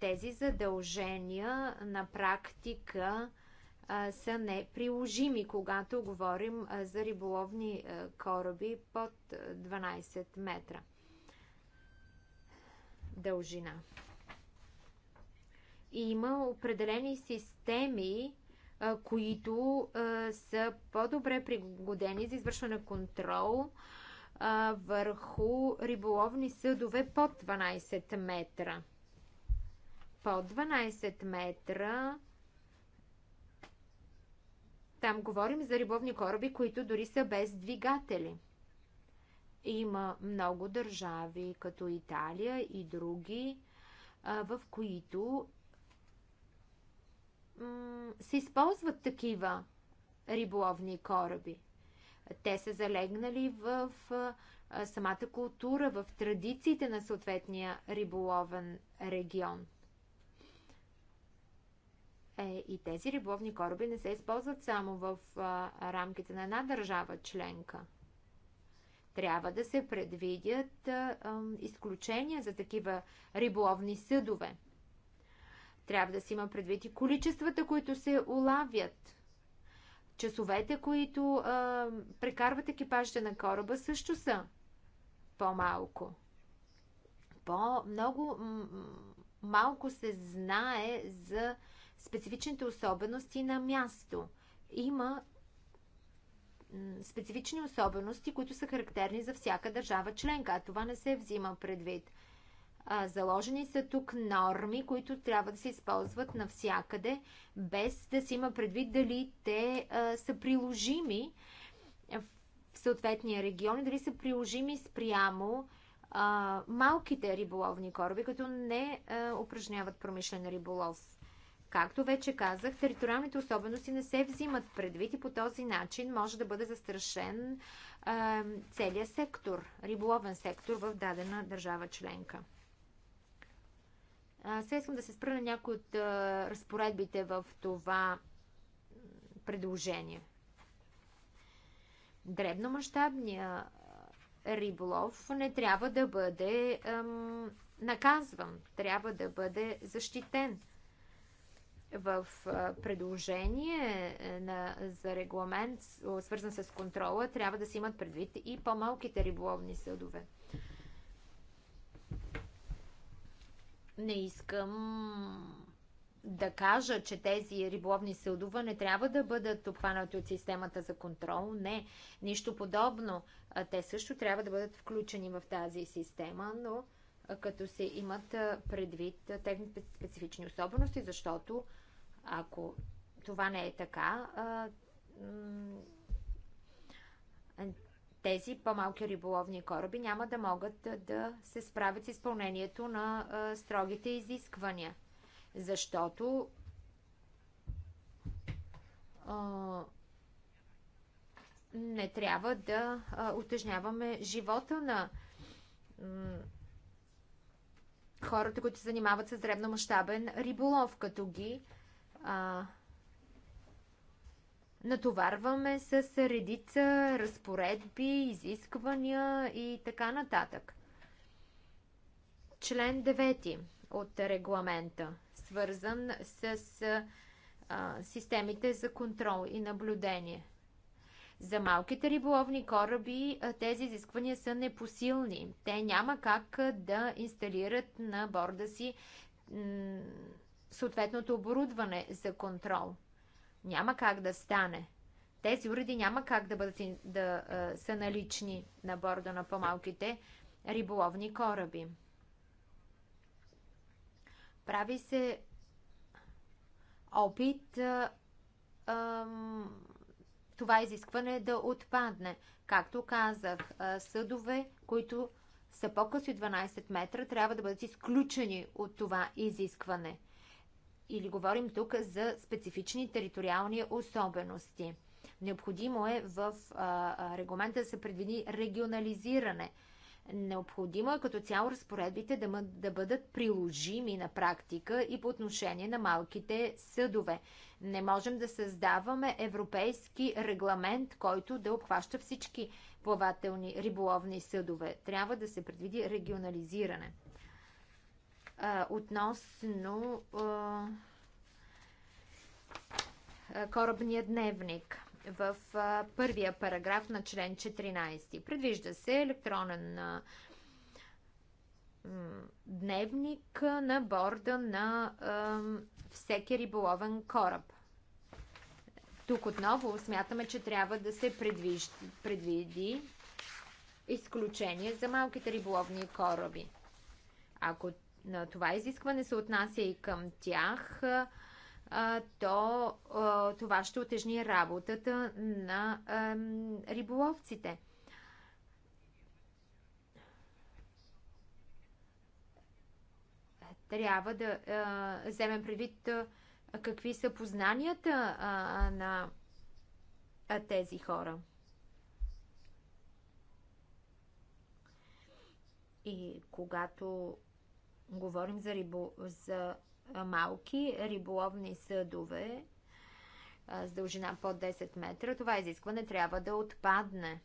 Speaker 5: Тези задължения на практика са неприложими, когато говорим за риболовни кораби под 12 метра дължина. И има определени системи, които са по-добре пригодени за извършване на контрол върху риболовни съдове под 12 метра. Под 12 метра там говорим за рибовни кораби, които дори са без двигатели. Има много държави, като Италия и други, в които се използват такива риболовни кораби. Те са залегнали в самата култура, в традициите на съответния риболовен регион. Е, и тези риболовни кораби не се използват само в а, рамките на една държава членка. Трябва да се предвидят а, а, изключения за такива риболовни съдове. Трябва да си има предвид и количествата, които се улавят. Часовете, които а, прекарват екипажите на кораба, също са по-малко. По-много малко се знае за специфичните особености на място. Има специфични особености, които са характерни за всяка държава членка, а това не се взима предвид. А, заложени са тук норми, които трябва да се използват навсякъде, без да се има предвид дали те а, са приложими в съответния регион, дали са приложими спрямо а, малките риболовни кораби, които не а, упражняват промишлен риболов. Както вече казах, териториалните особености не се взимат предвид и по този начин може да бъде застрашен е, целият сектор, риболовен сектор в дадена държава членка. Сега искам да се спра на някои от разпоредбите в това предложение. Дребномащабния риболов не трябва да бъде ам, наказван, трябва да бъде защитен. В предложение е, на, за регламент, свързан с контрола, трябва да се имат предвид и по-малките риболовни съдове. Не искам да кажа, че тези риболовни съдове не трябва да бъдат обхванати от системата за контрол. Не, нищо подобно. Те също трябва да бъдат включени в тази система, но като се имат предвид техните специфични особености, защото ако това не е така, тези по-малки риболовни кораби няма да могат да се справят с изпълнението на строгите изисквания. Защото не трябва да утежняваме живота на хората, които се занимават с дребномащабен риболов, като ги а, натоварваме с редица разпоредби, изисквания и така нататък. Член 9 от регламента, свързан с а, системите за контрол и наблюдение. За малките риболовни кораби тези изисквания са непосилни. Те няма как да инсталират на борда си съответното оборудване за контрол – няма как да стане. Тези уреди няма как да, бъдат, да а, са налични на борда на по-малките риболовни кораби. Прави се опит а, а, това изискване да отпадне. Както казах, съдове, които са по-къси 12 метра, трябва да бъдат изключени от това изискване – или говорим тук за специфични териториални особености. Необходимо е в а, регламента да се предвиди регионализиране. Необходимо е като цяло разпоредбите да, да бъдат приложими на практика и по отношение на малките съдове. Не можем да създаваме европейски регламент, който да обхваща всички плавателни риболовни съдове. Трябва да се предвиди регионализиране а, относно а, корабния дневник в а, първия параграф на член 14. Предвижда се електронен а, дневник на борда на а, всеки риболовен кораб. Тук отново смятаме, че трябва да се предвижди, предвиди изключение за малките риболовни кораби. Ако на това изискване се отнася и към тях, то това ще отежни работата на риболовците. Трябва да вземем предвид какви са познанията на тези хора. И когато Говорим за, рибо, за малки риболовни съдове а, с дължина под 10 метра. Това изискване трябва да отпадне.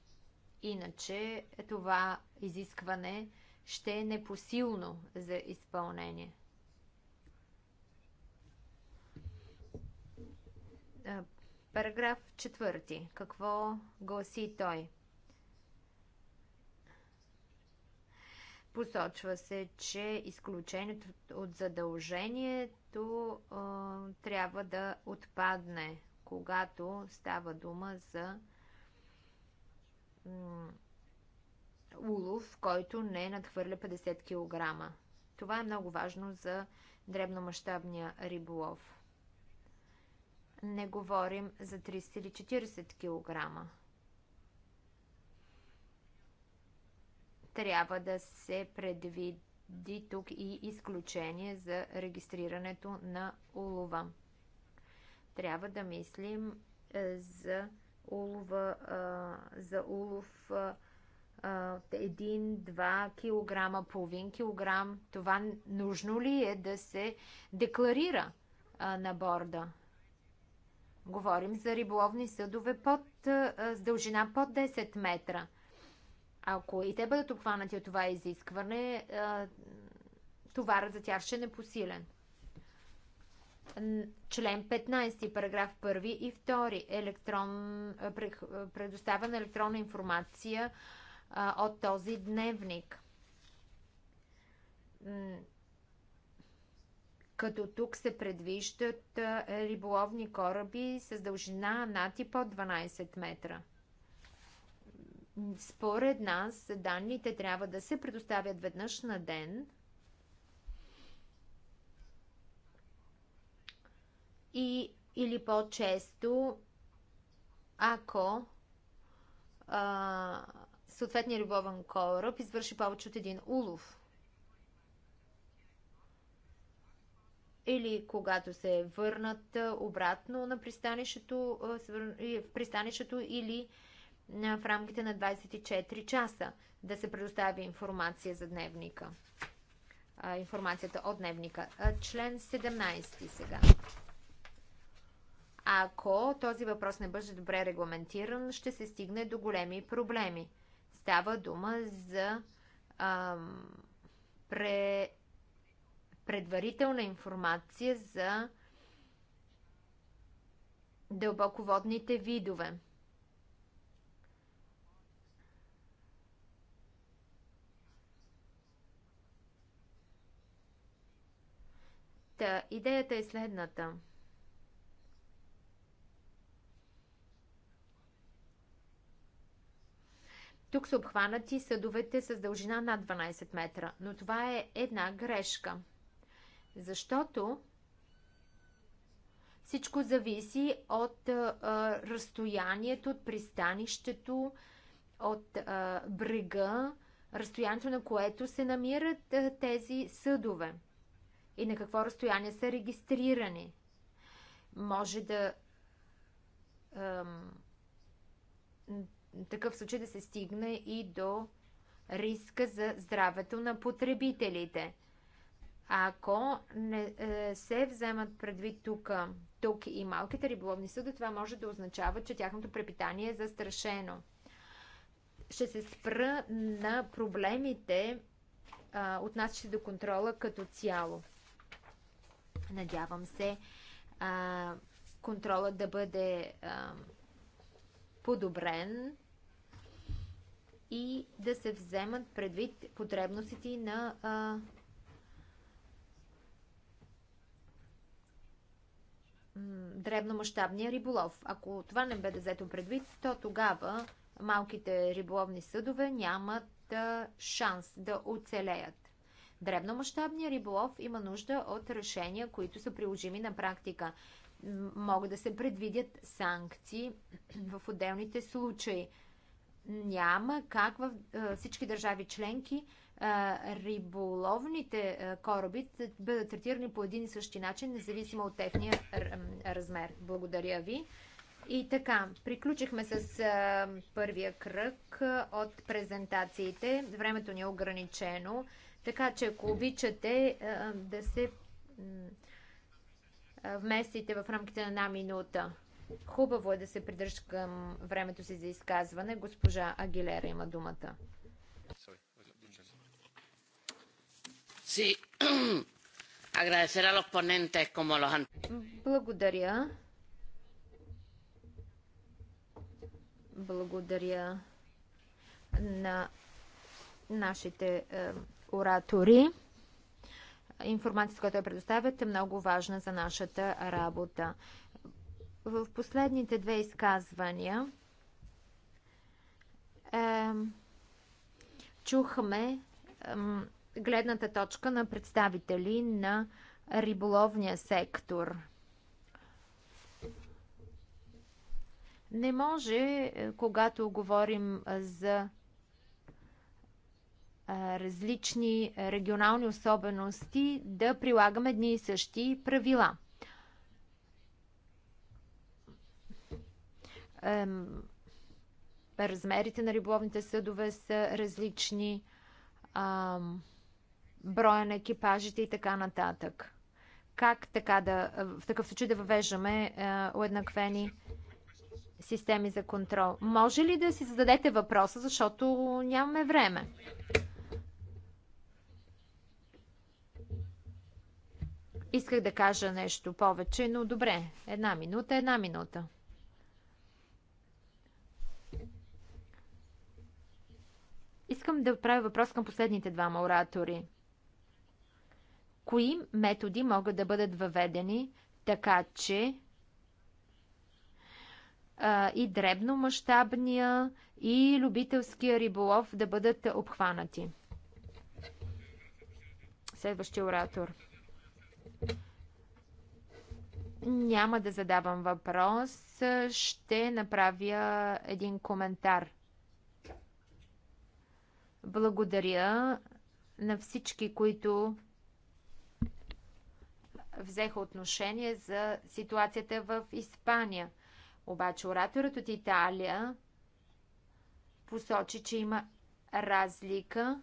Speaker 5: Иначе това изискване ще е непосилно за изпълнение. Параграф 4. Какво гласи той? Посочва се, че изключението от задължението а, трябва да отпадне, когато става дума за улов, който не надхвърля 50 кг. Това е много важно за дребномащабния риболов. Не говорим за 30 или 40 кг. трябва да се предвиди тук и изключение за регистрирането на улова. Трябва да мислим е, за улова, е, за улов 1-2 е, кг, половин килограм. Това нужно ли е да се декларира на борда? Говорим за риболовни съдове под, с дължина под 10 метра. Ако и те бъдат обхванати от това изискване, товарът за тях ще е непосилен. Член 15, параграф 1 и 2. Електрон, предоставена електронна информация от този дневник. Като тук се предвиждат риболовни кораби с дължина над и под 12 метра. Според нас данните трябва да се предоставят веднъж на ден и, или по-често, ако а, съответният риболовен кораб извърши повече от един улов. Или когато се върнат обратно на пристанището, в пристанището или в рамките на 24 часа да се предостави информация за дневника. Информацията от дневника. Член 17 сега. Ако този въпрос не бъде добре регламентиран, ще се стигне до големи проблеми. Става дума за ам, пре, предварителна информация за дълбоководните видове. Та, идеята е следната. Тук са обхванати съдовете с дължина над 12 метра, но това е една грешка. Защото всичко зависи от а, разстоянието, от пристанището, от а, брега, разстоянието на което се намират а, тези съдове и на какво разстояние са регистрирани. Може да. Ем, такъв случай да се стигне и до риска за здравето на потребителите. Ако не е, се вземат предвид тук, тук и малките риболовни съда, това може да означава, че тяхното препитание е застрашено. Ще се спра на проблемите, отнасящи до контрола като цяло. Надявам се а, контролът да бъде а, подобрен и да се вземат предвид потребностите на а, дребномащабния риболов. Ако това не бъде взето предвид, то тогава малките риболовни съдове нямат шанс да оцелеят. Дребномащабният риболов има нужда от решения, които са приложими на практика. Могат да се предвидят санкции в отделните случаи. Няма как в всички държави членки риболовните кораби да бъдат третирани по един и същи начин, независимо от техния размер. Благодаря ви. И така, приключихме с а, първия кръг от презентациите. Времето ни е ограничено. Така че ако обичате да се вместите в рамките на една минута. Хубаво е да се придържа към времето си за изказване. Госпожа Агилера има думата. Благодаря. Благодаря на нашите оратори. Информацията, която я предоставят, е много важна за нашата работа. В последните две изказвания е, чухме е, гледната точка на представители на риболовния сектор. Не може, е, когато говорим за различни регионални особености да прилагаме едни и същи правила. Размерите на риболовните съдове са различни, броя на екипажите и така нататък. Как така да, в такъв случай да въвеждаме е, уеднаквени системи за контрол? Може ли да си зададете въпроса, защото нямаме време? Исках да кажа нещо повече, но добре. Една минута, една минута. Искам да правя въпрос към последните двама оратори. Кои методи могат да бъдат въведени така, че а, и дребномащабния, и любителския риболов да бъдат обхванати? Следващия оратор. Няма да задавам въпрос, ще направя един коментар. Благодаря на всички, които взеха отношение за ситуацията в Испания. Обаче ораторът от Италия посочи, че има разлика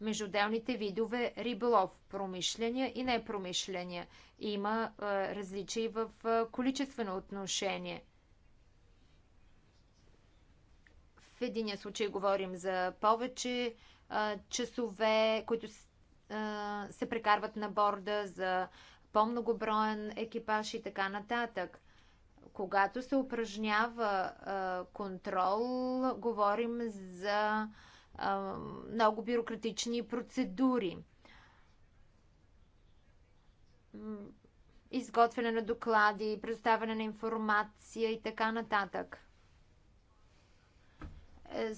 Speaker 5: между отделните видове риболов, промишления и непромишления. Има е, различия в е, количествено отношение. В един случай говорим за повече е, часове, които е, се прекарват на борда, за по-многоброен екипаж и така нататък. Когато се упражнява е, контрол, говорим за е, много бюрократични процедури. Изготвяне на доклади, предоставяне на информация и така нататък. Е,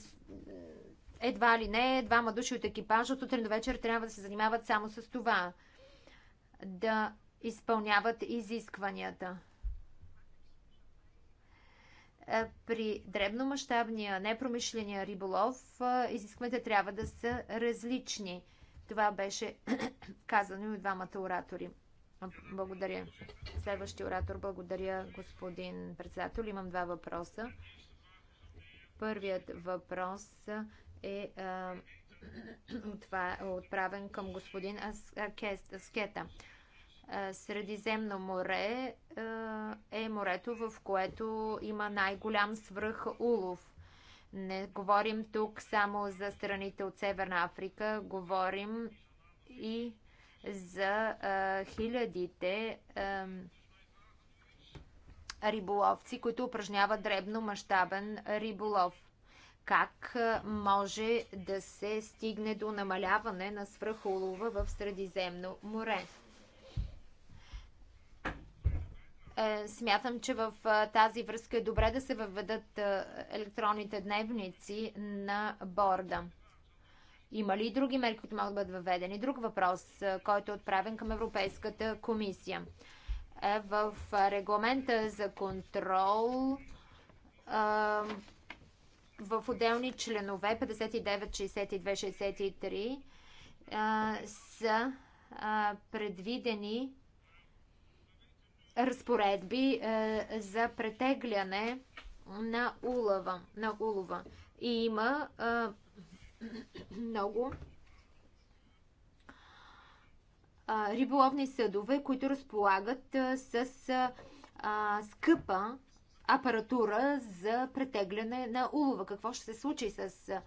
Speaker 5: едва ли не, двама души от екипажа от утрин до вечер трябва да се занимават само с това. Да изпълняват изискванията. Е, при дребномащабния непромишления риболов е, изискванията трябва да са различни. Това беше казано и от двамата оратори. Благодаря. Следващия оратор, благодаря господин председател. Имам два въпроса. Първият въпрос е е, е отправен към господин Аскета. Е, Средиземно море е, е морето, в което има най-голям свръх улов. Не говорим тук само за страните от Северна Африка, говорим и за а, е, хилядите а, риболовци, които упражняват дребно-мащабен риболов. Как може да се стигне до намаляване на свръхулова в Средиземно море? Е, смятам, че в е, тази връзка е добре да се въведат е, електронните дневници на борда. Има ли и други мерки, които могат да бъдат въведени? Друг въпрос, който е отправен към Европейската комисия. В регламента за контрол в отделни членове 59, 62, 63 са предвидени разпоредби е, за претегляне на улова. На улова. И има е, много е, риболовни съдове, които разполагат е, с е, скъпа апаратура за претегляне на улова. Какво ще се случи с е,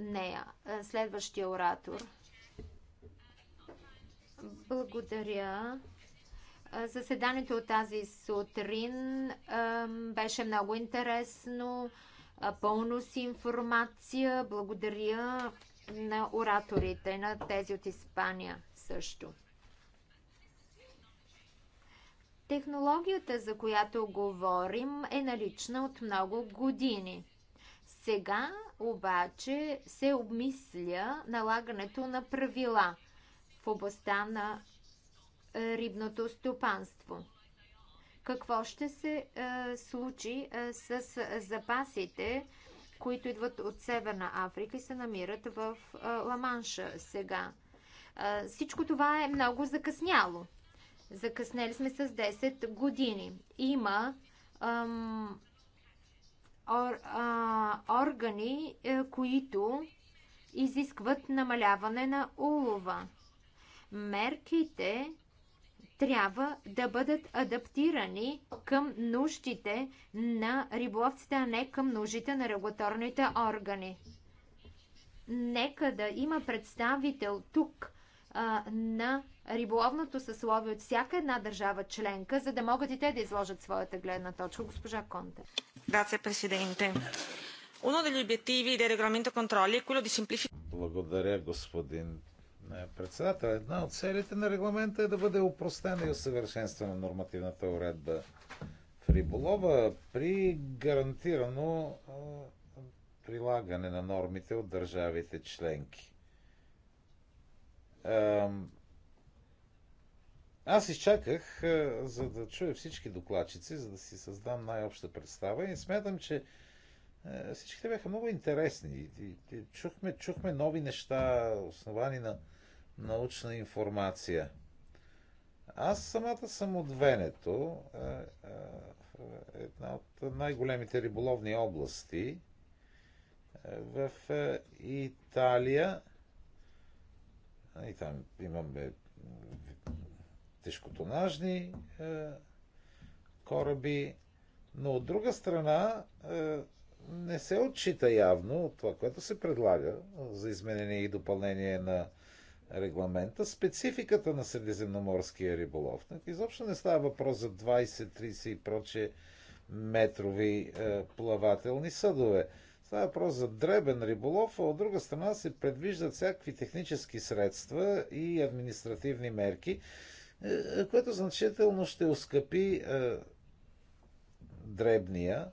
Speaker 5: нея? Следващия оратор. Благодаря. Заседанието от тази сутрин беше много интересно, пълно с информация. Благодаря на ораторите, на тези от Испания също. Технологията, за която говорим, е налична от много години. Сега обаче се обмисля налагането на правила в областта на рибното стопанство. Какво ще се е, случи е, с запасите, които идват от Северна Африка и се намират в е, Ламанша сега? Е, всичко това е много закъсняло. Закъснели сме с 10 години. Има ем, ор, а, органи, е, които изискват намаляване на улова. Мерките трябва да бъдат адаптирани към нуждите на риболовците, а не към нуждите на регулаторните органи. Нека да има представител тук а, на риболовното съсловие от всяка една държава членка, за да могат и те да изложат своята гледна точка. Госпожа Конте.
Speaker 3: Грация, президенте. Uno degli obiettivi del regolamento controlli è quello di semplificare.
Speaker 1: Благодаря, господин председател. Една от целите на регламента е да бъде упростена и усъвършенствана нормативната уредба в риболова при гарантирано прилагане на нормите от държавите членки. Аз изчаках, за да чуя всички докладчици, за да си създам най-обща представа и смятам, че всички бяха много интересни. Чухме, чухме нови неща, основани на научна информация. Аз самата съм от Венето, е, е, една от най-големите риболовни области е, в Италия. И там имаме тежкотонажни кораби, но от друга страна не се отчита явно от това, което се предлага за изменение и допълнение на регламента, спецификата на средиземноморския риболов. Нали, изобщо не става въпрос за 20, 30 и проче метрови е, плавателни съдове. Става въпрос за дребен риболов, а от друга страна се предвиждат всякакви технически средства и административни мерки, е, което значително ще оскъпи е, дребния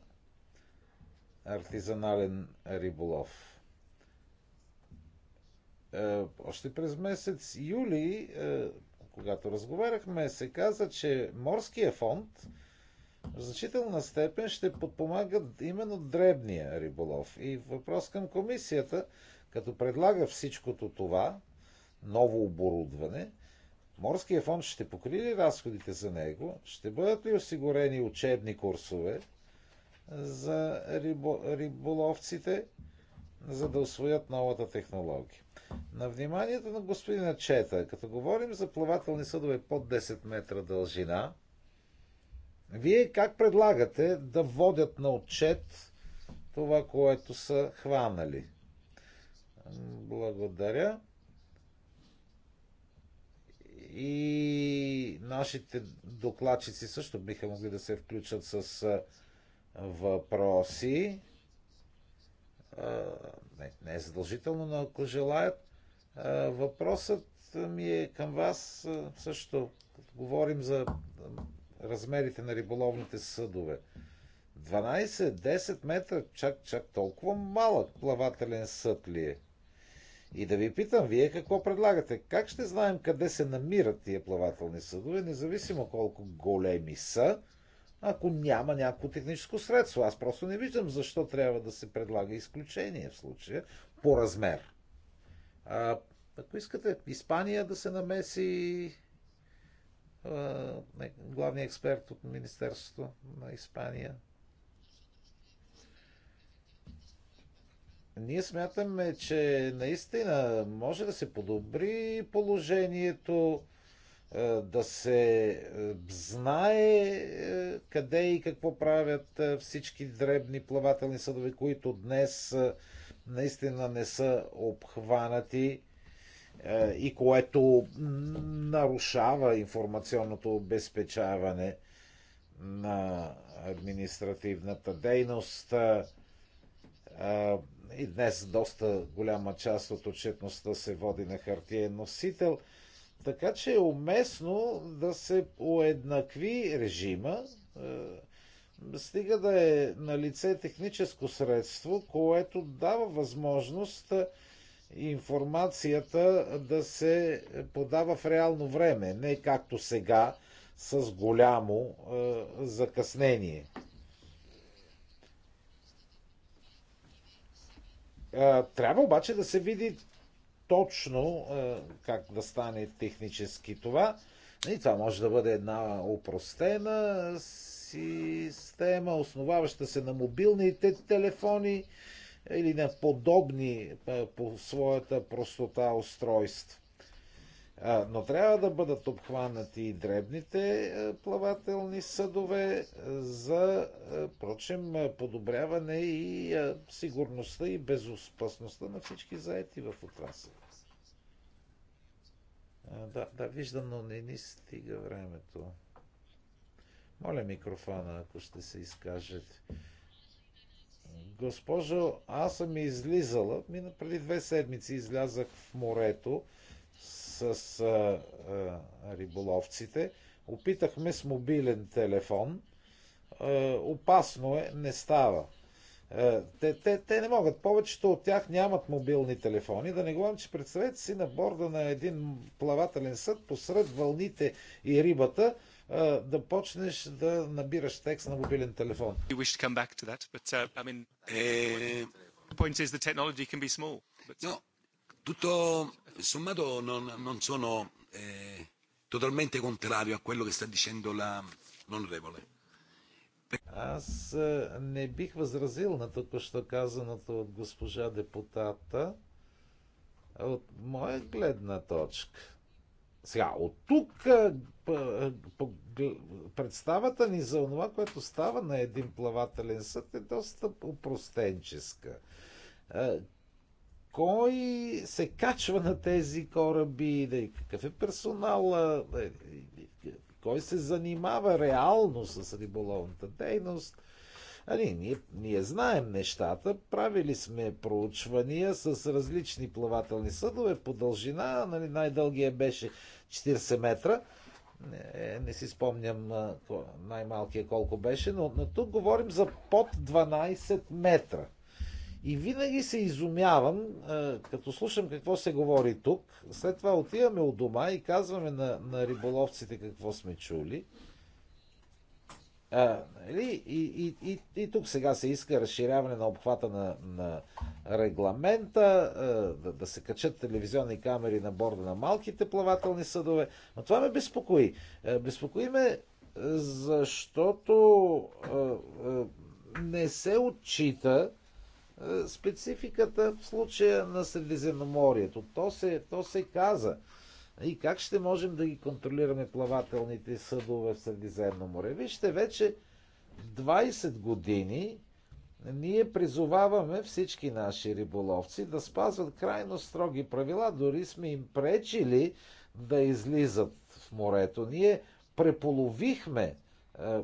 Speaker 1: артизанален риболов. Е, още през месец юли, е, когато разговаряхме, се каза, че Морския фонд в значителна степен ще подпомагат именно дребния риболов. И въпрос към комисията, като предлага всичкото това, ново оборудване, Морския фонд ще покрие ли разходите за него? Ще бъдат ли осигурени учебни курсове за рибо, риболовците? за да освоят новата технология. На вниманието на господина Чета, като говорим за плавателни съдове под 10 метра дължина, вие как предлагате да водят на отчет това, което са хванали? Благодаря. И нашите докладчици също биха могли да се включат с въпроси. Е, не, не е задължително, но ако желаят, е, въпросът ми е към вас е, също. Говорим за размерите на риболовните съдове. 12-10 метра, чак, чак толкова малък плавателен съд ли е? И да ви питам, вие какво предлагате? Как ще знаем къде се намират тия плавателни съдове, независимо колко големи са? ако няма някакво техническо средство. Аз просто не виждам защо трябва да се предлага изключение в случая по размер. А, ако искате Испания да се намеси а, главният експерт от Министерството на Испания, Ние смятаме, че наистина може да се подобри положението е, да се е, знае е, къде и какво правят всички дребни плавателни съдове, които днес наистина не са обхванати и което нарушава информационното обезпечаване на административната дейност. И днес доста голяма част от отчетността се води на хартиен носител – така че е уместно да се уеднакви режима, е, стига да е на лице техническо средство, което дава възможност е, информацията да се подава в реално време, не както сега с голямо е, закъснение. трябва обаче да се види точно е, как да стане технически това. И нали, това може да бъде една упростена система, основаваща се на мобилните телефони или на подобни е, по своята простота устройства. Но трябва да бъдат обхванати и дребните е, плавателни съдове за, прочим, подобряване и сигурността и безопасността на всички заети в отрасъл. Да, да, виждам, но не ни стига времето. Моля микрофона, ако ще се изкажете. Госпожо, аз съм излизала, мина преди две седмици излязах в морето с а, а, риболовците. Опитахме с мобилен телефон. А, опасно е, не става. Е, те, те, те не могат. Повечето от тях нямат мобилни телефони. Да не говорим, че представете си на борда на един плавателен съд, посред вълните и рибата, е, да почнеш да набираш текст на мобилен телефон.
Speaker 2: That, but, uh, I mean, eh... is, small, but... tutto sommato non, non sono
Speaker 1: eh, totalmente contrario a quello che sta dicendo l'onorevole. Аз е, не бих възразил на току-що казаното от госпожа депутата от моя гледна точка. Сега, от тук е, е, представата ни за това, което става на един плавателен съд е доста опростенческа. Кой се качва на тези кораби, какъв е персонала, кой се занимава реално с риболовната дейност. А ами, ние, ние, ние знаем нещата, правили сме проучвания с различни плавателни съдове по дължина, нали, най-дългия беше 40 метра. Не, не си спомням най-малкия колко беше, но, но тук говорим за под 12 метра. И винаги се изумявам, е, като слушам какво се говори тук, след това отиваме от дома и казваме на, на риболовците какво сме чули. А, нали, и, и, и, и тук сега се иска разширяване на обхвата на, на регламента, е, да, да се качат телевизионни камери на борда на малките плавателни съдове. Но това ме безпокои. Е, безпокои ме, защото не се отчита е, спецификата в случая на Средиземноморието. То се, то се каза. И как ще можем да ги контролираме плавателните съдове в Средиземно море? Вижте, вече 20 години ние призоваваме всички наши риболовци да спазват крайно строги правила, дори сме им пречили да излизат в морето. Ние преполовихме е, е,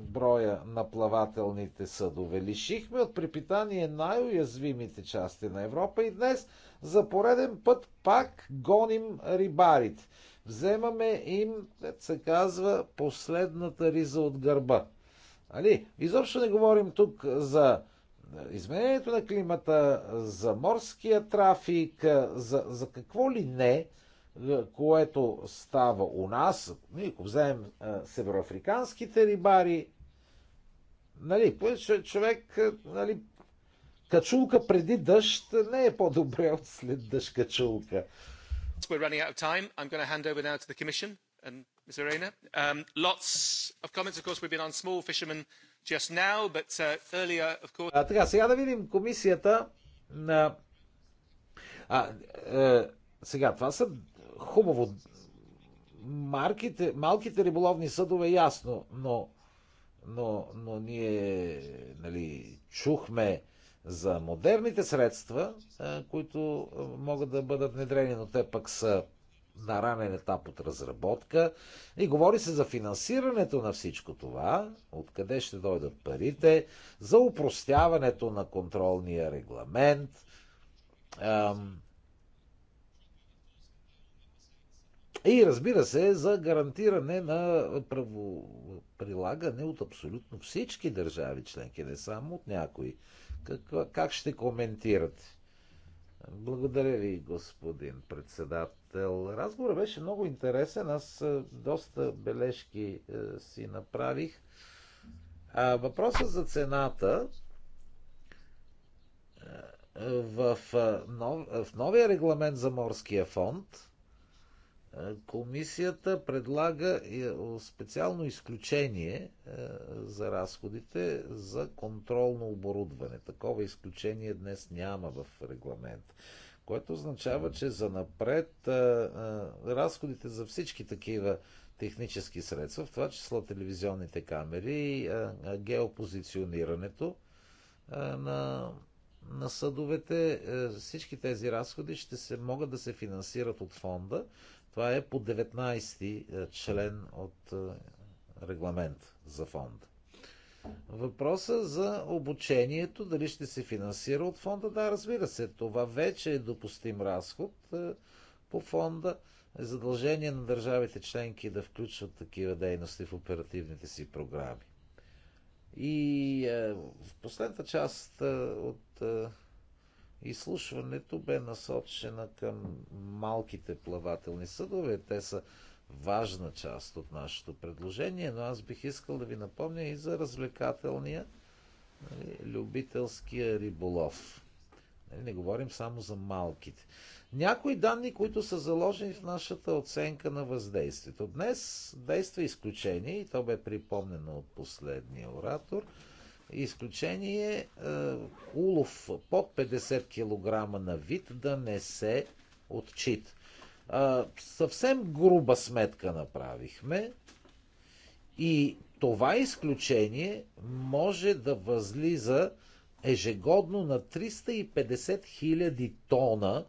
Speaker 1: броя на плавателните съдове. Лишихме от припитание най-уязвимите части на Европа и днес за пореден път пак гоним рибарите. Вземаме им, се казва, последната риза от гърба. Али? Изобщо не говорим тук за е, изменението на климата, за морския трафик, за, за какво ли не – което става у нас, ако вземем североафриканските рибари, нали, човек, нали, качулка преди дъжд не е по-добре от след дъжд качулка.
Speaker 2: We're running out of time. I'm going to hand over now to the Commission and Ms. Arena. Um, lots of comments, of course, we've been on small fishermen just now, but uh, earlier, of course... А, така,
Speaker 1: сега да видим комисията на... А, е, сега, това са Хубаво. Марките, малките риболовни съдове, ясно, но, но, но ние нали, чухме за модерните средства, които могат да бъдат внедрени, но те пък са на ранен етап от разработка. И говори се за финансирането на всичко това, откъде ще дойдат парите, за упростяването на контролния регламент. Ам, И разбира се, за гарантиране на правоприлагане от абсолютно всички държави членки, не само от някои. Как, как ще коментирате? Благодаря ви, господин председател. Разговорът беше много интересен. Аз е, доста бележки е, си направих. А, въпросът за цената е, в, е, в новия регламент за морския фонд – е, комисията предлага е, специално изключение е, за разходите за контролно оборудване. Такова изключение днес няма в регламент. Което означава, че за напред разходите за всички такива технически средства, в това число телевизионните камери, геопозиционирането на, на съдовете, всички тези разходи ще се могат да се финансират от фонда, това е по 19-ти е, член от е, регламент за фонда. Въпроса за обучението, дали ще се финансира от фонда, да, разбира се, това вече е допустим разход е, по фонда. Е задължение на държавите членки да включват такива дейности в оперативните си програми. И е, в последната част е, от е, Изслушването бе насочена към малките плавателни съдове. Те са важна част от нашето предложение, но аз бих искал да ви напомня и за развлекателния нали, любителския риболов. Нали, не говорим само за малките. Някои данни, които са заложени в нашата оценка на въздействието. Днес действа изключение, и то бе припомнено от последния оратор – Изключение е, улов под 50 кг на вид да не се отчит. Съвсем груба сметка направихме и това изключение може да възлиза ежегодно на 350 хиляди тона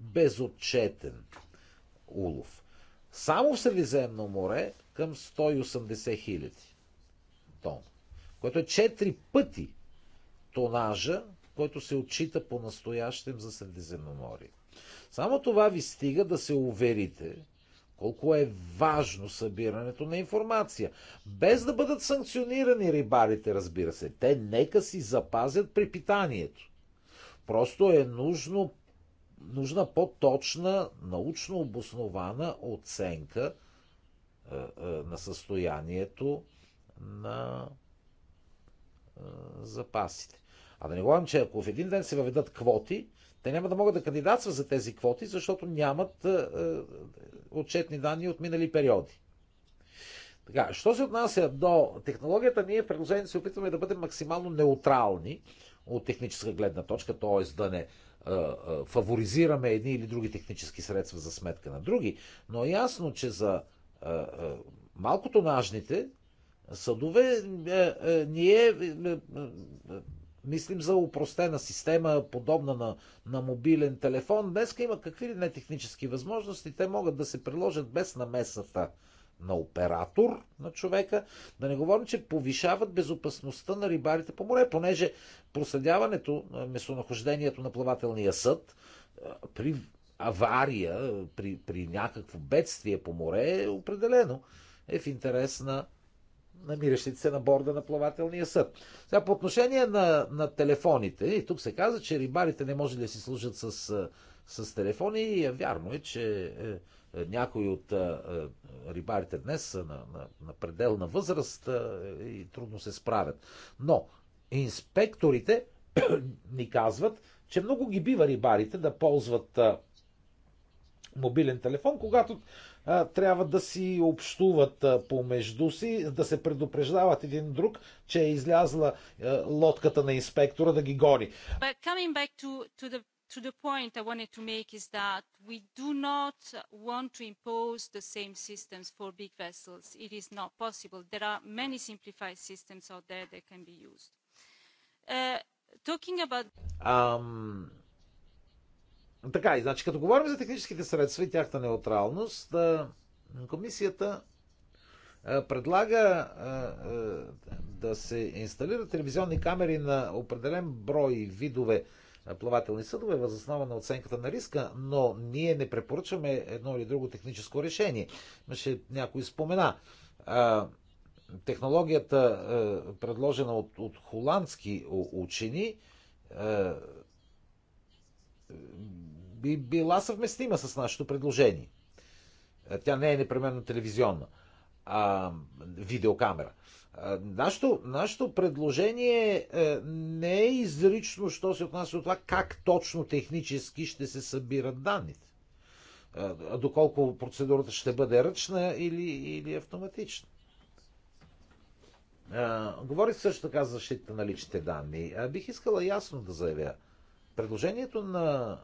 Speaker 1: безотчетен улов. Само в Средиземно море към 180 хиляди тона което е 4 пъти тонажа, който се отчита по-настоящем за Средиземноморие. Само това ви стига да се уверите колко е важно събирането на информация. Без да бъдат санкционирани рибарите, разбира се. Те нека си запазят препитанието. Просто е нужно, нужна по-точна, научно обоснована оценка е, е, на състоянието на запасите. А да не говорим, че ако в един ден се въведат квоти, те няма да могат да кандидатстват за тези квоти, защото нямат отчетни данни от минали периоди. Така, що се отнася до технологията, ние в предложението се опитваме да бъдем максимално неутрални от техническа гледна точка, т.е. да не фаворизираме едни или други технически средства за сметка на други, но е ясно, че за малкото нажните съдове, е, е, ние е, мислим за упростена система, подобна на, на мобилен телефон. Днес има какви ли не технически възможности, те могат да се приложат без намесата на оператор на човека. Да не говорим, че повишават безопасността на рибарите по море, понеже проследяването, местонахождението на плавателния съд при авария, при, при някакво бедствие по море е определено е в интерес на намиращите се на борда на плавателния съд. Сега по отношение на, на телефоните, и тук се каза, че рибарите не може да си служат с, с телефони и е вярно е, че е, е някои от е, рибарите днес са на, на, на пределна възраст е, и трудно се справят. Но инспекторите ни казват, че много ги бива рибарите да ползват е, мобилен телефон, когато трябва да си общуват помежду си, да се предупреждават един друг, че е излязла лодката на инспектора да ги гони.
Speaker 3: To the point I wanted to make is that we do not want to impose the same systems for big vessels. It is not possible. There are many simplified systems out there that can be used. Uh, talking about.
Speaker 1: Um, така, и значи, като говорим за техническите средства и тяхта неутралност, комисията предлага да се инсталират телевизионни камери на определен брой видове плавателни съдове въз основа на оценката на риска, но ние не препоръчваме едно или друго техническо решение. Имаше някой спомена. Технологията, предложена от, от холандски учени, би била съвместима с нашето предложение. Тя не е непременно телевизионна а, видеокамера. нашето, нашето предложение е, не е изрично, що се отнася от това как точно технически ще се събират данните. А, доколко процедурата ще бъде ръчна или, или автоматична. Говори също така за защита на личните данни. бих искала ясно да заявя. Предложението на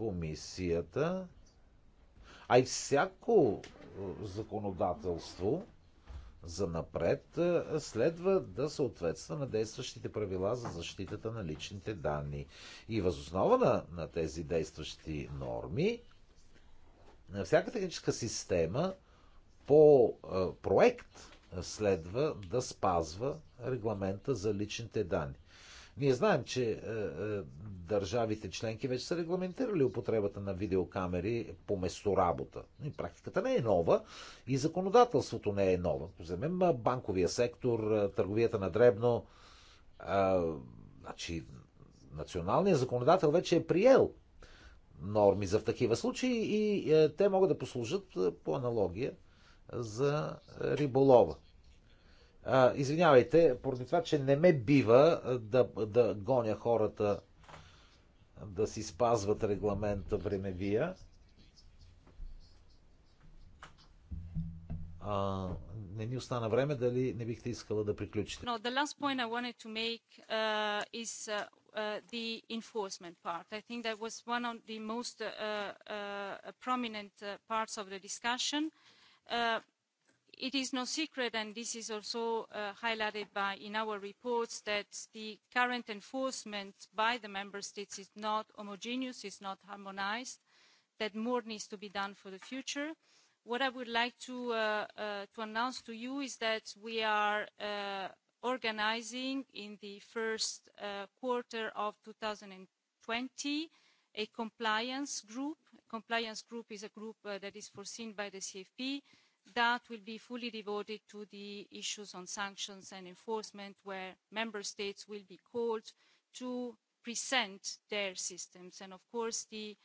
Speaker 1: комисията, а и всяко е, законодателство за напред е, следва да съответства на действащите правила за защитата на личните данни. И възоснова на, на тези действащи норми, на всяка техническа система по е, проект следва да спазва регламента за личните данни. Ние знаем, че е, е, държавите членки вече са регламентирали употребата на видеокамери по месторабота. И практиката не е нова и законодателството не е нова. Вземем е, банковия сектор, е, търговията на дребно. Е, значи, националният законодател вече е приел норми за в такива случаи и те могат да послужат по аналогия за риболова. А, извинявайте, поради това, че не ме бива да, да гоня хората да си спазват регламента времевия. А, не ни остана време, дали не бихте искала да приключите?
Speaker 3: No, the last point I wanted to make uh, is uh, uh the enforcement part. I think that was one of the most uh, uh, uh prominent uh, parts of the discussion. Uh, it is no secret, and this is also uh, highlighted by in our reports, that the current enforcement by the member states is not homogeneous, is not harmonized, that more needs to be done for the future. What I would like to, uh, uh, to announce to you is that we are uh, organizing in the first uh, quarter of 2020 a compliance group. Compliance group is a group uh, that is foreseen by the CFP that will be fully devoted to the issues on sanctions and enforcement where member states will be called to present their systems and of course the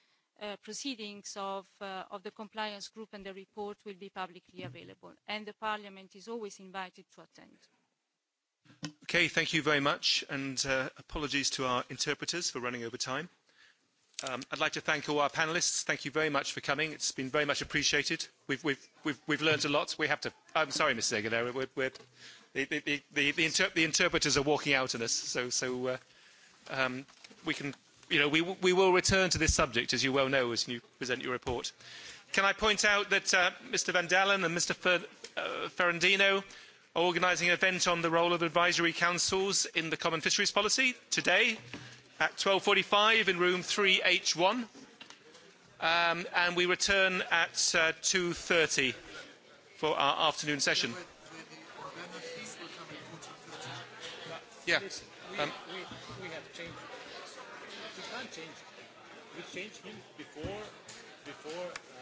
Speaker 3: uh, proceedings of, uh, of the compliance group and the report will be publicly available and the parliament is always invited to attend.
Speaker 2: Okay, thank you very much and uh, apologies to our interpreters for running over time. Um, I'd like to thank all our panelists. Thank you very much for coming. It's been very much appreciated. We've, we've, we've, we've learned a lot. We have to. I'm sorry, Mrs. Aguilera. We're, we're, the, the, the, the, inter- the interpreters are walking out on us, so, so uh, um, we can. You know, we, we will return to this subject, as you well know, as you present your report. Can I point out that uh, Mr. Van Dalen and Mr. Fer- uh, Ferrandino are organising an event on the role of advisory councils in the common fisheries policy today at 12.45 in room 3H1 um, and we return at uh, 2.30 for our afternoon session.
Speaker 1: Yeah. Um, we, we, have changed. We
Speaker 3: can't change. We changed him before, before